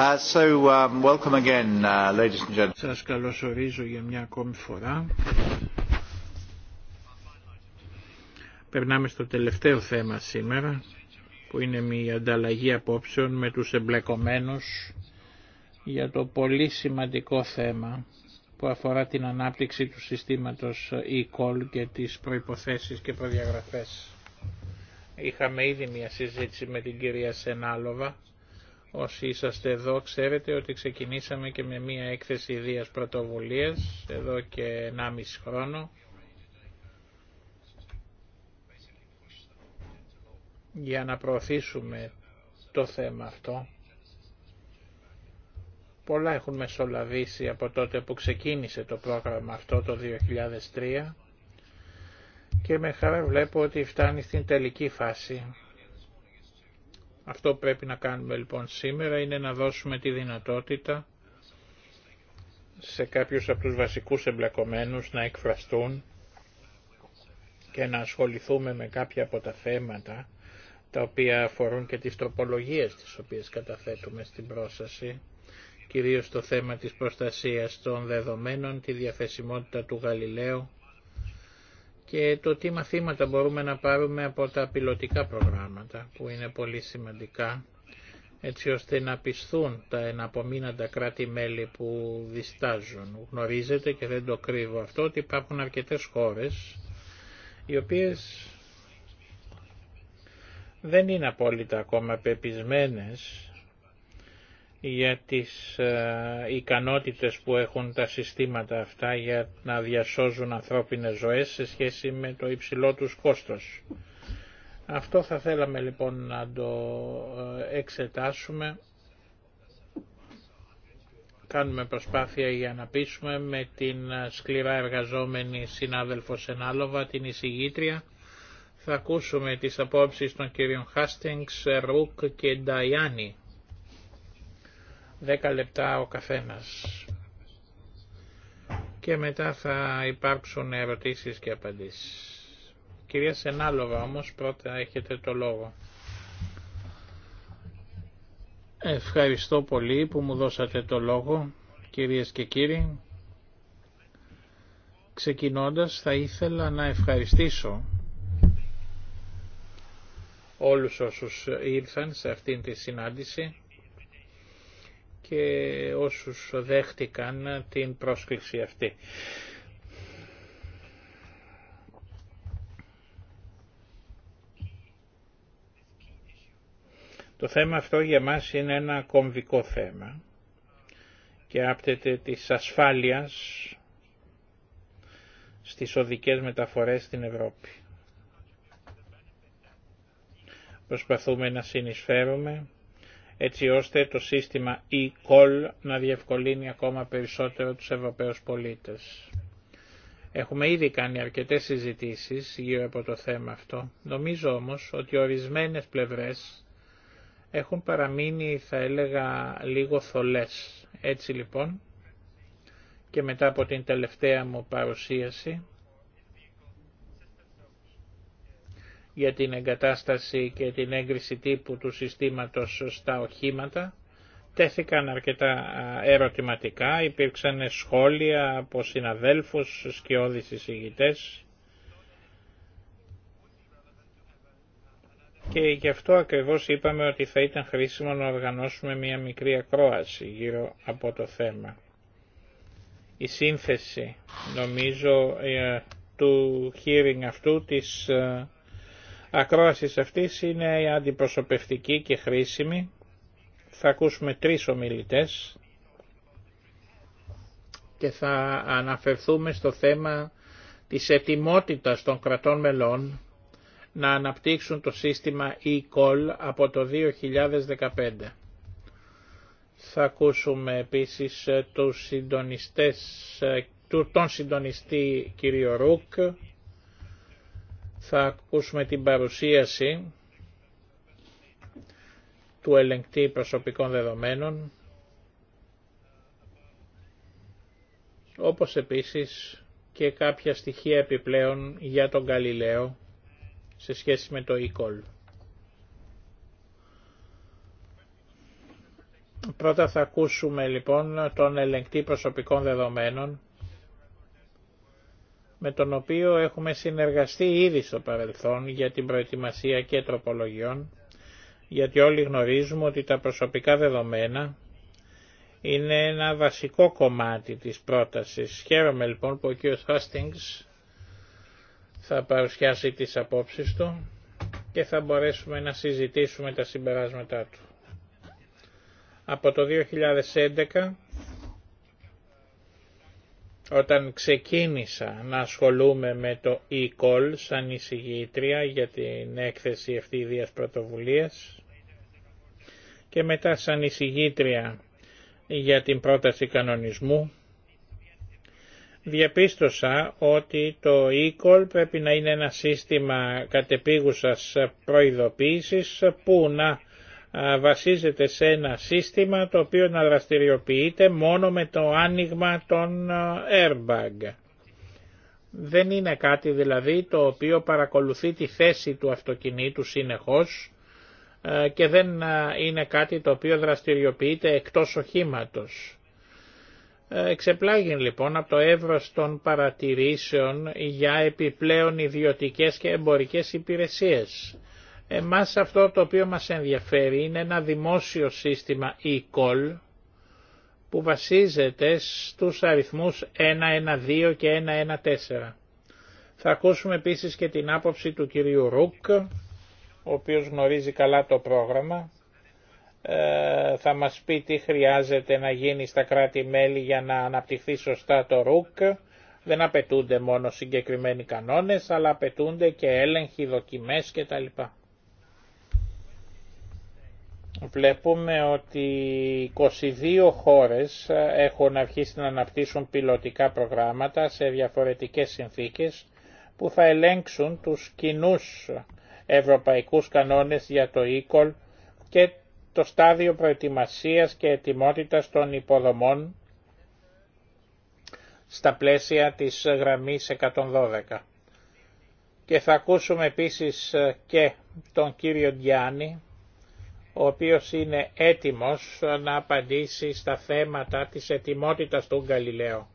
Uh, so, um, uh, Σας καλωσορίζω για μια ακόμη φορά. Περνάμε στο τελευταίο θέμα σήμερα, που είναι μια ανταλλαγή απόψεων με τους εμπλεκομένους για το πολύ σημαντικό θέμα που αφορά την ανάπτυξη του συστήματος e-call και τις προϋποθέσεις και προδιαγραφές. Είχαμε ήδη μια συζήτηση με την κυρία Σενάλοβα Όσοι είσαστε εδώ ξέρετε ότι ξεκινήσαμε και με μία έκθεση ιδίας πρωτοβουλίας εδώ και 1,5 χρόνο. για να προωθήσουμε το θέμα αυτό. Πολλά έχουν μεσολαβήσει από τότε που ξεκίνησε το πρόγραμμα αυτό το 2003 και με χαρά βλέπω ότι φτάνει στην τελική φάση. Αυτό που πρέπει να κάνουμε λοιπόν σήμερα είναι να δώσουμε τη δυνατότητα σε κάποιους από τους βασικούς εμπλεκομένους να εκφραστούν και να ασχοληθούμε με κάποια από τα θέματα τα οποία αφορούν και τις τροπολογίες τις οποίες καταθέτουμε στην πρόσταση, κυρίως το θέμα της προστασίας των δεδομένων, τη διαθεσιμότητα του Γαλιλαίου και το τι μαθήματα μπορούμε να πάρουμε από τα πιλωτικά προγράμματα που είναι πολύ σημαντικά έτσι ώστε να πισθούν τα εναπομείναντα κράτη-μέλη που διστάζουν. Γνωρίζετε και δεν το κρύβω αυτό ότι υπάρχουν αρκετές χώρες οι οποίες δεν είναι απόλυτα ακόμα πεπισμένες για τις ε, ικανότητες που έχουν τα συστήματα αυτά για να διασώζουν ανθρώπινες ζωές σε σχέση με το υψηλό τους κόστος. Αυτό θα θέλαμε λοιπόν να το ε, εξετάσουμε. Κάνουμε προσπάθεια για να πείσουμε με την ε, σκληρά εργαζόμενη συνάδελφο Σενάλοβα, την εισηγήτρια. Θα ακούσουμε τις απόψεις των κυρίων Χάστινγκς, Ρουκ και Νταϊάνι 10 λεπτά ο καθένας. Και μετά θα υπάρξουν ερωτήσεις και απαντήσεις. Κυρία Σενάλογα όμως πρώτα έχετε το λόγο. Ευχαριστώ πολύ που μου δώσατε το λόγο, κυρίες και κύριοι. Ξεκινώντας θα ήθελα να ευχαριστήσω όλους όσους ήρθαν σε αυτήν τη συνάντηση και όσους δέχτηκαν την πρόσκληση αυτή. Το θέμα αυτό για μας είναι ένα κομβικό θέμα και άπτεται της ασφάλειας στις οδικές μεταφορές στην Ευρώπη. Προσπαθούμε να συνεισφέρουμε έτσι ώστε το σύστημα e-call να διευκολύνει ακόμα περισσότερο τους Ευρωπαίους πολίτες. Έχουμε ήδη κάνει αρκετές συζητήσεις γύρω από το θέμα αυτό. Νομίζω όμως ότι ορισμένες πλευρές έχουν παραμείνει, θα έλεγα, λίγο θολές. Έτσι λοιπόν, και μετά από την τελευταία μου παρουσίαση, για την εγκατάσταση και την έγκριση τύπου του συστήματος στα οχήματα. Τέθηκαν αρκετά ερωτηματικά, υπήρξαν σχόλια από συναδέλφους, σκιώδεις εισηγητές και γι' αυτό ακριβώς είπαμε ότι θα ήταν χρήσιμο να οργανώσουμε μια μικρή ακρόαση γύρω από το θέμα. Η σύνθεση νομίζω ε, του hearing αυτού της ε, ακρόασης αυτής είναι αντιπροσωπευτική και χρήσιμη. Θα ακούσουμε τρεις ομιλητές και θα αναφερθούμε στο θέμα της ετοιμότητας των κρατών μελών να αναπτύξουν το σύστημα e-call από το 2015. Θα ακούσουμε επίσης τους συντονιστές, ε, τον συντονιστή κύριο Ρουκ, θα ακούσουμε την παρουσίαση του ελεγκτή προσωπικών δεδομένων, όπως επίσης και κάποια στοιχεία επιπλέον για τον Γαλιλαίο σε σχέση με το e-call. Πρώτα θα ακούσουμε λοιπόν τον ελεγκτή προσωπικών δεδομένων με τον οποίο έχουμε συνεργαστεί ήδη στο παρελθόν για την προετοιμασία και τροπολογιών, γιατί όλοι γνωρίζουμε ότι τα προσωπικά δεδομένα είναι ένα βασικό κομμάτι της πρότασης. Χαίρομαι λοιπόν που ο κ. Hastings θα παρουσιάσει τις απόψεις του και θα μπορέσουμε να συζητήσουμε τα συμπεράσματά του. Από το 2011 όταν ξεκίνησα να ασχολούμαι με το e-call σαν εισηγήτρια για την έκθεση ευθύδιας πρωτοβουλίας και μετά σαν εισηγήτρια για την πρόταση κανονισμού, διαπίστωσα ότι το e-call πρέπει να είναι ένα σύστημα κατεπίγουσας προειδοποίησης που να βασίζεται σε ένα σύστημα το οποίο να δραστηριοποιείται μόνο με το άνοιγμα των airbag. Δεν είναι κάτι δηλαδή το οποίο παρακολουθεί τη θέση του αυτοκινήτου συνεχώς και δεν είναι κάτι το οποίο δραστηριοποιείται εκτός οχήματος. Ε, εξεπλάγει λοιπόν από το εύρος των παρατηρήσεων για επιπλέον ιδιωτικές και εμπορικές υπηρεσίες. Εμάς αυτό το οποίο μας ενδιαφέρει είναι ένα δημόσιο σύστημα e-call που βασίζεται στους αριθμούς 112 και 114. Θα ακούσουμε επίσης και την άποψη του κυρίου Ρουκ, ο οποίος γνωρίζει καλά το πρόγραμμα. Ε, θα μας πει τι χρειάζεται να γίνει στα κράτη-μέλη για να αναπτυχθεί σωστά το Ρουκ. Δεν απαιτούνται μόνο συγκεκριμένοι κανόνες, αλλά απαιτούνται και έλεγχοι, δοκιμές κτλ. Βλέπουμε ότι 22 χώρες ε, έχουν αρχίσει να αναπτύσσουν πιλωτικά προγράμματα σε διαφορετικές συνθήκες που θα ελέγξουν τους κοινούς ευρωπαϊκούς κανόνες για το e και το στάδιο προετοιμασίας και ετοιμότητας των υποδομών στα πλαίσια της γραμμής 112. Και θα ακούσουμε επίσης ε, και τον κύριο Γιάννη ο οποίος είναι έτοιμος να απαντήσει στα θέματα της ετοιμότητας του Γκαλιλαίου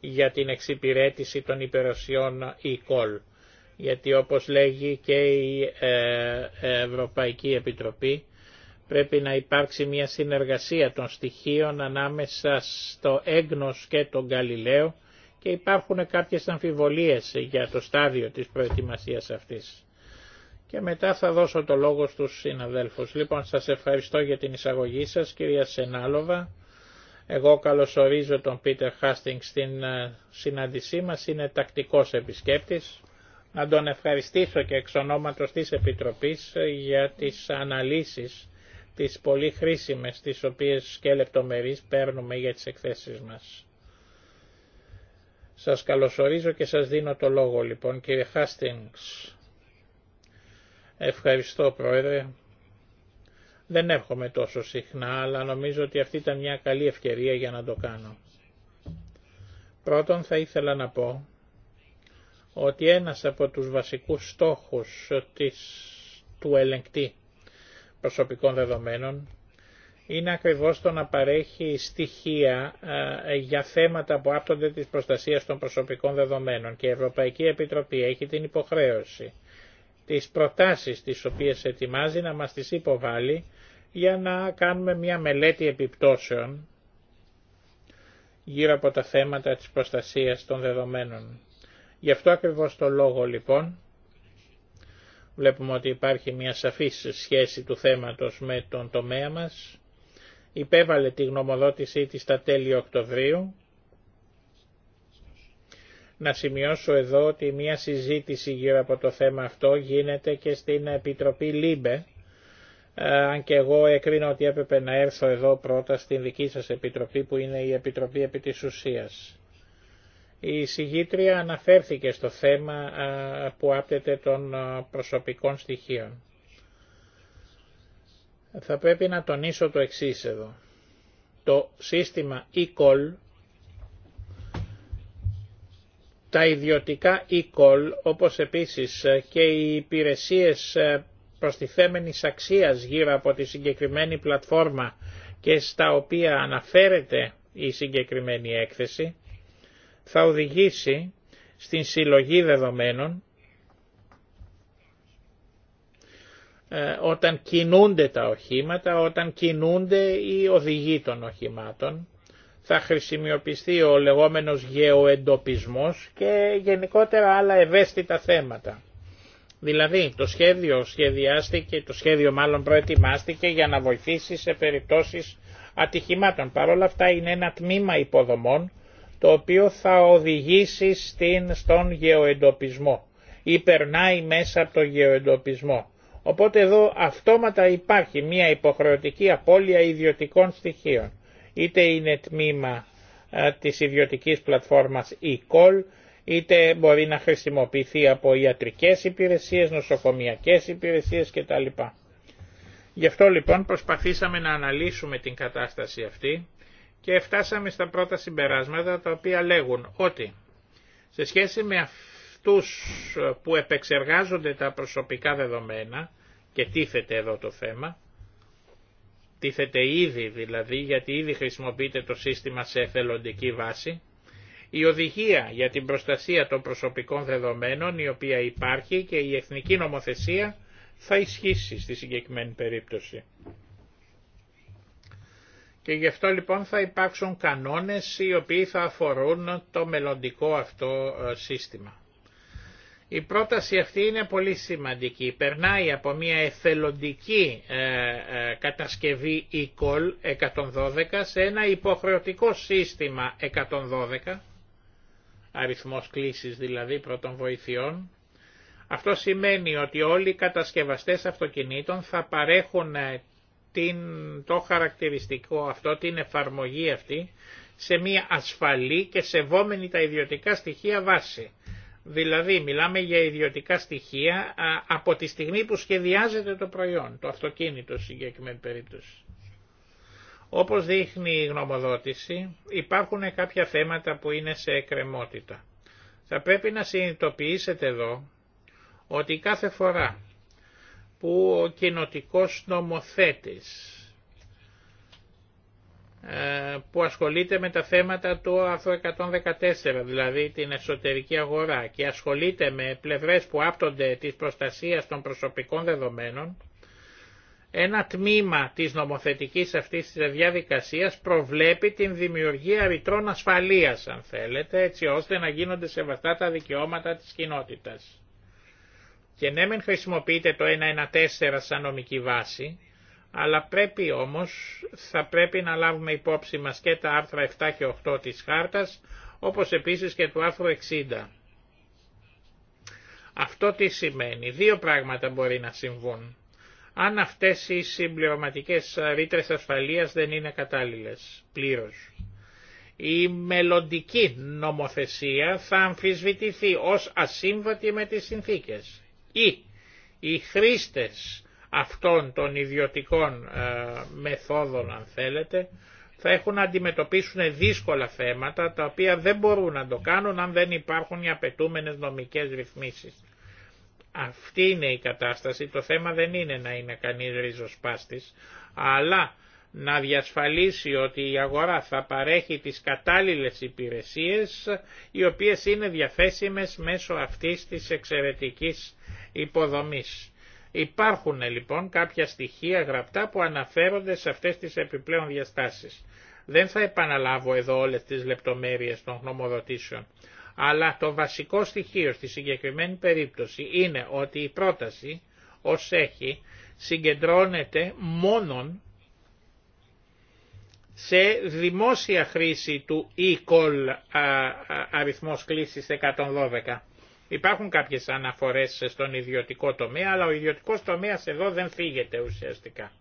για την εξυπηρέτηση των υπηρεσιών e-call. Γιατί όπως λέγει και η ε, Ευρωπαϊκή Επιτροπή πρέπει να υπάρξει μια συνεργασία των στοιχείων ανάμεσα στο έγνος και τον Γκαλιλαίο και υπάρχουν κάποιες αμφιβολίες για το στάδιο της προετοιμασίας αυτής και μετά θα δώσω το λόγο στους συναδέλφους. Λοιπόν, σας ευχαριστώ για την εισαγωγή σας, κυρία Σενάλοβα. Εγώ καλωσορίζω τον Πίτερ Χάστινγκ στην ε, συνάντησή μας, είναι τακτικός επισκέπτης. Να τον ευχαριστήσω και εξ ονόματος της Επιτροπής ε, για τις αναλύσεις, τις πολύ χρήσιμες, τις οποίες και λεπτομερείς παίρνουμε για τις εκθέσεις μας. Σας καλωσορίζω και σας δίνω το λόγο λοιπόν κύριε Χάστινγκς. Ευχαριστώ Πρόεδρε. Δεν έρχομαι τόσο συχνά, αλλά νομίζω ότι αυτή ήταν μια καλή ευκαιρία για να το κάνω. Πρώτον θα ήθελα να πω ότι ένας από τους βασικούς στόχους της, του ελεγκτή προσωπικών δεδομένων είναι ακριβώς το να παρέχει στοιχεία ε, για θέματα που άπτονται της προστασίας των προσωπικών δεδομένων και η Ευρωπαϊκή Επιτροπή έχει την υποχρέωση τις προτάσεις τις οποίες ετοιμάζει να μας τις υποβάλει για να κάνουμε μια μελέτη επιπτώσεων γύρω από τα θέματα της προστασίας των δεδομένων. Γι' αυτό ακριβώς το λόγο λοιπόν βλέπουμε ότι υπάρχει μια σαφής σχέση του θέματος με τον τομέα μας. Υπέβαλε τη γνωμοδότησή της στα τέλη Οκτωβρίου να σημειώσω εδώ ότι μια συζήτηση γύρω από το θέμα αυτό γίνεται και στην Επιτροπή ΛΥΜΠΕ, ε, αν και εγώ εκρίνω ότι έπρεπε να έρθω εδώ πρώτα στην δική σας Επιτροπή που είναι η Επιτροπή επί ουσίας. Η συγγήτρια αναφέρθηκε στο θέμα ε, που άπτεται των ε, προσωπικών στοιχείων. Θα πρέπει να τονίσω το εξής εδώ. Το σύστημα e-call τα ιδιωτικά e-call, όπως επίσης και οι υπηρεσίες προστιθέμενης αξίας γύρω από τη συγκεκριμένη πλατφόρμα και στα οποία αναφέρεται η συγκεκριμένη έκθεση, θα οδηγήσει στην συλλογή δεδομένων ε, όταν κινούνται τα οχήματα, όταν κινούνται οι οδηγοί των οχημάτων θα χρησιμοποιηθεί ο λεγόμενος γεωεντοπισμός και γενικότερα άλλα ευαίσθητα θέματα. Δηλαδή το σχέδιο σχεδιάστηκε, το σχέδιο μάλλον προετοιμάστηκε για να βοηθήσει σε περιπτώσεις ατυχημάτων. Παρ' όλα αυτά είναι ένα τμήμα υποδομών το οποίο θα οδηγήσει στην, στον γεωεντοπισμό ή περνάει μέσα από το γεωεντοπισμό. Οπότε εδώ αυτόματα υπάρχει μια υποχρεωτική απώλεια ιδιωτικών στοιχείων είτε είναι τμήμα ε, της ιδιωτικής πλατφόρμας e-call, είτε μπορεί να χρησιμοποιηθεί από ιατρικές υπηρεσίες, νοσοκομιακές υπηρεσίες κτλ. Γι' αυτό λοιπόν προσπαθήσαμε να αναλύσουμε την κατάσταση αυτή και φτάσαμε στα πρώτα συμπεράσματα τα οποία λέγουν ότι σε σχέση με αυτούς ε, που επεξεργάζονται τα προσωπικά δεδομένα και τίθεται εδώ το θέμα, τίθεται ήδη δηλαδή γιατί ήδη χρησιμοποιείται το σύστημα σε εθελοντική βάση. Η οδηγία για την προστασία των προσωπικών δεδομένων η οποία υπάρχει και η εθνική νομοθεσία θα ισχύσει στη συγκεκριμένη περίπτωση. Και γι' αυτό λοιπόν θα υπάρξουν κανόνες οι οποίοι θα αφορούν το μελλοντικό αυτό ε, σύστημα. Η πρόταση αυτή είναι πολύ σημαντική. Περνάει από μια εθελοντική ε, ε, κατασκευή e 112 σε ένα υποχρεωτικό σύστημα 112, αριθμός κλήσης δηλαδή πρώτων βοηθειών. Αυτό σημαίνει ότι όλοι οι κατασκευαστές αυτοκινήτων θα παρέχουν ε, την, το χαρακτηριστικό αυτό, την εφαρμογή αυτή, σε μια ασφαλή και σεβόμενη τα ιδιωτικά στοιχεία βάση. Δηλαδή μιλάμε για ιδιωτικά στοιχεία από τη στιγμή που σχεδιάζεται το προϊόν, το αυτοκίνητο στην συγκεκριμένη περίπτωση. Όπως δείχνει η γνωμοδότηση, υπάρχουν κάποια θέματα που είναι σε εκκρεμότητα. Θα πρέπει να συνειδητοποιήσετε εδώ ότι κάθε φορά που ο κοινοτικός νομοθέτης ε, που ασχολείται με τα θέματα του άρθρου 114, δηλαδή την εσωτερική αγορά και ασχολείται με πλευρές που άπτονται της προστασίας των προσωπικών δεδομένων, ένα τμήμα της νομοθετικής αυτής της διαδικασίας προβλέπει την δημιουργία ρητρών ασφαλείας, αν θέλετε, έτσι ώστε να γίνονται σεβαστά τα δικαιώματα της κοινότητας. Και ναι μεν χρησιμοποιείται το 114 σαν νομική βάση, αλλά πρέπει όμως, θα πρέπει να λάβουμε υπόψη μας και τα άρθρα 7 και 8 της χάρτας, όπως επίσης και του άρθρου 60. Αυτό τι σημαίνει. Δύο πράγματα μπορεί να συμβούν. Αν αυτές οι συμπληρωματικές ρήτρες ασφαλείας δεν είναι κατάλληλες πλήρως. Η μελλοντική νομοθεσία θα αμφισβητηθεί ως ασύμβατη με τις συνθήκες. Ή οι χρήστες αυτών των ιδιωτικών ε, μεθόδων αν θέλετε θα έχουν να αντιμετωπίσουν δύσκολα θέματα τα οποία δεν μπορούν να το κάνουν αν δεν υπάρχουν οι απαιτούμενες νομικές ρυθμίσεις. Αυτή είναι η κατάσταση. Το θέμα δεν είναι να είναι κανείς ριζοσπάστης, αλλά να διασφαλίσει ότι η αγορά θα παρέχει τις κατάλληλες υπηρεσίες οι οποίες είναι διαθέσιμες μέσω αυτής της εξαιρετικής υποδομής. Υπάρχουν λοιπόν κάποια στοιχεία γραπτά που αναφέρονται σε αυτές τις επιπλέον διαστάσεις. Δεν θα επαναλάβω εδώ όλες τις λεπτομέρειες των γνωμοδοτήσεων, αλλά το βασικό στοιχείο στη συγκεκριμένη περίπτωση είναι ότι η πρόταση ως έχει συγκεντρώνεται μόνον σε δημόσια χρήση του e-call αριθμός κλήσης 112. Υπάρχουν κάποιες αναφορές στον ιδιωτικό τομέα, αλλά ο ιδιωτικός τομέας εδώ δεν φύγεται ουσιαστικά.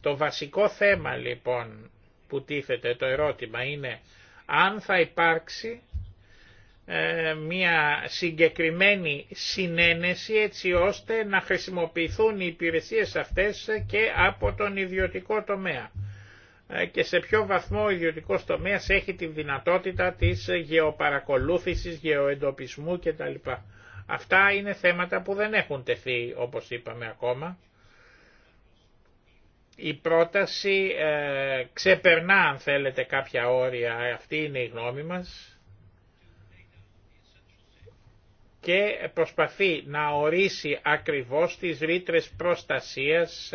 Το βασικό θέμα λοιπόν που τίθεται το ερώτημα είναι αν θα υπάρξει ε, μια συγκεκριμένη συνένεση έτσι ώστε να χρησιμοποιηθούν οι υπηρεσίες αυτές και από τον ιδιωτικό τομέα. Ε, και σε ποιο βαθμό ο ιδιωτικός τομέας έχει τη δυνατότητα της γεωπαρακολούθησης, γεωεντοπισμού κτλ. Αυτά είναι θέματα που δεν έχουν τεθεί όπως είπαμε ακόμα. Η πρόταση ε, ξεπερνά αν θέλετε κάποια όρια, αυτή είναι η γνώμη μας και προσπαθεί να ορίσει ακριβώς τις ρήτρες προστασίας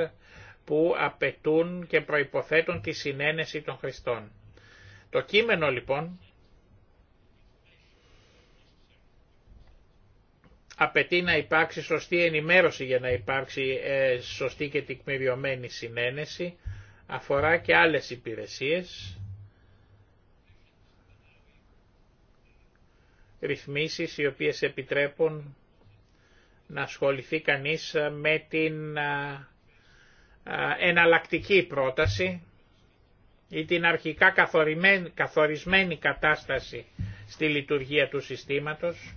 που απαιτούν και προϋποθέτουν τη συνένεση των Χριστών. Το κείμενο λοιπόν απαιτεί να υπάρξει σωστή ενημέρωση για να υπάρξει ε, σωστή και τεκμηριωμένη συνένεση, αφορά και άλλες υπηρεσίες, ρυθμίσεις οι οποίες επιτρέπουν να ασχοληθεί κανείς με την ε, εναλλακτική πρόταση ή την αρχικά καθορισμένη κατάσταση στη λειτουργία του συστήματος.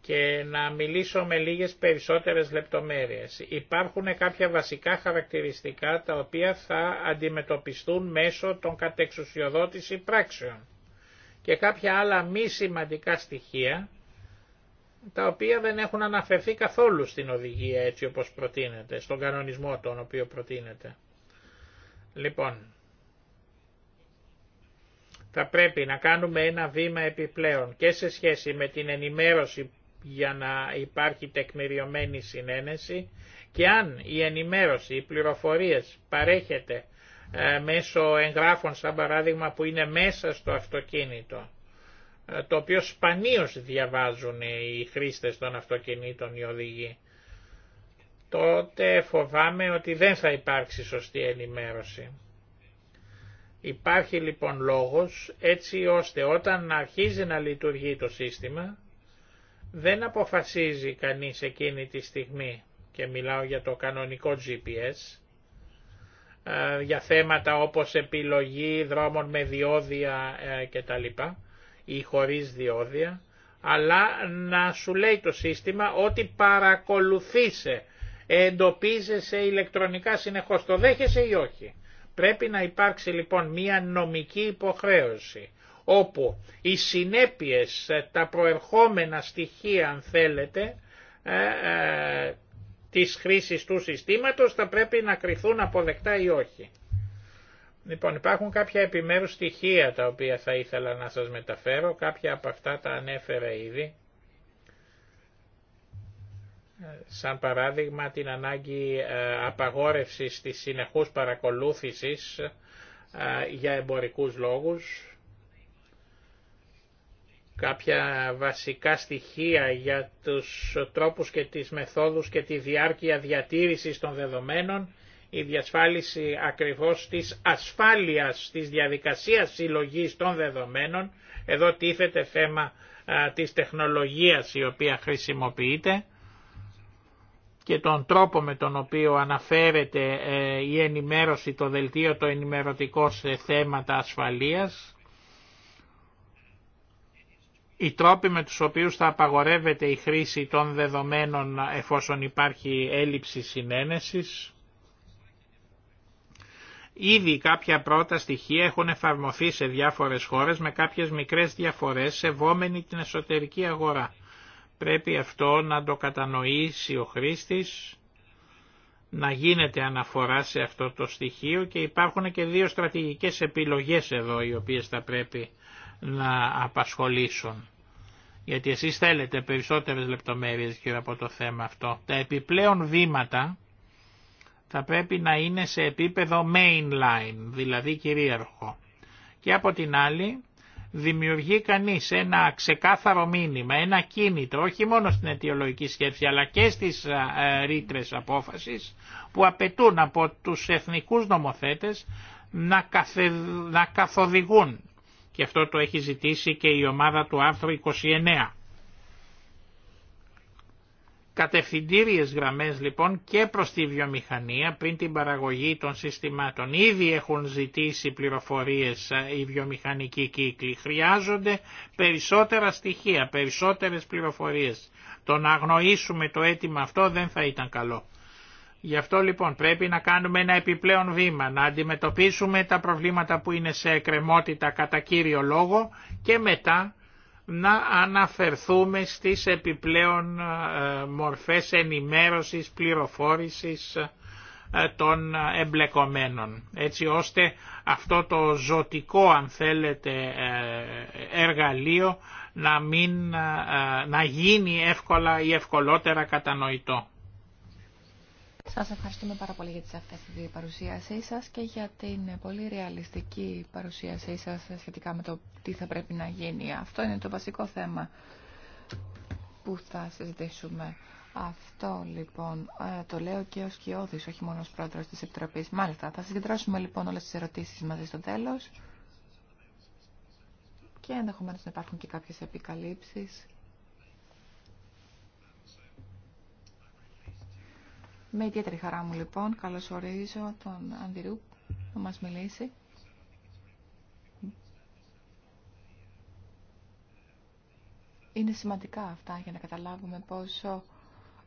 και να μιλήσω με λίγες περισσότερες λεπτομέρειες. Υπάρχουν κάποια βασικά χαρακτηριστικά τα οποία θα αντιμετωπιστούν μέσω των κατεξουσιοδότηση πράξεων και κάποια άλλα μη σημαντικά στοιχεία τα οποία δεν έχουν αναφερθεί καθόλου στην οδηγία έτσι όπως προτείνεται, στον κανονισμό τον οποίο προτείνεται. Λοιπόν, θα πρέπει να κάνουμε ένα βήμα επιπλέον και σε σχέση με την ενημέρωση για να υπάρχει τεκμηριωμένη συνένεση και αν η ενημέρωση, οι πληροφορίες παρέχεται ε, μέσω εγγράφων σαν παράδειγμα που είναι μέσα στο αυτοκίνητο ε, το οποίο σπανίως διαβάζουν οι χρήστες των αυτοκινήτων οι οδηγοί τότε φοβάμαι ότι δεν θα υπάρξει σωστή ενημέρωση. Υπάρχει λοιπόν λόγος έτσι ώστε όταν αρχίζει να λειτουργεί το σύστημα δεν αποφασίζει κανείς εκείνη τη στιγμή και μιλάω για το κανονικό GPS ε, για θέματα όπως επιλογή δρόμων με διόδια ε, και κτλ ή χωρίς διόδια, αλλά να σου λέει το σύστημα ότι παρακολουθήσε, εντοπίζεσαι ηλεκτρονικά συνεχώς, το δέχεσαι ή όχι. Πρέπει να υπάρξει λοιπόν μία νομική υποχρέωση, όπου οι συνέπειες, ε, τα προερχόμενα στοιχεία αν θέλετε, της χρήσης του συστήματος θα πρέπει να κρυθούν αποδεκτά ή όχι. Λοιπόν, υπάρχουν κάποια επιμέρους στοιχεία τα οποία θα ήθελα να σας μεταφέρω, κάποια από αυτά τα ανέφερα ήδη. Σαν παράδειγμα την ανάγκη ε, απαγόρευσης της συνεχούς παρακολούθησης ε, για εμπορικούς λόγους, κάποια βασικά στοιχεία για τους τρόπους και τις μεθόδους και τη διάρκεια διατήρησης των δεδομένων, η διασφάλιση ακριβώς της ασφάλειας της διαδικασίας συλλογής των δεδομένων, εδώ τίθεται θέμα της τεχνολογίας η οποία χρησιμοποιείται και τον τρόπο με τον οποίο αναφέρεται ε, η ενημέρωση, το δελτίο, το ενημερωτικό σε θέματα ασφαλείας οι τρόποι με τους οποίους θα απαγορεύεται η χρήση των δεδομένων εφόσον υπάρχει έλλειψη συνένεσης. Ήδη κάποια πρώτα στοιχεία έχουν εφαρμοθεί σε διάφορες χώρες με κάποιες μικρές διαφορές σεβόμενοι την εσωτερική αγορά. Πρέπει αυτό να το κατανοήσει ο χρήστης, να γίνεται αναφορά σε αυτό το στοιχείο και υπάρχουν και δύο στρατηγικές επιλογές εδώ οι οποίες θα πρέπει να απασχολήσουν. Γιατί εσείς θέλετε περισσότερες λεπτομέρειες και από το θέμα αυτό. Τα επιπλέον βήματα θα πρέπει να είναι σε επίπεδο mainline, δηλαδή κυρίαρχο. Και από την άλλη δημιουργεί κανείς ένα ξεκάθαρο μήνυμα, ένα κίνητο, όχι μόνο στην αιτιολογική σκέψη αλλά και στις ε, ρήτρε απόφασης που απαιτούν από τους εθνικούς νομοθέτες να, καθοδηγούν και αυτό το έχει ζητήσει και η ομάδα του άρθρου 29. Κατευθυντήριες γραμμές λοιπόν και προς τη βιομηχανία πριν την παραγωγή των συστημάτων. Ήδη έχουν ζητήσει πληροφορίες ε, οι βιομηχανικοί κύκλοι. Χρειάζονται περισσότερα στοιχεία, περισσότερες πληροφορίες. Το να αγνοήσουμε το αίτημα αυτό δεν θα ήταν καλό. Γι' αυτό λοιπόν πρέπει να κάνουμε ένα επιπλέον βήμα, να αντιμετωπίσουμε τα προβλήματα που είναι σε εκκρεμότητα κατά κύριο λόγο και μετά να αναφερθούμε στις επιπλέον ε, μορφές ενημέρωσης, πληροφόρησης ε, των εμπλεκομένων. Έτσι ώστε αυτό το ζωτικό αν θέλετε ε, εργαλείο να, μην, να γίνει εύκολα ή ευκολότερα κατανοητό. Σας ευχαριστούμε πάρα πολύ για αυτές τις παρουσίασή σας και για την πολύ ρεαλιστική παρουσίασή σας σχετικά με το τι θα πρέπει να γίνει. Αυτό είναι το βασικό θέμα που θα συζητήσουμε. Αυτό λοιπόν ε, το λέω και ως κοιόδης, όχι μόνο ως πρόεδρος της Επιτροπής. Μάλιστα, θα συγκεντρώσουμε λοιπόν όλες τις ερωτήσεις μαζί στο τέλος και ενδεχομένως να υπάρχουν και κάποιες επικαλύψεις Με ιδιαίτερη χαρά μου λοιπόν καλωσορίζω τον Αντιρούπ να μας μιλήσει. Είναι σημαντικά αυτά για να καταλάβουμε πόσο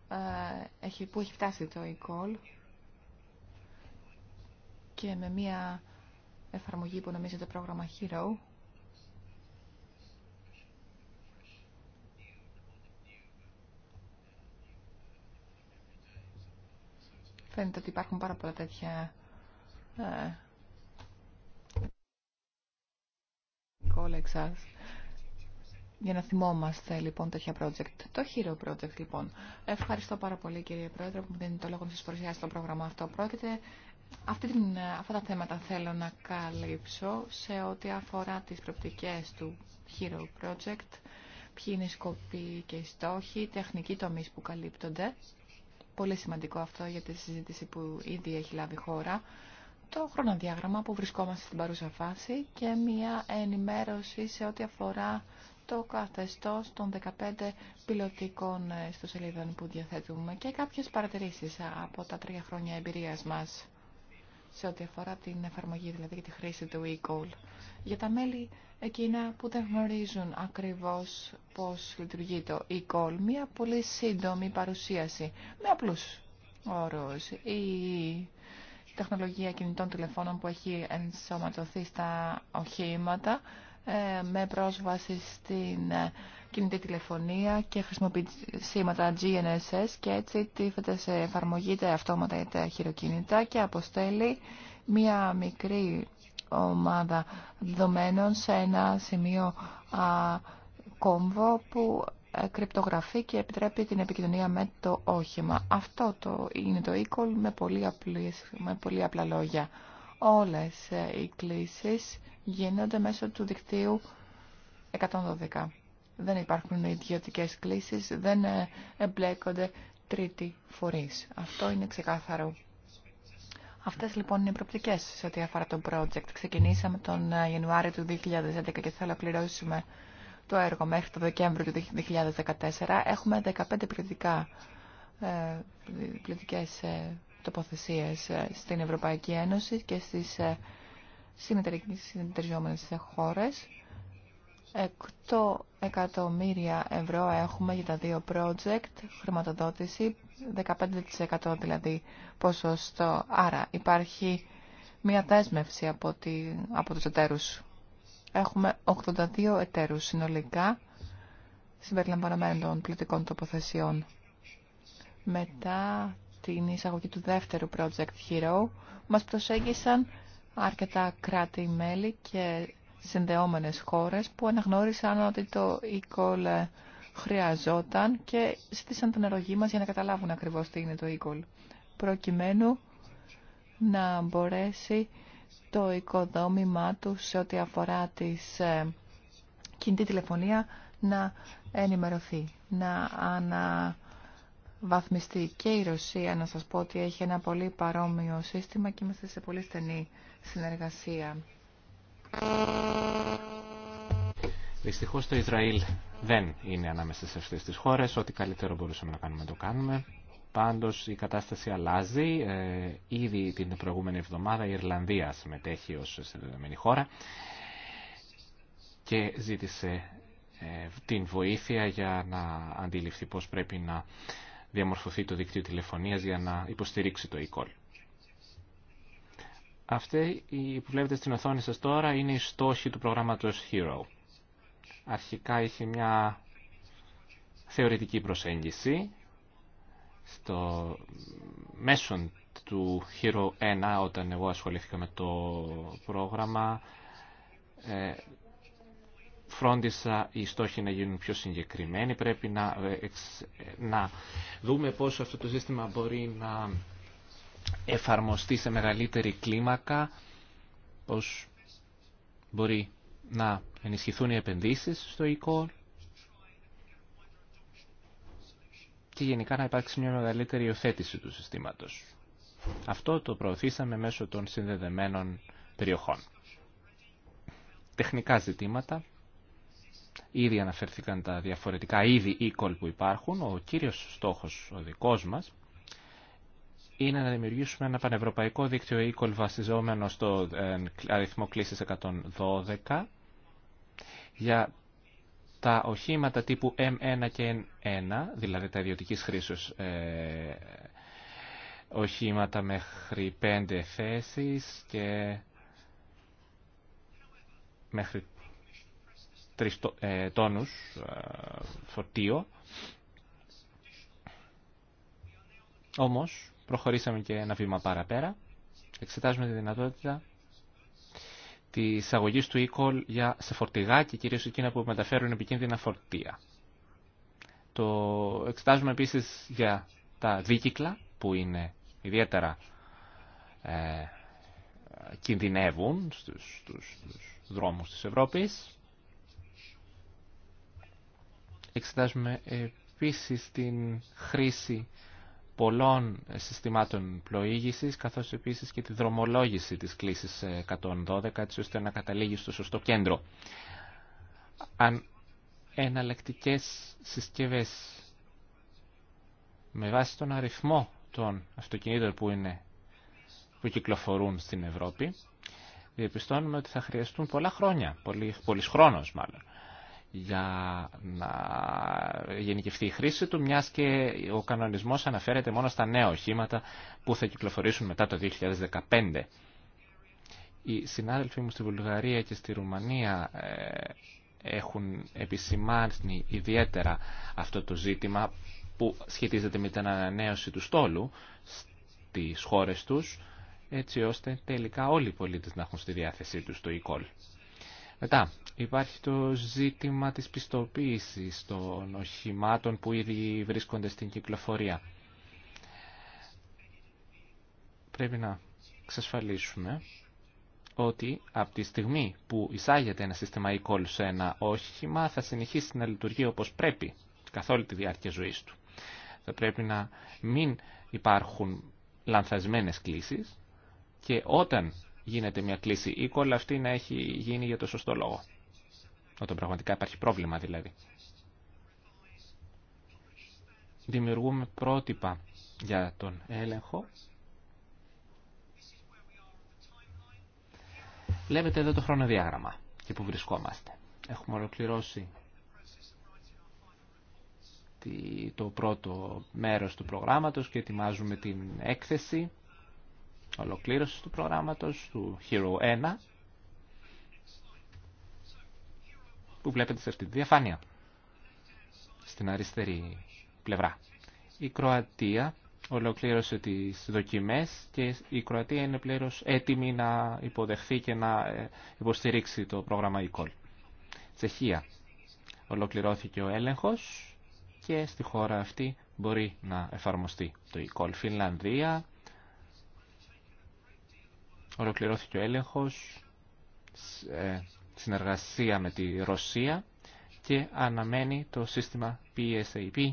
ε, έχει, που έχει φτάσει το e-call και με μια εφαρμογή που νομίζεται πρόγραμμα Hero Φαίνεται ότι υπάρχουν πάρα πολλά τέτοια ε, για να θυμόμαστε λοιπόν τέτοια project. Το Hero Project λοιπόν. Ευχαριστώ πάρα πολύ κύριε Πρόεδρε που μου δίνει το λόγο να σας παρουσιάσω το πρόγραμμα αυτό. Πρόκειται αυτή την, αυτά τα θέματα θέλω να καλύψω σε ό,τι αφορά τις προπτικές του Hero Project, ποιοι είναι οι σκοποί και οι στόχοι, τεχνικοί τομείς που καλύπτονται Πολύ σημαντικό αυτό για τη συζήτηση που ήδη έχει λάβει η χώρα. Το χρονοδιάγραμμα που βρισκόμαστε στην παρούσα φάση και μια ενημέρωση σε ό,τι αφορά το καθεστώς των 15 πιλωτικών ιστοσελίδων ε, που διαθέτουμε και κάποιες παρατηρήσεις από τα τρία χρόνια εμπειρίας μας σε ό,τι αφορά την εφαρμογή δηλαδή και τη χρήση του e-call. Για τα μέλη εκείνα που δεν γνωρίζουν ακριβώς πώς λειτουργεί το e-call, μία πολύ σύντομη παρουσίαση με απλούς όρους. Η τεχνολογία κινητών τηλεφώνων που έχει ενσωματωθεί στα οχήματα ε, με πρόσβαση στην ε, κινητή τηλεφωνία και χρησιμοποιεί σήματα GNSS και έτσι τίθεται σε εφαρμογή τα αυτόματα ή τα χειροκίνητα και αποστέλει μία μικρή ομάδα δεδομένων σε ένα σημείο κόμβο που ε, κρυπτογραφεί και επιτρέπει την επικοινωνία με το όχημα. Αυτό το είναι το e με πολύ, με πολύ απλά λόγια όλες ε, οι κλήσεις γίνονται μέσω του δικτύου 112. Δεν υπάρχουν ιδιωτικέ κλήσεις, δεν ε, εμπλέκονται τρίτη φορείς. Αυτό είναι ξεκάθαρο. Αυτές λοιπόν είναι οι προπτικές σε ό,τι αφορά το project. Ξεκινήσαμε τον ε, Ιανουάριο του 2011 και θα ολοκληρώσουμε το έργο μέχρι το Δεκέμβριο του 2014. Έχουμε 15 πληθυντικά τοποθεσίες ε, στην Ευρωπαϊκή Ένωση και στις ε, συνεταιριζόμενες χώρες. 8 εκατομμύρια ευρώ έχουμε για τα δύο project, χρηματοδότηση, 15% δηλαδή ποσοστό. Άρα υπάρχει μια δέσμευση από, τη, από τους εταίρους. Έχουμε 82 εταίρους συνολικά, συμπεριλαμβανομένων των πληθυκών τοποθεσιών. Μετά την εισαγωγή του δεύτερου Project Hero. Μας προσέγγισαν αρκετά κράτη-μέλη και συνδεόμενες χώρες που αναγνώρισαν ότι το e-call χρειαζόταν και ζήτησαν την ερωγή μας για να καταλάβουν ακριβώς τι είναι το e-call. Προκειμένου να μπορέσει το οικοδόμημά του σε ό,τι αφορά τις ε, κινητή τηλεφωνία να ενημερωθεί, να ανα βαθμιστεί και η Ρωσία, να σας πω ότι έχει ένα πολύ παρόμοιο σύστημα και είμαστε σε πολύ στενή συνεργασία. Δυστυχώς το Ισραήλ δεν είναι ανάμεσα σε αυτές τις χώρες. Ό,τι καλύτερο μπορούσαμε να κάνουμε το κάνουμε. Πάντως η κατάσταση αλλάζει. Ε, ήδη την προηγούμενη εβδομάδα η Ιρλανδία συμμετέχει ως συνδεδεμένη χώρα και ζήτησε ε, την βοήθεια για να αντιληφθεί πώς πρέπει να διαμορφωθεί το δίκτυο τηλεφωνίας για να υποστηρίξει το e-call. Αυτή που βλέπετε στην οθόνη σας τώρα είναι η στόχη του προγράμματος HERO. Αρχικά είχε μια θεωρητική προσέγγιση στο μέσον του Hero 1 όταν εγώ ασχολήθηκα με το πρόγραμμα ε, φρόντισα οι στόχοι να γίνουν πιο συγκεκριμένοι. Πρέπει να, ε, ε, να δούμε πώς αυτό το σύστημα μπορεί να εφαρμοστεί σε μεγαλύτερη κλίμακα, πώς μπορεί να ενισχυθούν οι επενδύσεις στο e-call και γενικά να υπάρξει μια μεγαλύτερη υιοθέτηση του συστήματος. Αυτό το προωθήσαμε μέσω των συνδεδεμένων περιοχών. Τεχνικά ζητήματα Ήδη αναφέρθηκαν τα διαφορετικά είδη e-call που υπάρχουν. Ο κύριος στόχος ο δικός μας είναι να δημιουργήσουμε ένα πανευρωπαϊκό δίκτυο e-call βασιζόμενο στο ε, αριθμό κλήσης 112 για τα οχήματα τύπου M1 και N1, δηλαδή τα ιδιωτική χρήσης ε, οχήματα μέχρι 5 θέσεις και μέχρι ε, τόνους ε, φορτίο. Όμως, προχωρήσαμε και ένα βήμα παραπέρα. Εξετάζουμε τη δυνατότητα τη αγωγή του e-call για, σε φορτηγά και κυρίως εκείνα που μεταφέρουν επικίνδυνα φορτία. Το εξετάζουμε επίσης για τα δίκυκλα που είναι ιδιαίτερα ε, κινδυνεύουν στους, στους, στους δρόμους της Ευρώπης. Εξετάζουμε επίσης την χρήση πολλών συστημάτων πλοήγησης, καθώς επίσης και τη δρομολόγηση της κλίσης 112, ε, έτσι ώστε να καταλήγει στο σωστό κέντρο. Αν εναλλακτικές συσκευές με βάση τον αριθμό των αυτοκινήτων που, είναι, που κυκλοφορούν στην Ευρώπη, διαπιστώνουμε ότι θα χρειαστούν πολλά χρόνια, πολύ, πολύς χρόνος μάλλον, για να γενικευτεί η χρήση του, μιας και ο κανονισμός αναφέρεται μόνο στα νέα οχήματα που θα κυκλοφορήσουν μετά το 2015. Οι συνάδελφοί μου στη Βουλγαρία και στη Ρουμανία ε, έχουν επισημάνει ιδιαίτερα αυτό το ζήτημα που σχετίζεται με την ανανέωση του στόλου στις χώρες τους, έτσι ώστε τελικά όλοι οι πολίτες να έχουν στη διάθεσή τους το e-call. Μετά, Υπάρχει το ζήτημα της πιστοποίησης των οχημάτων που ήδη βρίσκονται στην κυκλοφορία. Πρέπει να εξασφαλίσουμε ότι από τη στιγμή που εισάγεται ένα σύστημα e-call σε ένα όχημα θα συνεχίσει να λειτουργεί όπως πρέπει καθ' όλη τη διάρκεια ζωής του. Θα πρέπει να μην υπάρχουν λανθασμένες κλήσεις και όταν γίνεται μια κλήση e-call αυτή να έχει γίνει για το σωστό λόγο. Όταν πραγματικά υπάρχει πρόβλημα δηλαδή. Δημιουργούμε πρότυπα για τον έλεγχο. Βλέπετε εδώ το χρονοδιάγραμμα και που βρισκόμαστε. Έχουμε ολοκληρώσει το πρώτο μέρος του προγράμματος και ετοιμάζουμε την έκθεση ολοκλήρωσης του προγράμματος του Hero 1 που βλέπετε σε αυτή τη διαφάνεια. Στην αριστερή πλευρά. Η Κροατία ολοκλήρωσε τις δοκιμές και η Κροατία είναι πλήρως έτοιμη να υποδεχθεί και να ε, υποστηρίξει το πρόγραμμα E-Call. Τσεχία. Ολοκληρώθηκε ο έλεγχος και στη χώρα αυτή μπορεί να εφαρμοστεί το E-Call. Φινλανδία. Ολοκληρώθηκε ο έλεγχος συνεργασία με τη Ρωσία και αναμένει το σύστημα PSAP,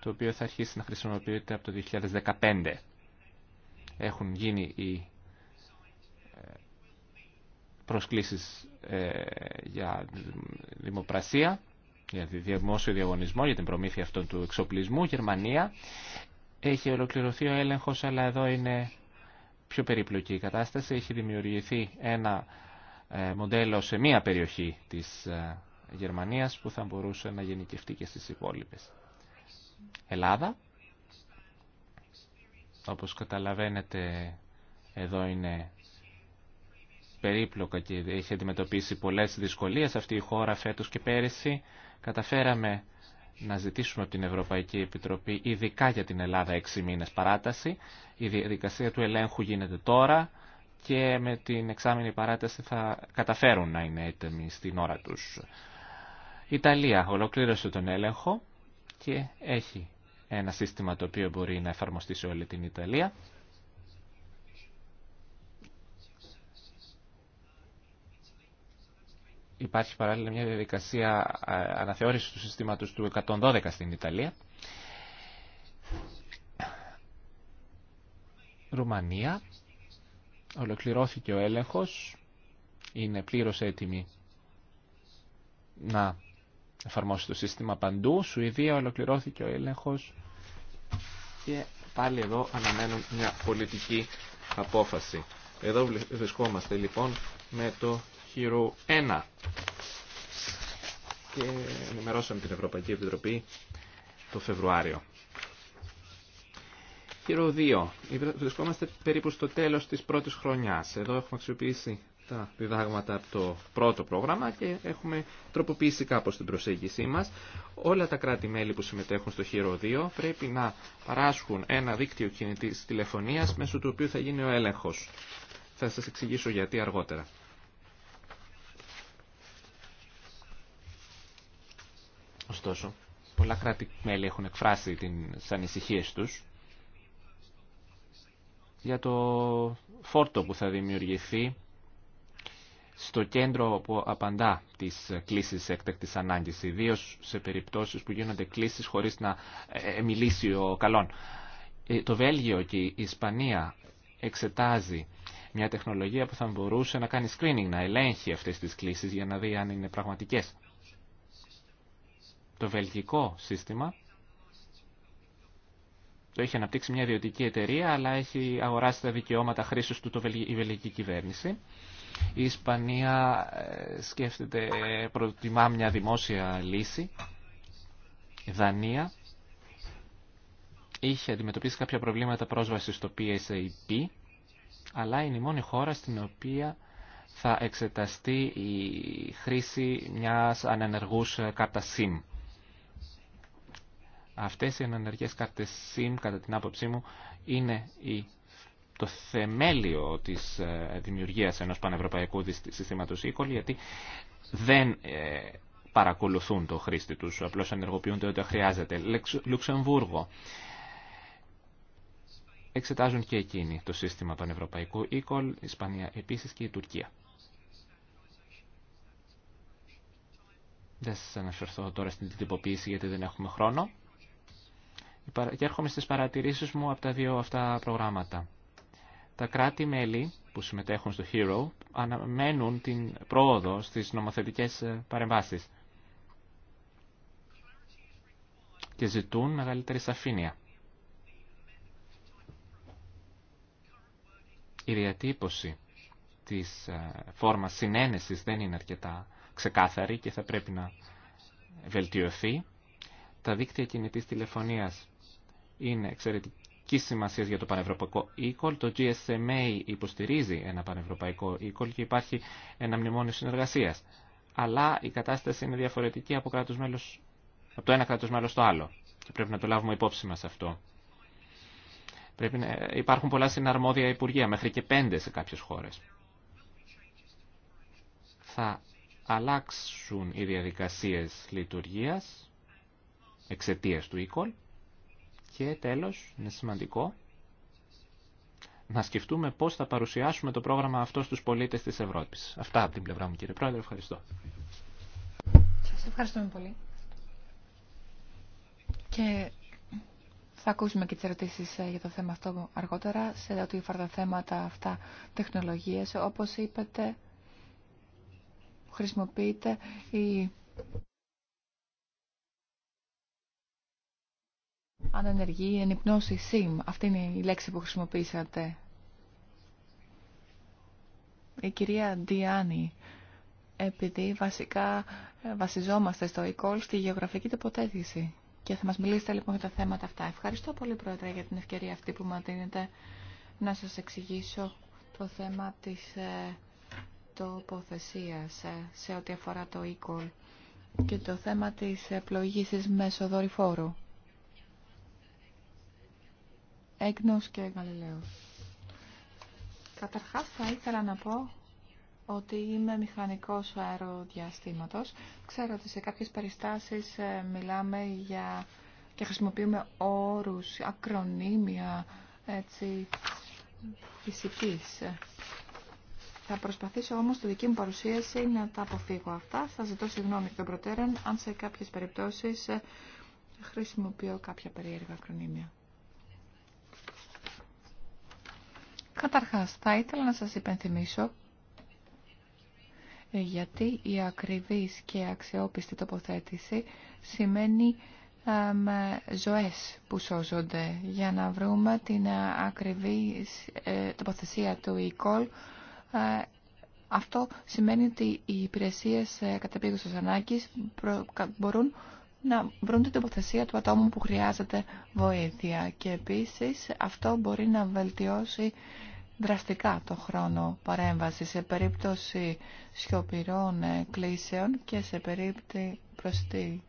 το οποίο θα αρχίσει να χρησιμοποιείται από το 2015. Έχουν γίνει οι ε, προσκλήσεις ε, για δημοπρασία, για δημόσιο διαγωνισμό, για την προμήθεια αυτών του εξοπλισμού. Γερμανία έχει ολοκληρωθεί ο έλεγχος, αλλά εδώ είναι πιο περίπλοκη η κατάσταση. Έχει δημιουργηθεί ένα ε, μοντέλο σε μία περιοχή της ε, Γερμανίας που θα μπορούσε να γενικευτεί και στις υπόλοιπες. Ελλάδα, όπως καταλαβαίνετε εδώ είναι περίπλοκα και έχει αντιμετωπίσει πολλές δυσκολίες αυτή η χώρα φέτος και πέρυσι. Καταφέραμε να ζητήσουμε από την Ευρωπαϊκή Επιτροπή ειδικά για την Ελλάδα έξι μήνες παράταση. Η διαδικασία του ελέγχου γίνεται τώρα και με την εξάμεινη παράταση θα καταφέρουν να είναι έτοιμοι στην ώρα τους. Ιταλία ολοκλήρωσε τον έλεγχο και έχει ένα σύστημα το οποίο μπορεί να εφαρμοστεί σε όλη την Ιταλία. Υπάρχει παράλληλα μια διαδικασία αναθεώρησης του συστήματος του 112 στην Ιταλία. Ρουμανία Ολοκληρώθηκε ο έλεγχος, είναι πλήρως έτοιμη να εφαρμόσει το σύστημα παντού. Σουηδία ολοκληρώθηκε ο έλεγχος και πάλι εδώ αναμένουν μια πολιτική απόφαση. Εδώ βρισκόμαστε λοιπόν με το χειρού 1 και ενημερώσαμε την Ευρωπαϊκή Επιτροπή το Φεβρουάριο χείρο 2. Βρισκόμαστε περίπου στο τέλος της πρώτης χρονιάς. Εδώ έχουμε αξιοποιήσει τα διδάγματα από το πρώτο πρόγραμμα και έχουμε τροποποιήσει κάπως την προσέγγιση μας. Όλα τα κράτη-μέλη που συμμετέχουν στο χείρο 2 πρέπει να παράσχουν ένα δίκτυο κινητής τηλεφωνίας μέσω του οποίου θα γίνει ο έλεγχος. Θα σας εξηγήσω γιατί αργότερα. Ωστόσο, πολλά κράτη-μέλη έχουν εκφράσει τις ανησυχίες τους για το φόρτο που θα δημιουργηθεί στο κέντρο που απαντά τις κλήσεις έκτακτης ανάγκης, ιδίω σε περιπτώσεις που γίνονται κλήσεις χωρίς να ε, ε, μιλήσει ο καλόν. Ε, το Βέλγιο και η Ισπανία εξετάζει μια τεχνολογία που θα μπορούσε να κάνει screening, να ελέγχει αυτές τις κλήσεις για να δει αν είναι πραγματικές. Το βελγικό σύστημα το έχει αναπτύξει μια ιδιωτική εταιρεία, αλλά έχει αγοράσει τα δικαιώματα χρήσης του το, η βελγική κυβέρνηση. Η Ισπανία ε, σκέφτεται, προτιμά μια δημόσια λύση. Η Δανία είχε αντιμετωπίσει κάποια προβλήματα πρόσβασης στο PSAP, αλλά είναι η μόνη χώρα στην οποία θα εξεταστεί η χρήση μιας ανενεργούς ε, κάρτας SIM. Αυτές οι ενεργές κάρτες SIM, κατά την άποψή μου, είναι η το θεμέλιο της ε, δημιουργίας ενός πανευρωπαϊκού συστήματος e γιατί δεν ε, παρακολουθούν το χρήστη τους, απλώς ενεργοποιούνται όταν χρειάζεται. Λουξεμβούργο. Εξετάζουν και εκείνοι το σύστημα πανευρωπαϊκού e-call, Ισπανία επίσης και η Τουρκία. Δεν σας αναφερθώ τώρα στην τυποποίηση γιατί δεν έχουμε χρόνο. Και έρχομαι στις παρατηρήσεις μου από τα δύο αυτά προγράμματα. Τα κράτη-μέλη που συμμετέχουν στο HERO αναμένουν την πρόοδο στις νομοθετικές ε, παρεμβάσεις και ζητούν μεγαλύτερη σαφήνεια. Η διατύπωση της ε, φόρμας συνένεσης δεν είναι αρκετά ξεκάθαρη και θα πρέπει να βελτιωθεί. Τα δίκτυα κινητής τηλεφωνίας είναι εξαιρετική σημασία για το πανευρωπαϊκό Το GSMA υποστηρίζει ένα πανευρωπαϊκό e-call και υπάρχει ένα μνημόνιο συνεργασία. Αλλά η κατάσταση είναι διαφορετική από, μέλος, από το ένα κράτο μέλο στο άλλο. πρέπει να το λάβουμε υπόψη μα αυτό. να... Υπάρχουν πολλά συναρμόδια υπουργεία, μέχρι και πέντε σε κάποιε χώρε. Θα αλλάξουν οι διαδικασίες λειτουργίας εξαιτίας του e και τέλος, είναι σημαντικό, να σκεφτούμε πώς θα παρουσιάσουμε το πρόγραμμα αυτό στους πολίτες της Ευρώπης. Αυτά από την πλευρά μου κύριε Πρόεδρε, ευχαριστώ. Σας ευχαριστούμε πολύ. Και θα ακούσουμε και τις ερωτήσεις ε, για το θέμα αυτό αργότερα, σε ό,τι αφορά τα θέματα αυτά τεχνολογίες. Όπως είπατε, χρησιμοποιείται η Αν η ενυπνώση SIM. Αυτή είναι η λέξη που χρησιμοποίησατε. Η κυρία Διάννη. επειδή βασικά ε, βασιζόμαστε στο e-call στη γεωγραφική τοποθέτηση. Και θα μας μιλήσετε λοιπόν για τα θέματα αυτά. Ευχαριστώ πολύ Πρόεδρε για την ευκαιρία αυτή που μου δίνετε να σας εξηγήσω το θέμα της ε, τοποθεσίας ε, σε ό,τι αφορά το e-call και το θέμα της ε, πλοήγησης μέσω δορυφόρου. Έγνος και Γαλιλαίος. Καταρχάς θα ήθελα να πω ότι είμαι μηχανικός αεροδιαστήματος. Ξέρω ότι σε κάποιες περιστάσεις ε, μιλάμε για και χρησιμοποιούμε όρους, ακρονίμια, έτσι, φυσικής. Θα προσπαθήσω όμως στη δική μου παρουσίαση να τα αποφύγω αυτά. Θα ζητώ συγγνώμη και των προτέρων αν σε κάποιες περιπτώσεις ε, χρησιμοποιώ κάποια περίεργα ακρονίμια. Καταρχάς, θα ήθελα να σας υπενθυμίσω γιατί η ακριβής και αξιόπιστη τοποθέτηση σημαίνει με ζωές που σώζονται για να βρούμε την ακριβή ε, τοποθεσία του e-call. Ε, αυτό σημαίνει ότι οι υπηρεσίες ε, επίγουσας ανάγκης μπορούν να βρουν την τοποθεσία του ατόμου που χρειάζεται βοήθεια και επίσης αυτό μπορεί να βελτιώσει δραστικά το χρόνο παρέμβαση σε περίπτωση σιωπηρών κλήσεων και σε περίπτωση προστή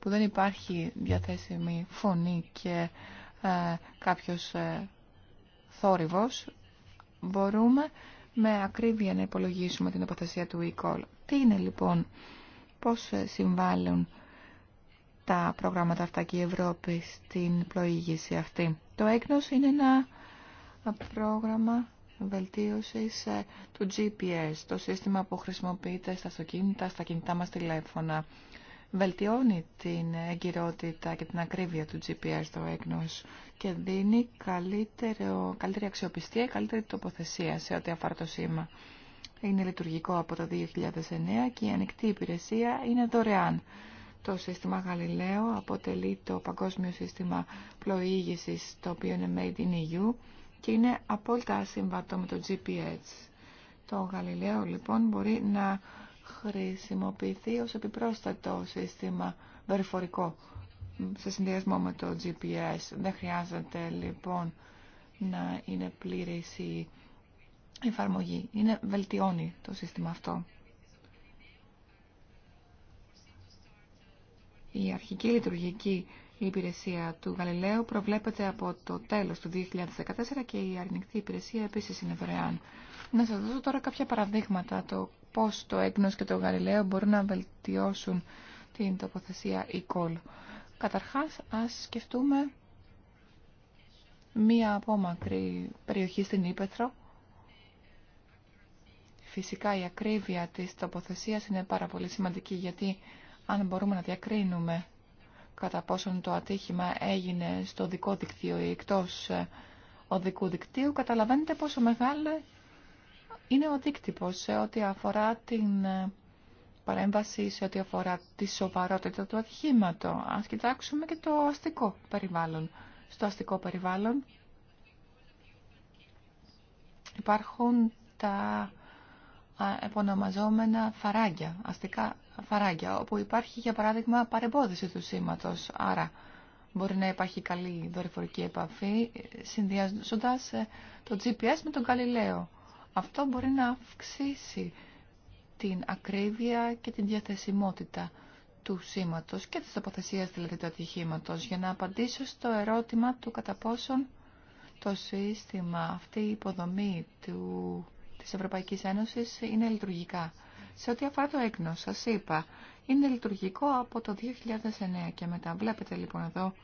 που δεν υπάρχει διαθέσιμη φωνή και ε, κάποιος ε, θόρυβος, μπορούμε με ακρίβεια να υπολογίσουμε την υποθεσία του e-call. Τι είναι λοιπόν, πώς ε, συμβάλλουν τα προγράμματα αυτά και η Ευρώπη στην πλοήγηση αυτή. Το έκνος είναι ένα πρόγραμμα βελτίωσης ε, του GPS, το σύστημα που χρησιμοποιείται στα αυτοκίνητα, στα κινητά μας τηλέφωνα. Βελτιώνει την εγκυρότητα και την ακρίβεια του GPS στο έγνος και δίνει καλύτερο, καλύτερη αξιοπιστία, και καλύτερη τοποθεσία σε ό,τι αφορά το σήμα. Είναι λειτουργικό από το 2009 και η ανοιχτή υπηρεσία είναι δωρεάν. Το σύστημα Γαλιλαίο αποτελεί το παγκόσμιο σύστημα πλοήγησης, το οποίο είναι Made in EU και είναι απόλυτα ασύμβατο με το GPS. Το Γαλιλαίο λοιπόν μπορεί να χρησιμοποιηθεί ως επιπρόσθετο σύστημα δορυφορικό σε συνδυασμό με το GPS. Δεν χρειάζεται λοιπόν να είναι πλήρης η εφαρμογή. Είναι βελτιώνει το σύστημα αυτό. Η αρχική λειτουργική η υπηρεσία του Γαλιλαίου προβλέπεται από το τέλος του 2014 και η αρνητική υπηρεσία επίσης είναι δωρεάν. Να σας δώσω τώρα κάποια παραδείγματα το πώς το έγνος και το Γαλιλαίο μπορούν να βελτιώσουν την τοποθεσία e-call. Καταρχάς, ας σκεφτούμε μία απόμακρη περιοχή στην Ήπεθρο. Φυσικά η ακρίβεια της τοποθεσίας είναι πάρα πολύ σημαντική γιατί αν μπορούμε να διακρίνουμε κατά πόσον το ατύχημα έγινε στο δικό δικτύο ή εκτός ε, οδικού δικτύου, καταλαβαίνετε πόσο μεγάλο είναι ο δίκτυπος σε ό,τι αφορά την ε, παρέμβαση, σε ό,τι αφορά τη σοβαρότητα του ατυχήματο. Ας κοιτάξουμε και το αστικό περιβάλλον. Στο αστικό περιβάλλον υπάρχουν τα επωνομαζόμενα φαράγγια, αστικά φαράγγια, όπου υπάρχει για παράδειγμα παρεμπόδιση του σήματος. Άρα μπορεί να υπάρχει καλή δορυφορική επαφή ε, συνδυάζοντα ε, το GPS με τον καλλιλέο. Αυτό μπορεί να αυξήσει την ακρίβεια και την διαθεσιμότητα του σήματος και της τοποθεσίας δηλαδή του ατυχήματο για να απαντήσω στο ερώτημα του κατά πόσον το σύστημα, αυτή η υποδομή του της Ευρωπαϊκής Ένωσης είναι λειτουργικά. Σε ό,τι αφορά το έκνο, σας είπα, είναι λειτουργικό από το 2009 και μετά. Βλέπετε λοιπόν εδώ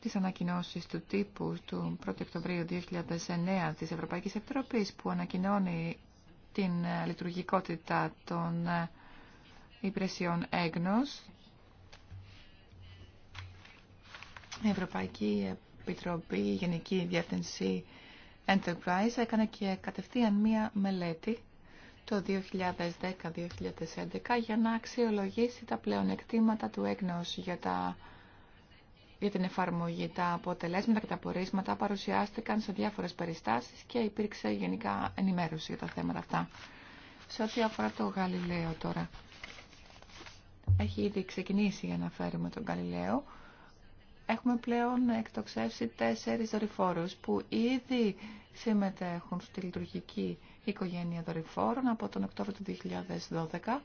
τις ανακοινώσεις του τύπου του 1 Οκτωβρίου 2009 της Ευρωπαϊκής Επιτροπής που ανακοινώνει την ε, λειτουργικότητα των ε, υπηρεσιών έγνος. Η Ευρωπαϊκή Επιτροπή, η Γενική Διεύθυνση Enterprise έκανε και κατευθείαν μία μελέτη το 2010-2011 για να αξιολογήσει τα πλεονεκτήματα του έγνος για, τα, για την εφαρμογή. Τα αποτελέσματα και τα πορίσματα παρουσιάστηκαν σε διάφορες περιστάσεις και υπήρξε γενικά ενημέρωση για τα θέματα αυτά. Σε ό,τι αφορά το Γαλιλαίο τώρα. Έχει ήδη ξεκινήσει για να φέρουμε τον Γαλιλαίο. Έχουμε πλέον εκτοξεύσει τέσσερις δορυφόρους που ήδη συμμετέχουν στη λειτουργική οικογένεια δορυφόρων από τον Οκτώβριο του 2012.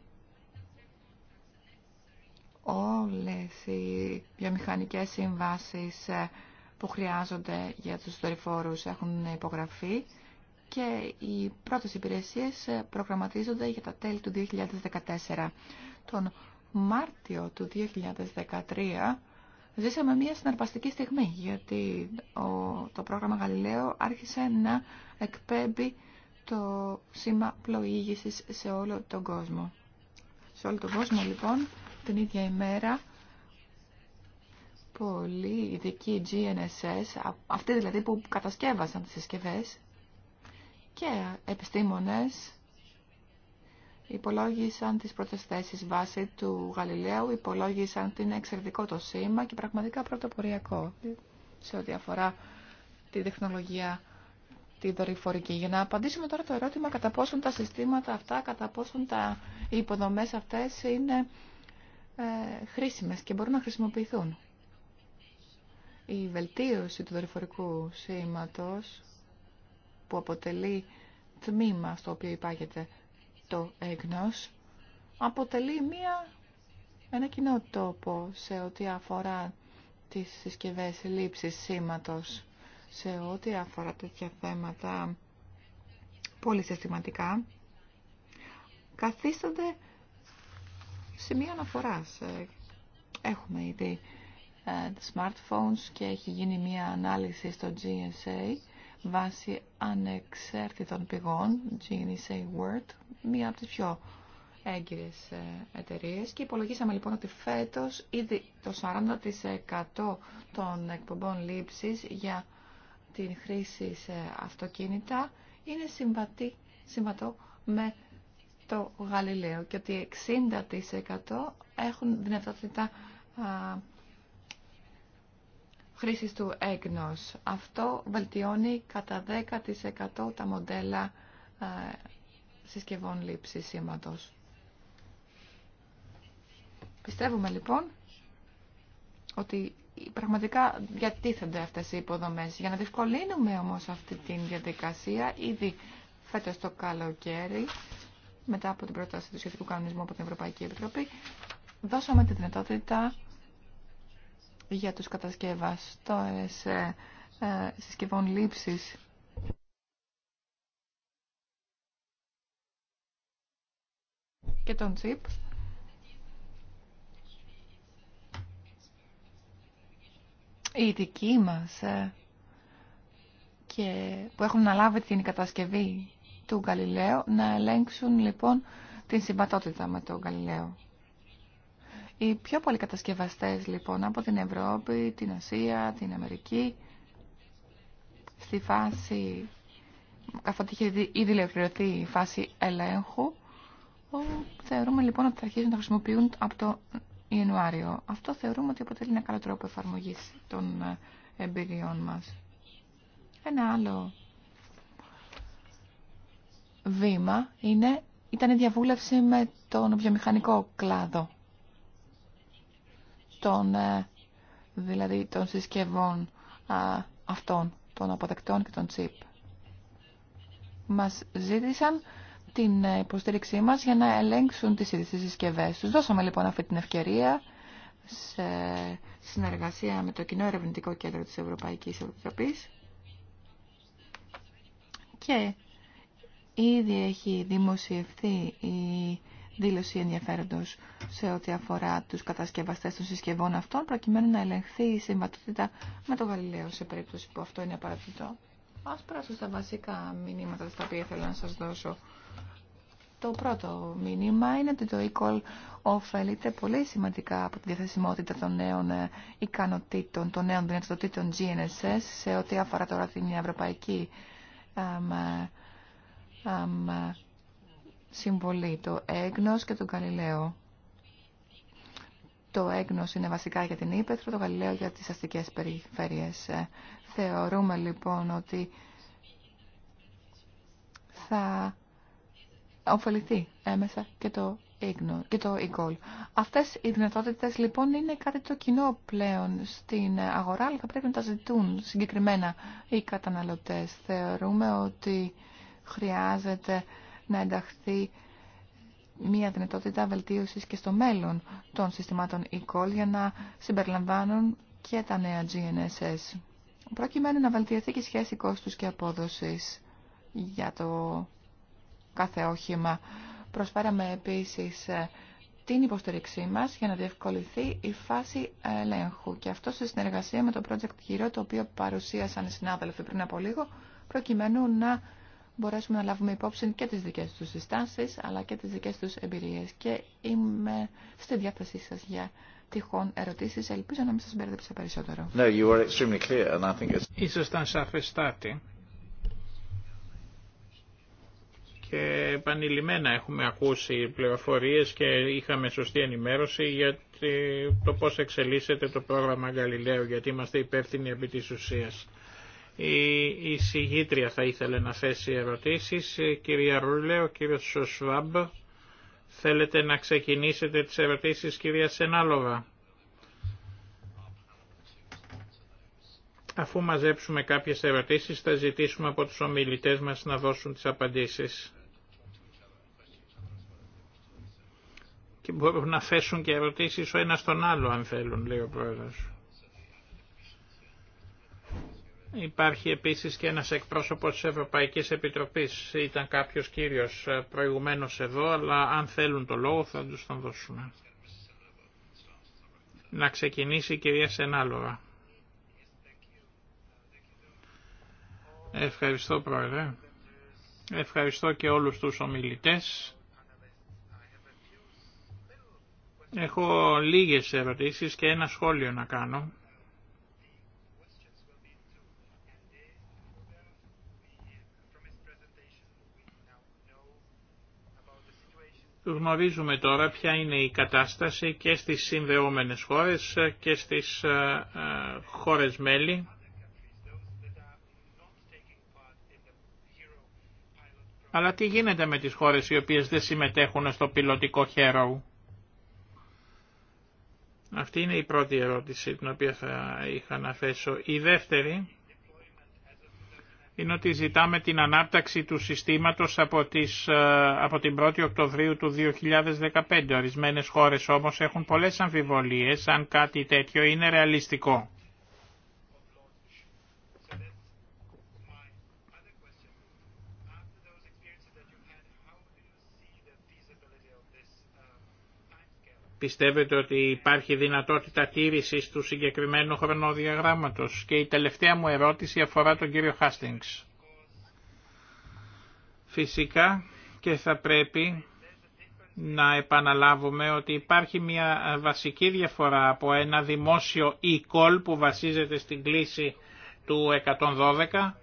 Όλες οι βιομηχανικές συμβάσεις ε, που χρειάζονται για τους δορυφόρους έχουν υπογραφεί και οι πρώτες υπηρεσίες ε, προγραμματίζονται για τα τέλη του 2014. Τον Μάρτιο του 2013 Ζήσαμε μια συναρπαστική στιγμή, γιατί το πρόγραμμα Γαλιλαίο άρχισε να εκπέμπει το σήμα πλοήγησης σε όλο τον κόσμο. Σε όλο τον κόσμο, λοιπόν, την ίδια ημέρα, πολλοί ειδικοί GNSS, αυτοί δηλαδή που κατασκεύασαν τις συσκευές, και επιστήμονες υπολόγισαν τις πρώτες θέσεις βάσει του Γαλιλαίου, υπολόγισαν την είναι εξαιρετικό το σήμα και πραγματικά πρωτοποριακό σε ό,τι αφορά τη τεχνολογία τη δορυφορική. Για να απαντήσουμε τώρα το ερώτημα κατά πόσον τα συστήματα αυτά, κατά πόσον τα υποδομές αυτές είναι ε, χρήσιμες και μπορούν να χρησιμοποιηθούν. Η βελτίωση του δορυφορικού σήματος που αποτελεί τμήμα στο οποίο υπάγεται το έγνος αποτελεί μία, ένα κοινό τόπο σε ό,τι αφορά τις συσκευές λήψης σήματος, σε ό,τι αφορά τέτοια θέματα πολύ συστηματικά, καθίστανται σημεία αναφοράς. Ε, έχουμε ήδη ε, smartphones και έχει γίνει μία ανάλυση στο GSA βάσει ανεξάρτητων πηγών, Genius Word, μία από τις πιο έγκυρες ε, εταιρείε και υπολογίσαμε λοιπόν ότι φέτος ήδη το 40% των εκπομπών λήψης για την χρήση σε αυτοκίνητα είναι συμβατή, συμβατό με το Γαλιλαίο και ότι 60% έχουν δυνατότητα χρήσης του έγνος. Αυτό βελτιώνει κατά 10% τα μοντέλα ε, συσκευών λήψης σήματος. Πιστεύουμε λοιπόν ότι πραγματικά διατίθενται αυτές οι υποδομές. Για να διευκολύνουμε όμως αυτή τη διαδικασία, ήδη φέτος το καλοκαίρι, μετά από την πρόταση του σχετικού κανονισμού από την Ευρωπαϊκή Επιτροπή, δώσαμε τη δυνατότητα για τους κατασκευαστές ε, ε, συσκευών λήψης. και τον τσιπ. η ειδικοί μας ε, και που έχουν λάβει την κατασκευή του Γαλιλαίου να ελέγξουν λοιπόν την συμπατότητα με τον Γαλιλαίο. Οι πιο πολλοί κατασκευαστές λοιπόν από την Ευρώπη, την Ασία, την Αμερική, στη φάση, καθότι είχε ήδη ολοκληρωθεί η φάση ελέγχου, θεωρούμε λοιπόν ότι θα αρχίσουν να χρησιμοποιούν από το Ιανουάριο. Αυτό θεωρούμε ότι αποτελεί ένα καλό τρόπο εφαρμογής των ε, εμπειριών μας. Ένα άλλο βήμα είναι, ήταν η διαβούλευση με τον βιομηχανικό κλάδο των, ε, δηλαδή των συσκευών αυτών, των αποδεκτών και των τσίπ. Μας ζήτησαν την ε, υποστήριξή μας για να ελέγξουν τις ίδιες τις συσκευές. Τους δώσαμε λοιπόν αυτή την ευκαιρία σε συνεργασία με το Κοινό Ερευνητικό Κέντρο της Ευρωπαϊκής Επιτροπής και ήδη έχει δημοσιευθεί η δήλωση ενδιαφέροντος σε ό,τι αφορά τους κατασκευαστές των συσκευών αυτών, προκειμένου να ελεγχθεί η συμβατότητα με το Γαλιλαίο σε περίπτωση που αυτό είναι απαραίτητο. Ας πράσω στα βασικά μηνύματα στα οποία ήθελα να σας δώσω. Το πρώτο μήνυμα είναι ότι το e-call ωφελείται πολύ σημαντικά από τη διαθεσιμότητα των νέων ικανοτήτων, των νέων δυνατοτήτων GNSS σε ό,τι αφορά τώρα την ευρωπαϊκή συμβολή, το έγνος και τον Γαλιλαίο. Το έγνος είναι βασικά για την Ήπεθρο, το Γαλιλαίο για τις αστικές περιφέρειες. Ε, θεωρούμε λοιπόν ότι θα ωφεληθεί έμεσα και το και το e Αυτές οι δυνατότητες λοιπόν είναι κάτι το κοινό πλέον στην αγορά, αλλά θα πρέπει να τα ζητούν συγκεκριμένα οι καταναλωτές. Θεωρούμε ότι χρειάζεται να ενταχθεί μια δυνατότητα βελτίωσης και στο μέλλον των συστημάτων e-call για να συμπεριλαμβάνουν και τα νέα GNSS. Προκειμένου να βελτιωθεί και η σχέση κόστους και απόδοσης για το κάθε όχημα. Προσφέραμε επίσης ε, την υποστήριξή μας για να διευκολυθεί η φάση ελέγχου και αυτό σε συνεργασία με το Project Hero το οποίο παρουσίασαν οι συνάδελφοι πριν από λίγο προκειμένου να μπορέσουμε να λάβουμε υπόψη και τις δικές τους συστάσεις αλλά και τις δικές τους εμπειρίες και είμαι στη διάθεσή σας για τυχόν ερωτήσεις. Ελπίζω να μην σας μπέρδεψα περισσότερο. No, you Ήσασταν σαφεστάτη και επανειλημμένα έχουμε ακούσει πληροφορίες και είχαμε σωστή ενημέρωση για το πώς εξελίσσεται το πρόγραμμα Γαλιλαίου γιατί είμαστε υπεύθυνοι επί της ουσίας. Η εισηγήτρια θα ήθελε να θέσει ερωτήσεις. Κυρία Ρούλε, ο κύριος Σοσβάμπ, θέλετε να ξεκινήσετε τις ερωτήσεις κυρία Σενάλοβα. Αφού μαζέψουμε κάποιες ερωτήσεις θα ζητήσουμε από τους ομιλητές μας να δώσουν τις απαντήσεις. Και μπορούν να θέσουν και ερωτήσεις ο ένας τον άλλο αν θέλουν, λέει ο Πρόεδρος. Υπάρχει επίσης και ένας εκπρόσωπος της Ευρωπαϊκής Επιτροπής. Ήταν κάποιος κύριος ε, προηγουμένως εδώ, αλλά αν θέλουν το λόγο θα τους τον δώσουμε. Να ξεκινήσει η κυρία Σενάλογα. Ευχαριστώ Πρόεδρε. Ευχαριστώ και όλους τους ομιλητές. Έχω λίγες ερωτήσεις και ένα σχόλιο να κάνω. γνωρίζουμε τώρα ποια είναι η κατάσταση και στις συνδεόμενες χώρες και στις ε, ε, χώρες μέλη. Αλλά τι γίνεται με τις χώρες οι οποίες δεν συμμετέχουν στο πιλωτικό χέρο. Αυτή είναι η πρώτη ερώτηση την οποία θα είχα να θέσω. Η δεύτερη είναι ότι ζητάμε την ανάπταξη του συστήματος από, τις, ε, από την 1η Οκτωβρίου του 2015. Ορισμένες χώρες όμως έχουν πολλές αμφιβολίες αν κάτι τέτοιο είναι ρεαλιστικό. Πιστεύετε ότι υπάρχει δυνατότητα τήρησης του συγκεκριμένου χρονοδιαγράμματος. Και η τελευταία μου ερώτηση αφορά τον κύριο Χάστινγκς. Φυσικά και θα πρέπει να επαναλάβουμε ότι υπάρχει μια βασική διαφορά από ένα δημόσιο e-call που βασίζεται στην κλίση του 112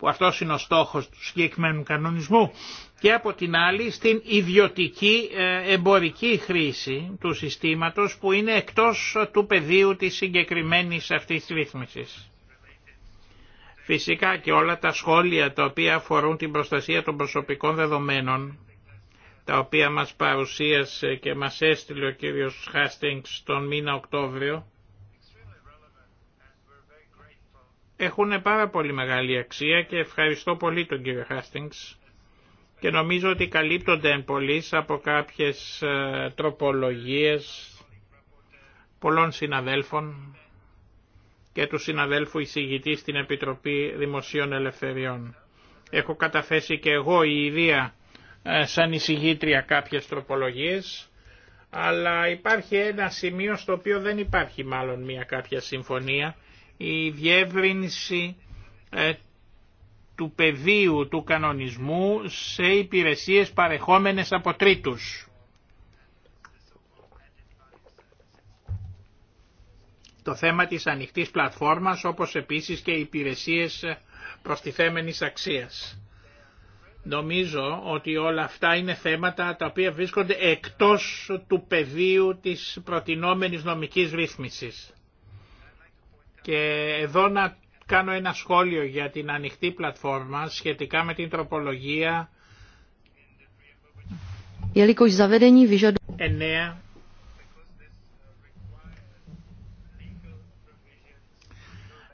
που αυτός είναι ο στόχος του συγκεκριμένου κανονισμού και από την άλλη στην ιδιωτική ε, εμπορική χρήση του συστήματος που είναι εκτός ε, του πεδίου της συγκεκριμένης αυτής ρύθμισης. Φυσικά και όλα τα σχόλια τα οποία αφορούν την προστασία των προσωπικών δεδομένων τα οποία μας παρουσίασε και μας έστειλε ο κύριος Χάστινγκ τον μήνα Οκτώβριο έχουν πάρα πολύ μεγάλη αξία και ευχαριστώ πολύ τον κύριο Χάστινγκς και νομίζω ότι καλύπτονται εν από κάποιες ε, τροπολογίες πολλών συναδέλφων και του συναδέλφου εισηγητή στην Επιτροπή Δημοσίων Ελευθεριών. Έχω καταθέσει και εγώ η ιδία ε, σαν εισηγήτρια κάποιες τροπολογίες, αλλά υπάρχει ένα σημείο στο οποίο δεν υπάρχει μάλλον μια κάποια συμφωνία η διεύρυνση ε, του πεδίου του κανονισμού σε υπηρεσίες παρεχόμενες από τρίτους. Το θέμα της ανοιχτής πλατφόρμας όπως επίσης και οι υπηρεσίες προστιθέμενης αξίας. Νομίζω ότι όλα αυτά είναι θέματα τα οποία βρίσκονται εκτός του πεδίου της προτινόμενης νομικής ρύθμισης. Και εδώ να κάνω ένα σχόλιο για την ανοιχτή πλατφόρμα σχετικά με την τροπολογία 9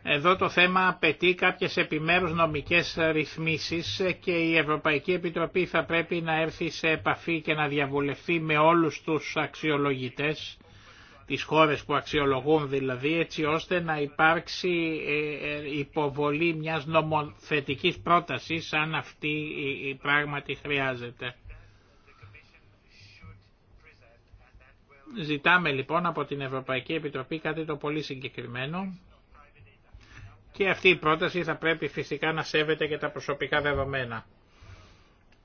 Εδώ το θέμα απαιτεί κάποιες επιμέρους νομικές ρυθμίσεις και η Ευρωπαϊκή Επιτροπή θα πρέπει να έρθει σε επαφή και να διαβουλευτεί με όλους τους αξιολογητές τις χώρες που αξιολογούν δηλαδή έτσι ώστε να υπάρξει ε, ε, υποβολή μιας νομοθετικής πρότασης αν αυτή η πράγματι χρειάζεται. Ζητάμε λοιπόν από την Ευρωπαϊκή Επιτροπή κάτι το πολύ συγκεκριμένο και αυτή η πρόταση θα πρέπει φυσικά να σέβεται και τα προσωπικά δεδομένα.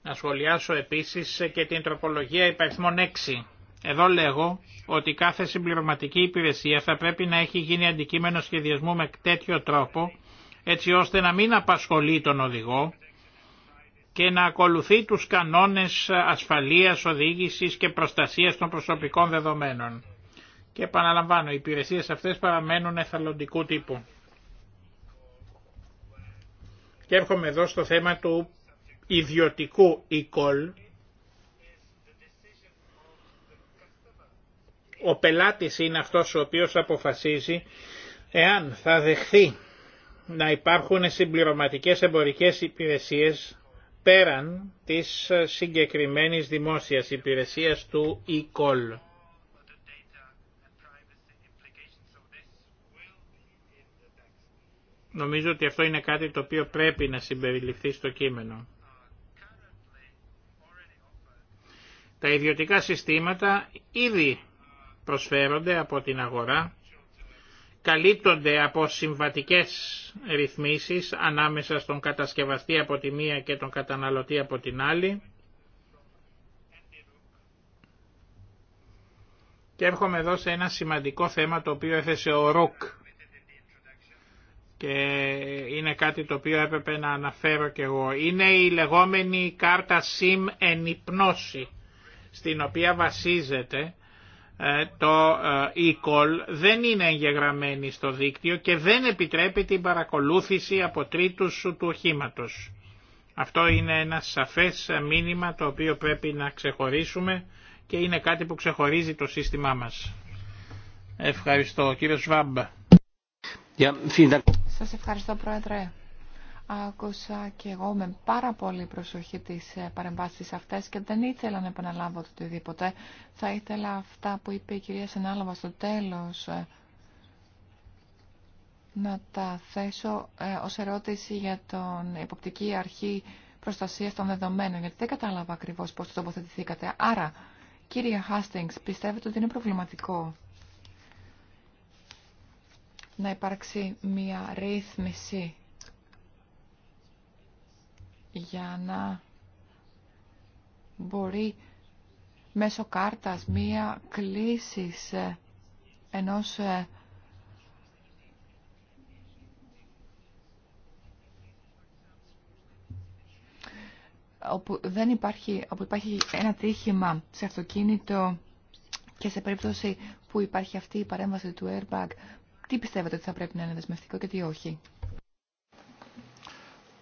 Να σχολιάσω επίσης και την τροπολογία υπαριθμών 6 εδώ λέγω ότι κάθε συμπληρωματική υπηρεσία θα πρέπει να έχει γίνει αντικείμενο σχεδιασμού με τέτοιο τρόπο έτσι ώστε να μην απασχολεί τον οδηγό και να ακολουθεί τους κανόνες ασφαλείας, οδήγησης και προστασίας των προσωπικών δεδομένων. Και επαναλαμβάνω, οι υπηρεσίες αυτές παραμένουν εθαλοντικού τύπου. Και έρχομαι εδώ στο θέμα του ιδιωτικού e-call ο πελάτης είναι αυτός ο οποίος αποφασίζει εάν θα δεχθεί να υπάρχουν συμπληρωματικές εμπορικές υπηρεσίες πέραν της συγκεκριμένης δημόσιας υπηρεσίας του e-call. Νομίζω ότι αυτό είναι κάτι το οποίο πρέπει να συμπεριληφθεί στο κείμενο. Τα ιδιωτικά συστήματα ήδη προσφέρονται από την αγορά καλύπτονται από συμβατικές ρυθμίσεις ανάμεσα στον κατασκευαστή από τη μία και τον καταναλωτή από την άλλη. Και έρχομαι εδώ σε ένα σημαντικό θέμα το οποίο έθεσε ο Ροκ και είναι κάτι το οποίο έπρεπε να αναφέρω και εγώ. Είναι η λεγόμενη κάρτα SIM ενυπνώση, στην οποία βασίζεται ε, το ε, e-call δεν είναι εγγεγραμμένη στο δίκτυο και δεν επιτρέπει την παρακολούθηση από τρίτους του οχήματος. Αυτό είναι ένα σαφές μήνυμα το οποίο πρέπει να ξεχωρίσουμε και είναι κάτι που ξεχωρίζει το σύστημά μας. Ευχαριστώ. κύριε Σβάμπ. Σας ευχαριστώ Πρόεδρε. Άκουσα και εγώ με πάρα πολύ προσοχή τις ε, παρεμβάσεις αυτές και δεν ήθελα να επαναλάβω το οτιδήποτε. Θα ήθελα αυτά που είπε η κυρία Σενάλοβα στο τέλος ε, να τα θέσω ε, ως ερώτηση για τον υποπτική αρχή προστασίας των δεδομένων, γιατί δεν κατάλαβα ακριβώς πώς το τοποθετηθήκατε. Άρα, κύρια Χάστινγκς, πιστεύετε ότι είναι προβληματικό να υπάρξει μια ρύθμιση για να μπορεί μέσω κάρτας μία κλίση ε, ενός ε, όπου δεν υπάρχει, όπου υπάρχει ένα τύχημα σε αυτοκίνητο και σε περίπτωση που υπάρχει αυτή η παρέμβαση του airbag, τι πιστεύετε ότι θα πρέπει να είναι δεσμευτικό και τι όχι.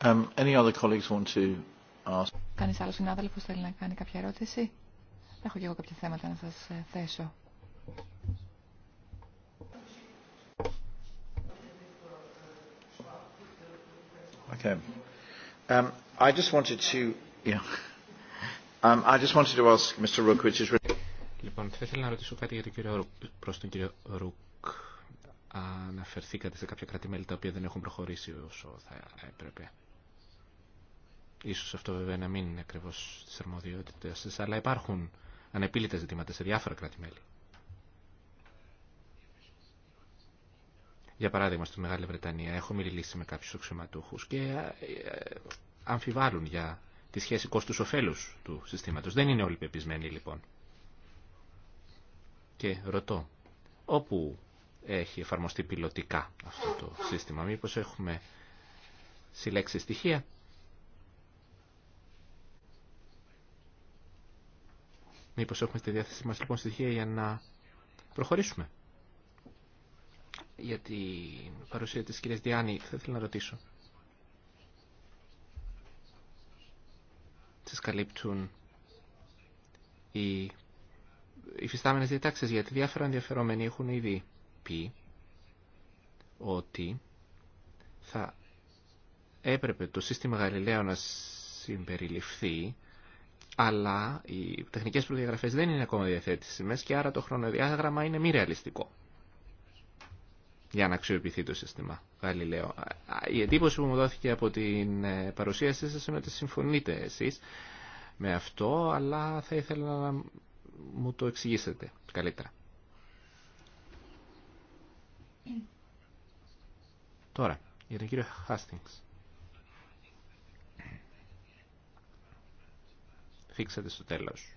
Um, any other Κανείς άλλος συνάδελφος θέλει να κάνει κάποια ερώτηση. Έχω και εγώ κάποια θέματα να σας θέσω. Λοιπόν, θα ήθελα να ρωτήσω κάτι για τον κύριο Ρουκ, προς τον κύριο Ρουκ. Αναφερθήκατε σε κάποια κράτη-μέλη τα οποία δεν έχουν προχωρήσει όσο θα έπρεπε. Ίσως αυτό βέβαια να μην είναι ακριβώς της αρμοδιότητας της, αλλά υπάρχουν ανεπίλητα ζητήματα σε διάφορα κράτη-μέλη. Για παράδειγμα, στη Μεγάλη Βρετανία έχω μιλήσει με κάποιους αξιωματούχους και ε, ε, αμφιβάλλουν για τη σχέση κόστους-οφέλους του συστήματος. Δεν είναι όλοι πεπισμένοι λοιπόν. Και ρωτώ, όπου έχει εφαρμοστεί πιλωτικά αυτό το σύστημα, μήπως έχουμε συλλέξει στοιχεία Μήπω έχουμε στη διάθεση μα λοιπόν στοιχεία για να προχωρήσουμε. Για την παρουσία τη κυρία Διάννη θα ήθελα να ρωτήσω. Σα καλύπτουν οι υφιστάμενε διατάξεις γιατί διάφορα ενδιαφερόμενοι έχουν ήδη πει ότι θα έπρεπε το σύστημα Γαλιλαίο να συμπεριληφθεί αλλά οι τεχνικές προδιαγραφές δεν είναι ακόμα διαθέσιμες και άρα το χρονοδιάγραμμα είναι μη ρεαλιστικό για να αξιοποιηθεί το σύστημα Γαλιλαίο. Η εντύπωση που μου δόθηκε από την ε, παρουσίασή σας είναι ότι συμφωνείτε εσείς με αυτό, αλλά θα ήθελα να μου το εξηγήσετε καλύτερα. Τώρα, για τον κύριο Χάστινγκς. θίξατε στο τέλος.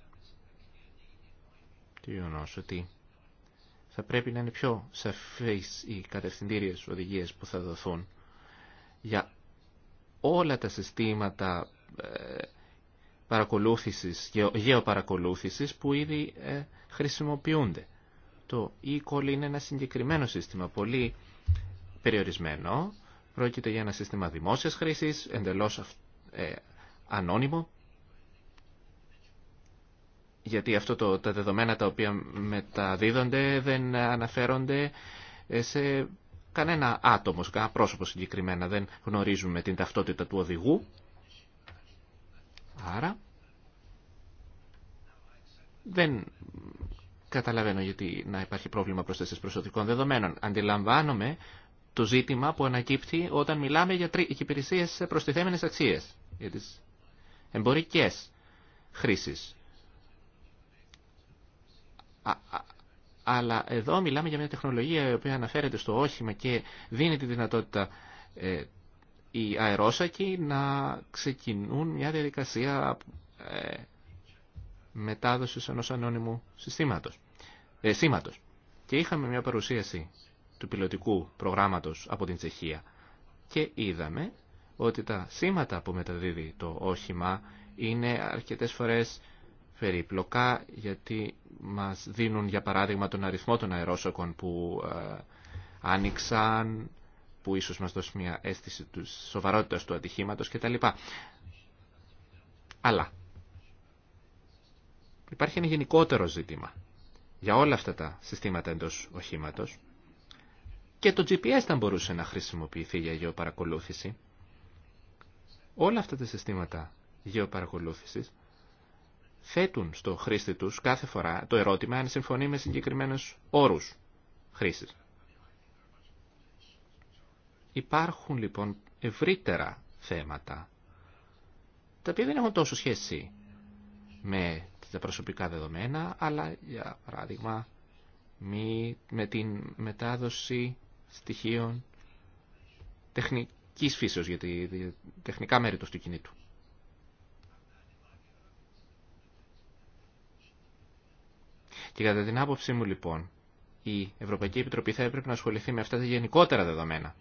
Τι γεγονό ότι θα πρέπει να είναι πιο σαφείς οι κατευθυντήριες οδηγίες που θα δοθούν για όλα τα συστήματα ε, παρακολούθησης, γεωπαρακολούθησης που ήδη ε, χρησιμοποιούνται. Το e-call είναι ένα συγκεκριμένο σύστημα, πολύ περιορισμένο. Πρόκειται για ένα σύστημα δημόσιας χρήσης, εντελώς ε, ανώνυμο γιατί αυτό το, τα δεδομένα τα οποία μεταδίδονται δεν αναφέρονται σε κανένα άτομο, σε κανένα πρόσωπο συγκεκριμένα. Δεν γνωρίζουμε την ταυτότητα του οδηγού. Άρα δεν καταλαβαίνω γιατί να υπάρχει πρόβλημα προσθέσεις προσωπικών δεδομένων. Αντιλαμβάνομαι το ζήτημα που ανακύπτει όταν μιλάμε για υπηρεσίε προστιθέμενες αξίες, για τις εμπορικές χρήσεις αλλά εδώ μιλάμε για μια τεχνολογία η οποία αναφέρεται στο όχημα και δίνει τη δυνατότητα ε, οι αερόσακοι να ξεκινούν μια διαδικασία ε, μετάδοσης ενός ανώνυμου συστήματος, ε, Και είχαμε μια παρουσίαση του πιλωτικού προγράμματος από την Τσεχία και είδαμε ότι τα σήματα που μεταδίδει το όχημα είναι αρκετές φορές περίπλοκα γιατί μας δίνουν για παράδειγμα τον αριθμό των αερόσοκων που ε, άνοιξαν, που ίσως μας δώσει μια αίσθηση του σοβαρότητας του ατυχήματος κτλ. Αλλά υπάρχει ένα γενικότερο ζήτημα για όλα αυτά τα συστήματα εντός οχήματος και το GPS θα μπορούσε να χρησιμοποιηθεί για γεωπαρακολούθηση. Όλα αυτά τα συστήματα γεωπαρακολούθησης θέτουν στο χρήστη τους κάθε φορά το ερώτημα αν συμφωνεί με συγκεκριμένους όρους χρήσης. Υπάρχουν λοιπόν ευρύτερα θέματα, τα οποία δεν έχουν τόσο σχέση με τα προσωπικά δεδομένα, αλλά για παράδειγμα με την μετάδοση στοιχείων τεχνικής φύσεως γιατί τεχνικά μέρη του αυτοκινήτου. Και κατά την άποψή μου λοιπόν, η Ευρωπαϊκή Επιτροπή θα έπρεπε να ασχοληθεί με αυτά τα γενικότερα δεδομένα.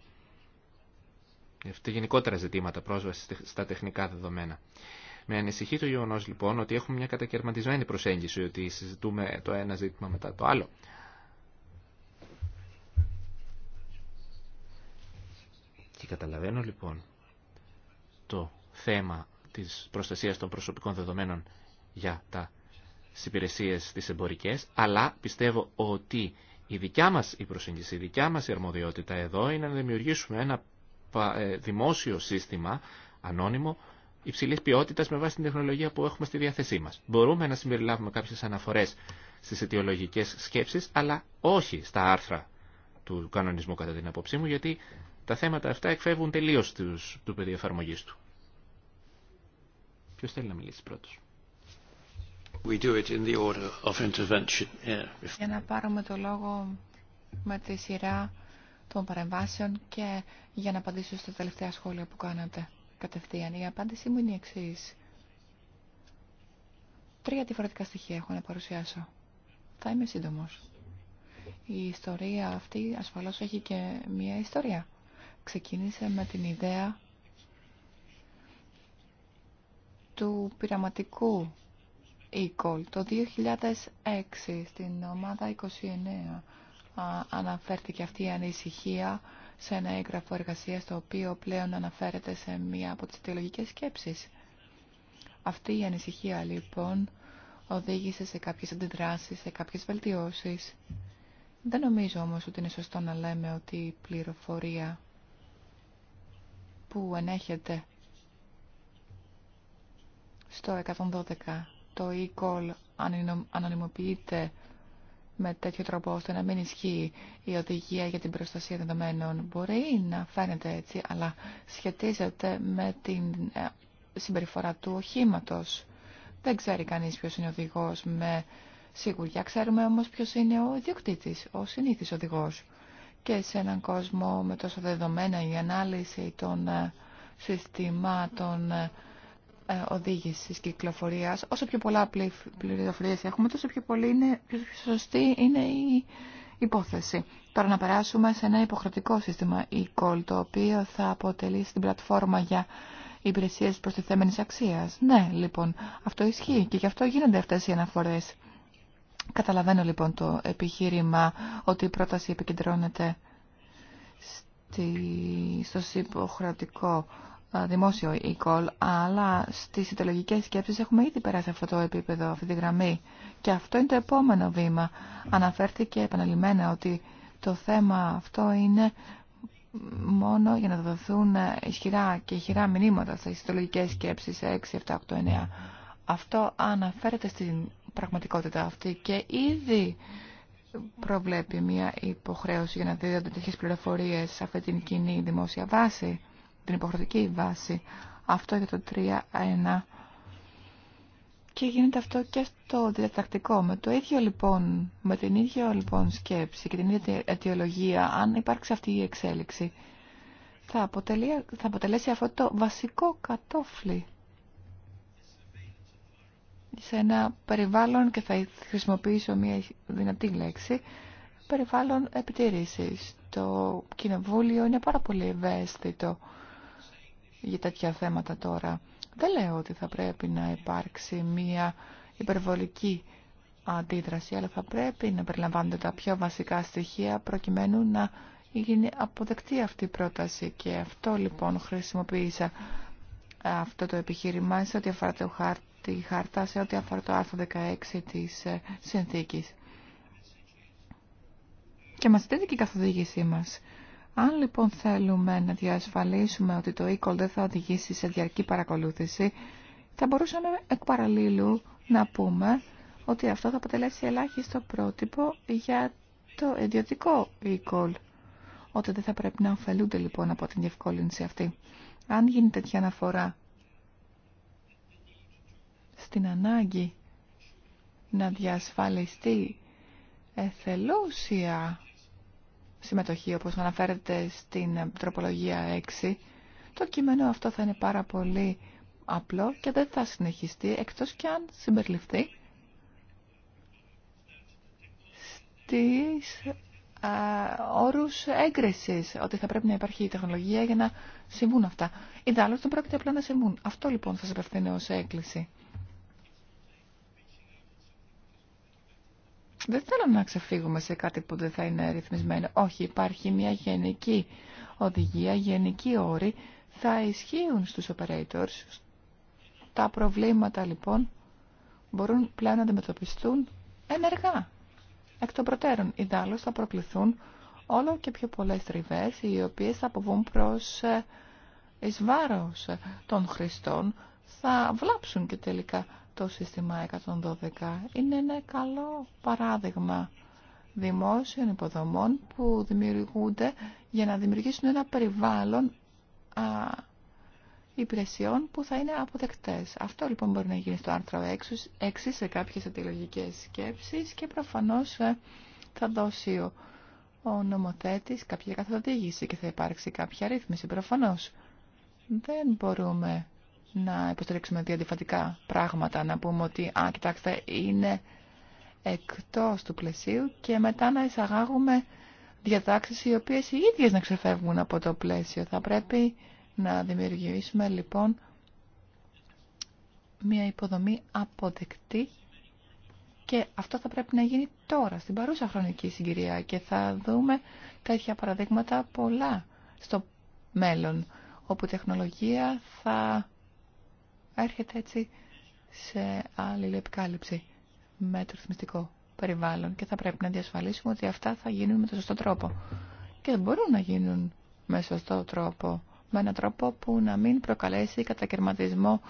Αυτά τα γενικότερα ζητήματα πρόσβαση στα τεχνικά δεδομένα. Με ανησυχεί το γεγονό λοιπόν ότι έχουμε μια κατακαιρματισμένη προσέγγιση, ότι συζητούμε το ένα ζήτημα μετά το άλλο. Και καταλαβαίνω λοιπόν το θέμα της προστασίας των προσωπικών δεδομένων για τα στις υπηρεσίες τις εμπορικές, αλλά πιστεύω ότι η δικιά μας η προσέγγιση, η δικιά μας η αρμοδιότητα εδώ είναι να δημιουργήσουμε ένα ε, δημόσιο σύστημα ανώνυμο υψηλής ποιότητας με βάση την τεχνολογία που έχουμε στη διάθεσή μας. Μπορούμε να συμπεριλάβουμε κάποιες αναφορές στις αιτιολογικές σκέψεις, αλλά όχι στα άρθρα του κανονισμού κατά την απόψή μου, γιατί τα θέματα αυτά εκφεύγουν τελείως του πεδίου εφαρμογής του. Ποιος θέλει να μιλήσει πρώτος. Για να πάρουμε το λόγο με τη σειρά των παρεμβάσεων και για να απαντήσω στα τελευταία σχόλια που κάνατε κατευθείαν. Η απάντησή μου είναι η εξή. Τρία διαφορετικά στοιχεία έχω να παρουσιάσω. Θα είμαι σύντομο. Η ιστορία αυτή ασφαλώς έχει και μία ιστορία. Ξεκίνησε με την ιδέα του πειραματικού το 2006 στην ομάδα 29 αναφέρθηκε αυτή η ανησυχία σε ένα έγγραφο εργασία το οποίο πλέον αναφέρεται σε μία από τις αιτιολογικές σκέψεις. Αυτή η ανησυχία λοιπόν οδήγησε σε κάποιες αντιδράσεις, σε κάποιες βελτιώσεις. Δεν νομίζω όμως ότι είναι σωστό να λέμε ότι η πληροφορία που ενέχεται στο 112 το e-call ανωνυμοποιείται με τέτοιο τρόπο ώστε να μην ισχύει η οδηγία για την προστασία δεδομένων. Μπορεί να φαίνεται έτσι, αλλά σχετίζεται με την ε, συμπεριφορά του οχήματο. Δεν ξέρει κανείς ποιος είναι ο οδηγός με σιγουριά. Ξέρουμε όμως ποιος είναι ο ιδιοκτήτης, ο συνήθις οδηγός. Και σε έναν κόσμο με τόσο δεδομένα η ανάλυση των ε, συστημάτων ε, ε, οδήγησης κυκλοφορίας. Όσο πιο πολλά πληροφορίε έχουμε, τόσο πιο πολύ είναι, πιο σωστή είναι η υπόθεση. Τώρα να περάσουμε σε ένα υποχρεωτικό σύστημα e-call, το οποίο θα αποτελεί στην πλατφόρμα για υπηρεσίες προστιθέμενης αξίας. Ναι, λοιπόν, αυτό ισχύει και γι' αυτό γίνονται αυτές οι αναφορές. Καταλαβαίνω λοιπόν το επιχείρημα ότι η πρόταση επικεντρώνεται στο υποχρεωτικό δημόσιο e-call, αλλά στις συντολογικές σκέψεις έχουμε ήδη περάσει αυτό το επίπεδο, αυτή τη γραμμή. Και αυτό είναι το επόμενο βήμα. Αναφέρθηκε επαναλημμένα ότι το θέμα αυτό είναι μόνο για να δοθούν ισχυρά και χειρά μηνύματα στις συντολογικές σκέψεις 6, 7, 8, 9. Αυτό αναφέρεται στην πραγματικότητα αυτή και ήδη προβλέπει μια υποχρέωση για να δίδονται τέτοιες πληροφορίες σε αυτή την κοινή δημόσια βάση την υποχρεωτική βάση. Αυτό για το 3-1. Και γίνεται αυτό και στο διατακτικό. Με το ίδιο λοιπόν, με την ίδια λοιπόν σκέψη και την ίδια αιτιολογία, αν υπάρξει αυτή η εξέλιξη, θα, αποτελεί, θα αποτελέσει αυτό το βασικό κατόφλι σε ένα περιβάλλον, και θα χρησιμοποιήσω μια δυνατή λέξη, περιβάλλον επιτηρήσεις Το κοινοβούλιο είναι πάρα πολύ ευαίσθητο για τέτοια θέματα τώρα. Δεν λέω ότι θα πρέπει να υπάρξει μία υπερβολική αντίδραση, αλλά θα πρέπει να περιλαμβάνονται τα πιο βασικά στοιχεία προκειμένου να γίνει αποδεκτή αυτή η πρόταση. Και αυτό λοιπόν χρησιμοποίησα ε, αυτό το επιχείρημα σε ό,τι αφορά το χάρτη, χάρτα, σε ό,τι αφορά το άρθρο 16 της ε, συνθήκης. Και μας δίνει και η καθοδήγησή μας αν λοιπόν θέλουμε να διασφαλίσουμε ότι το e-call δεν θα οδηγήσει σε διαρκή παρακολούθηση, θα μπορούσαμε εκ παραλλήλου να πούμε ότι αυτό θα αποτελέσει ελάχιστο πρότυπο για το ιδιωτικό e-call, ότι δεν θα πρέπει να ωφελούνται λοιπόν από την διευκόλυνση αυτή. Αν γίνει τέτοια αναφορά στην ανάγκη να διασφαλιστεί εθελούσια συμμετοχή όπως αναφέρεται στην τροπολογία 6, το κείμενο αυτό θα είναι πάρα πολύ απλό και δεν θα συνεχιστεί εκτός και αν συμπεριληφθεί στις α, όρους έγκρισης, ότι θα πρέπει να υπάρχει η τεχνολογία για να συμβούν αυτά. Ιδάλλως δεν πρόκειται απλά να συμβούν. Αυτό λοιπόν θα σας απευθύνω ως έκκληση. δεν θέλω να ξεφύγουμε σε κάτι που δεν θα είναι ρυθμισμένο. Όχι, υπάρχει μια γενική οδηγία, γενική όρη, θα ισχύουν στους operators. Τα προβλήματα λοιπόν μπορούν πλέον να αντιμετωπιστούν ενεργά. Εκ των προτέρων, ιδάλλως θα προκληθούν όλο και πιο πολλές τριβές, οι οποίες θα αποβούν προς ε, εις βάρος των χρηστών, θα βλάψουν και τελικά το σύστημα 112 είναι ένα καλό παράδειγμα δημόσιων υποδομών που δημιουργούνται για να δημιουργήσουν ένα περιβάλλον α, υπηρεσιών που θα είναι αποδεκτές. Αυτό λοιπόν μπορεί να γίνει στο άρθρο 6, 6 σε κάποιες αντιλογικές σκέψεις και προφανώς ε, θα δώσει ο, ο νομοθέτης κάποια καθοδήγηση και θα υπάρξει κάποια ρύθμιση προφανώς. Δεν μπορούμε να υποστηρίξουμε δύο πράγματα. Να πούμε ότι, α, κοιτάξτε, είναι εκτός του πλαισίου και μετά να εισαγάγουμε διατάξεις οι οποίες οι ίδιες να ξεφεύγουν από το πλαίσιο. Θα πρέπει να δημιουργήσουμε λοιπόν μια υποδομή αποδεκτή και αυτό θα πρέπει να γίνει τώρα, στην παρούσα χρονική συγκυρία και θα δούμε τέτοια παραδείγματα πολλά στο μέλλον, όπου η τεχνολογία θα έρχεται έτσι σε άλλη επικάλυψη με το ρυθμιστικό περιβάλλον και θα πρέπει να διασφαλίσουμε ότι αυτά θα γίνουν με τον σωστό τρόπο. Και μπορούν να γίνουν με σωστό τρόπο, με έναν τρόπο που να μην προκαλέσει κατακαιρματισμό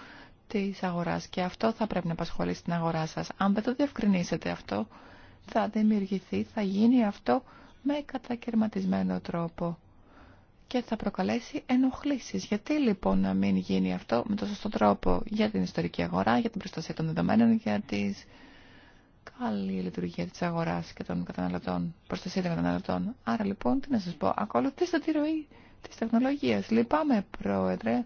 της αγοράς. Και αυτό θα πρέπει να απασχολεί την αγορά σας. Αν δεν το διευκρινίσετε αυτό, θα δημιουργηθεί, θα γίνει αυτό με κατακαιρματισμένο τρόπο και θα προκαλέσει ενοχλήσεις. Γιατί λοιπόν να μην γίνει αυτό με τόσο σωστό τρόπο για την ιστορική αγορά, για την προστασία των δεδομένων, για τη καλή λειτουργία της αγοράς και των καταναλωτών, προστασία των καταναλωτών. Άρα λοιπόν, τι να σας πω, ακολουθήστε τη ροή της τεχνολογίας. Λυπάμαι, Πρόεδρε. Ναι,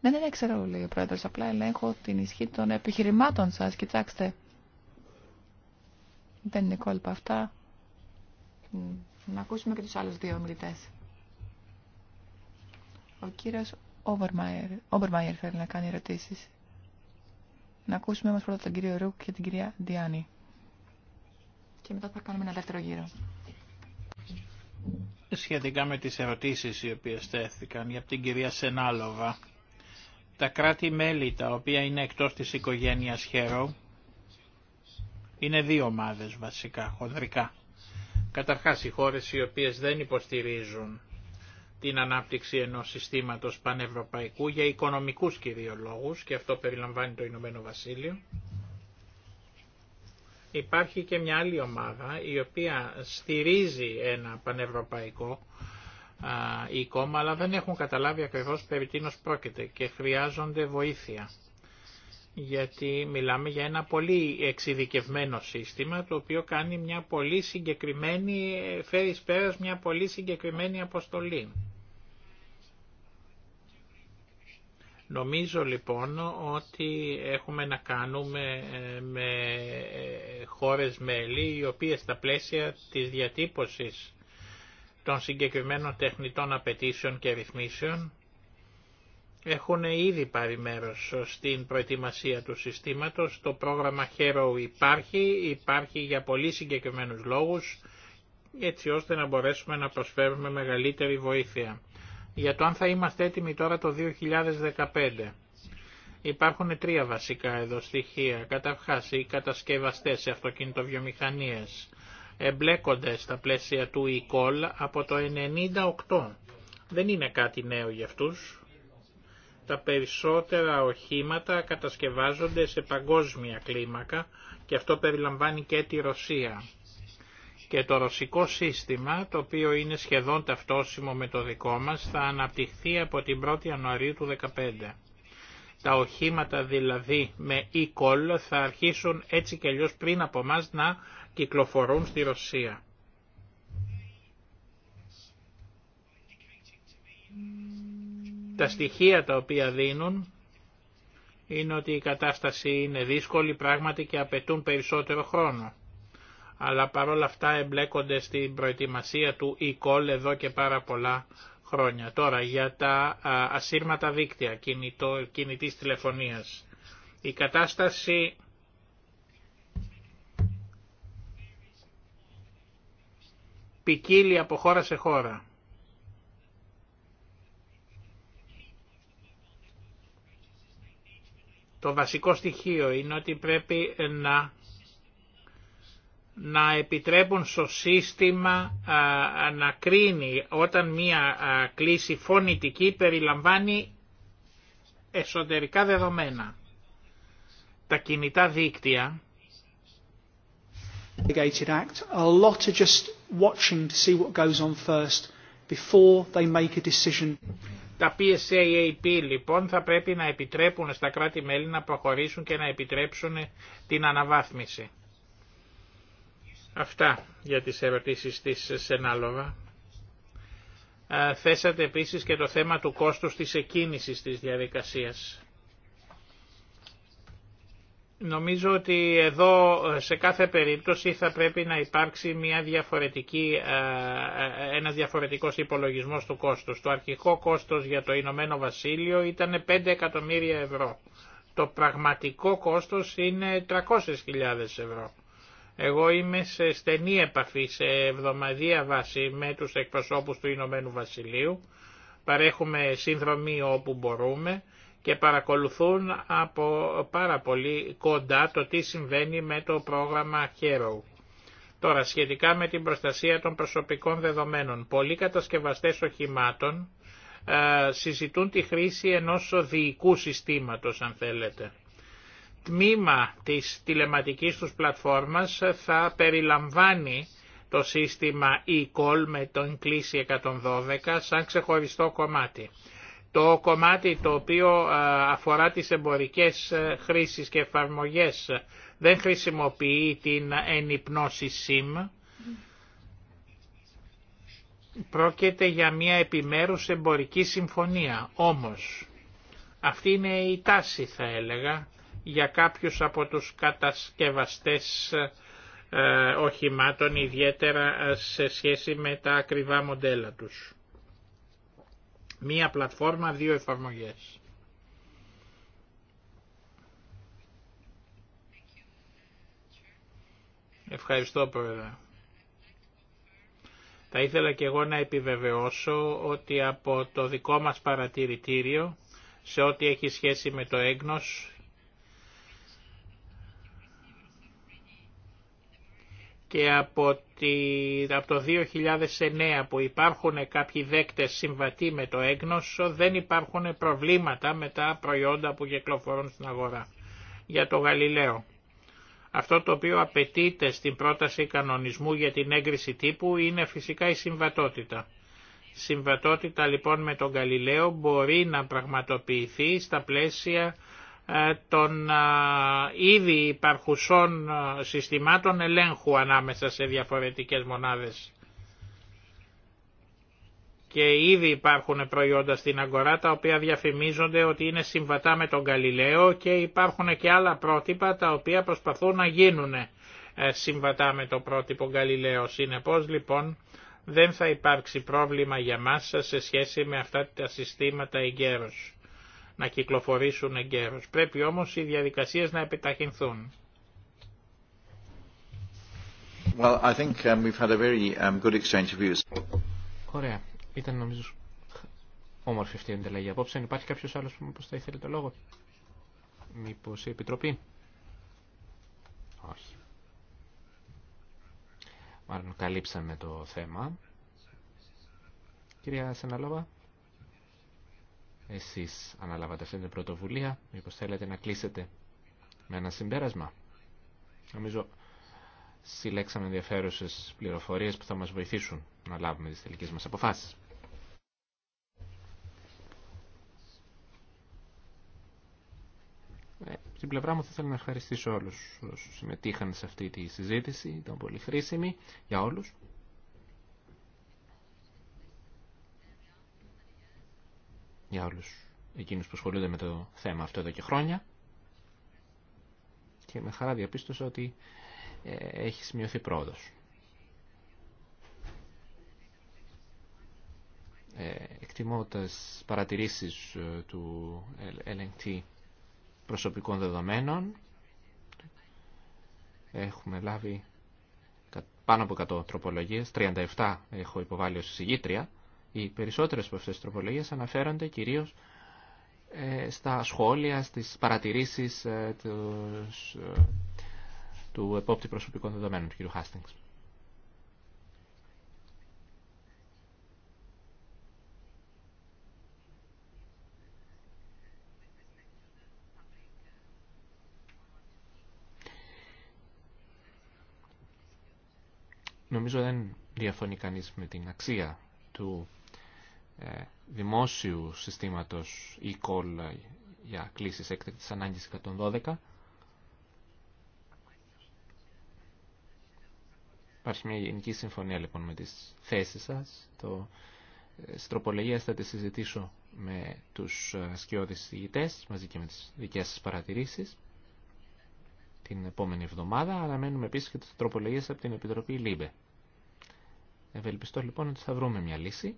δεν ναι, ναι, ξέρω, λέει ο Πρόεδρος, απλά ελέγχω την ισχύ των επιχειρημάτων σας. Κοιτάξτε, δεν είναι κόλπα αυτά. Να ακούσουμε και τους άλλους δύο μιλητές. Ο κύριος Όμπερμαϊερ θέλει να κάνει ερωτήσεις. Να ακούσουμε όμως πρώτα τον κύριο Ρουκ και την κυρία Διάννη. Και μετά θα κάνουμε ένα δεύτερο γύρο. Σχετικά με τις ερωτήσεις οι οποίες τέθηκαν για την κυρία Σενάλοβα. Τα κράτη-μέλη τα οποία είναι εκτός της οικογένειας Χέρο είναι δύο ομάδες βασικά, χονδρικά. Καταρχάς οι χώρες οι οποίες δεν υποστηρίζουν την ανάπτυξη ενός συστήματος πανευρωπαϊκού για οικονομικούς κυριολόγους και αυτό περιλαμβάνει το Ηνωμένο Βασίλειο. Υπάρχει και μια άλλη ομάδα η οποία στηρίζει ένα πανευρωπαϊκό οίκομα αλλά δεν έχουν καταλάβει ακριβώς περί τίνος πρόκειται και χρειάζονται βοήθεια γιατί μιλάμε για ένα πολύ εξειδικευμένο σύστημα το οποίο κάνει μια πολύ συγκεκριμένη, φέρει πέρας μια πολύ συγκεκριμένη αποστολή. Νομίζω λοιπόν ότι έχουμε να κάνουμε ε, με ε, χώρες μέλη οι οποίες στα πλαίσια της διατύπωσης των συγκεκριμένων τεχνητών απαιτήσεων και ρυθμίσεων έχουν ήδη πάρει μέρος στην προετοιμασία του συστήματος. Το πρόγραμμα Hero υπάρχει, υπάρχει για πολύ συγκεκριμένους λόγους, έτσι ώστε να μπορέσουμε να προσφέρουμε μεγαλύτερη βοήθεια. Για το αν θα είμαστε έτοιμοι τώρα το 2015. Υπάρχουν τρία βασικά εδώ στοιχεία. Καταρχάς, οι κατασκευαστές σε αυτοκινητοβιομηχανίες εμπλέκονται στα πλαίσια του e από το 1998. Δεν είναι κάτι νέο για αυτούς, τα περισσότερα οχήματα κατασκευάζονται σε παγκόσμια κλίμακα και αυτό περιλαμβάνει και τη Ρωσία. Και το ρωσικό σύστημα, το οποίο είναι σχεδόν ταυτόσιμο με το δικό μας, θα αναπτυχθεί από την 1η Ιανουαρίου του 2015. Τα οχήματα δηλαδή με e-call θα αρχίσουν έτσι και αλλιώς πριν από μας να κυκλοφορούν στη Ρωσία. Τα στοιχεία τα οποία δίνουν είναι ότι η κατάσταση είναι δύσκολη πράγματι και απαιτούν περισσότερο χρόνο. Αλλά παρόλα αυτά εμπλέκονται στην προετοιμασία του e-call εδώ και πάρα πολλά χρόνια. Τώρα για τα ασύρματα δίκτυα κινητό, κινητής τηλεφωνίας. Η κατάσταση ποικίλει από χώρα σε χώρα. Το βασικό στοιχείο είναι ότι πρέπει να, να επιτρέπουν στο σύστημα να κρίνει όταν μία α, κλίση φωνητική περιλαμβάνει εσωτερικά δεδομένα. Τα κινητά δίκτυα τα PSAAP λοιπόν θα πρέπει να επιτρέπουν στα κράτη-μέλη να προχωρήσουν και να επιτρέψουν την αναβάθμιση. Αυτά για τις ερωτήσεις της Σενάλοβα. Ε, θέσατε επίσης και το θέμα του κόστους της εκκίνησης της διαδικασίας. Νομίζω ότι εδώ σε κάθε περίπτωση θα πρέπει να υπάρξει μια διαφορετική, ε, ε, ένας διαφορετικός υπολογισμός του κόστους. Το αρχικό κόστος για το Ηνωμένο Βασίλειο ήταν 5 εκατομμύρια ευρώ. Το πραγματικό κόστος είναι 300.000 ευρώ. Εγώ είμαι σε στενή επαφή, σε εβδομαδία βάση με τους εκπροσώπους του Ηνωμένου Βασιλείου. Παρέχουμε σύνδρομη όπου μπορούμε και παρακολουθούν από πάρα πολύ κοντά το τι συμβαίνει με το πρόγραμμα Hero. Τώρα σχετικά με την προστασία των προσωπικών δεδομένων. Πολλοί κατασκευαστές οχημάτων ε, συζητούν τη χρήση ενός οδηγικού συστήματος αν θέλετε. Τμήμα της τηλεματικής τους πλατφόρμας θα περιλαμβάνει το σύστημα e-call με τον κλίση 112 σαν ξεχωριστό κομμάτι το κομμάτι το οποίο αφορά τις εμπορικές ε, χρήσεις και εφαρμογές δεν χρησιμοποιεί την ενυπνώση SIM. Πρόκειται για μια επιμέρους εμπορική συμφωνία. Όμως, αυτή είναι η τάση θα έλεγα για κάποιους από τους κατασκευαστές ε, οχημάτων ιδιαίτερα ε, σε σχέση με τα ακριβά μοντέλα τους. Μία πλατφόρμα, δύο εφαρμογές. Ευχαριστώ Πρόεδρε. Θα ήθελα και εγώ να επιβεβαιώσω ότι από το δικό μας παρατηρητήριο σε ό,τι έχει σχέση με το έγνος και από, τη, από το 2009 που υπάρχουν κάποιοι δέκτες συμβατοί με το έγνωσο δεν υπάρχουν προβλήματα με τα προϊόντα που κυκλοφορούν στην αγορά. Για το Γαλιλαίο. Αυτό το οποίο απαιτείται στην πρόταση κανονισμού για την έγκριση τύπου είναι φυσικά η συμβατότητα. Συμβατότητα λοιπόν με τον Γαλιλαίο μπορεί να πραγματοποιηθεί στα πλαίσια ε, των ε, ήδη υπαρχουσών ε, συστημάτων ελέγχου ανάμεσα σε διαφορετικές μονάδες. Και ήδη υπάρχουν προϊόντα στην αγορά τα οποία διαφημίζονται ότι είναι συμβατά με τον Γαλιλαίο και υπάρχουν και άλλα πρότυπα τα οποία προσπαθούν να γίνουν συμβατά με το πρότυπο Γαλιλαίο. Συνεπώς λοιπόν δεν θα υπάρξει πρόβλημα για μας σε σχέση με αυτά τα συστήματα εγκαίρως να κυκλοφορήσουν εγκαίρως. Πρέπει όμως οι διαδικασίες να επιταχυνθούν. Well, I think um, we've had a very um, good Ωραία. Ήταν νομίζω όμορφη αυτή η ενταλλαγή απόψε. Υπάρχει κάποιος άλλος που θα ήθελε το λόγο. Μήπως η Επιτροπή. Όχι. Μάλλον καλύψαμε το θέμα. Κυρία Σεναλόβα. Εσείς αναλάβατε αυτή την πρωτοβουλία. Μήπως θέλετε να κλείσετε με ένα συμπέρασμα. Νομίζω συλλέξαμε ενδιαφέρουσες πληροφορίες που θα μας βοηθήσουν να λάβουμε τις τελικές μας αποφάσεις. Ε, στην πλευρά μου θα ήθελα να ευχαριστήσω όλους όσους συμμετείχαν σε αυτή τη συζήτηση, ήταν πολύ χρήσιμη για όλους. για όλους εκείνους που ασχολούνται με το θέμα αυτό εδώ και χρόνια και με χαρά διαπίστωσα ότι ε, έχει σημειωθεί πρόοδος. Ε, εκτιμώ τις παρατηρήσεις ε, του ελεγκτή προσωπικών δεδομένων. Έχουμε λάβει πάνω από 100 τροπολογίες, 37 έχω υποβάλει ως εισηγήτρια. Οι περισσότερες από αυτές τις τροπολογίες αναφέρονται κυρίως ε, στα σχόλια, στις παρατηρήσεις ε, ε, του επόπτη προσωπικών δεδομένων του κ. Χάστινγκς. Νομίζω δεν διαφωνεί κανείς με την αξία του ε, δημόσιου συστήματος e-call για κλήσεις έκτακτης ανάγκης 112. Υπάρχει μια γενική συμφωνία λοιπόν με τις θέσεις σας. Το... Ε, στην τροπολογία θα τη συζητήσω με τους ε, σκιώδεις ηγητές μαζί και με τις δικές σας παρατηρήσεις την επόμενη εβδομάδα. Αναμένουμε επίσης και τις τροπολογίες από την Επιτροπή ΛΥΜΠΕ. Ευελπιστώ λοιπόν ότι θα βρούμε μια λύση.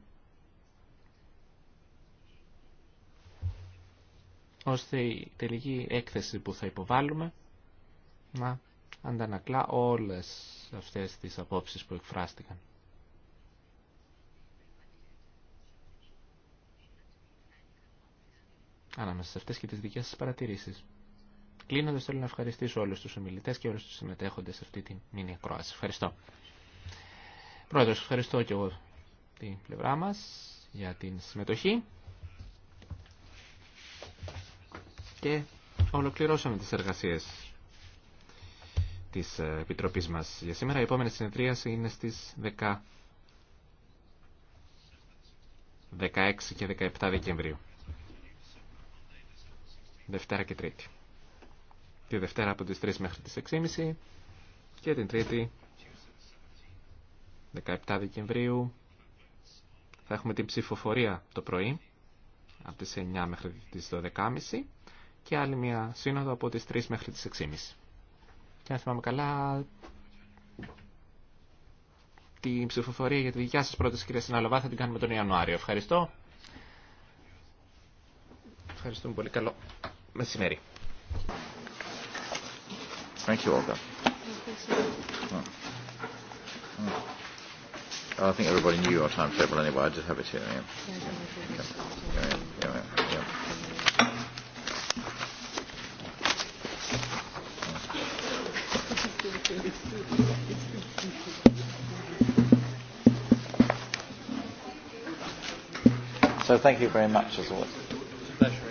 ώστε η τελική έκθεση που θα υποβάλουμε να αντανακλά όλες αυτές τις απόψεις που εκφράστηκαν. Ανάμεσα σε αυτές και τις δικές σας παρατηρήσεις. Κλείνοντας θέλω να ευχαριστήσω όλους τους ομιλητές και όλους τους συμμετέχοντες σε αυτή τη μήνυα ακρόαση. Ευχαριστώ. Πρόεδρος, ευχαριστώ και εγώ την πλευρά μας για την συμμετοχή. και ολοκληρώσαμε τις εργασίες της ε, Επιτροπής μας. Για σήμερα η επόμενη συνεδρίαση είναι στις 10, 16 και 17 Δεκεμβρίου. Δευτέρα και Τρίτη. Τη Δευτέρα από τις 3 μέχρι τις 6.30 και την Τρίτη 17 Δεκεμβρίου θα έχουμε την ψηφοφορία το πρωί από τις 9 μέχρι τις 12.30 και άλλη μια σύνοδο από τις 3 μέχρι τις 6.30. Και αν θυμάμαι καλά, την ψηφοφορία για τη δικιά σας πρώτη κυρία Συναλαβά θα την κάνουμε τον Ιανουάριο. Ευχαριστώ. Ευχαριστούμε πολύ. Καλό μεσημέρι. Thank you, Olga. I think everybody knew your timetable anyway. I just have it here. Yeah. Yeah. Yeah. So thank you very much as always.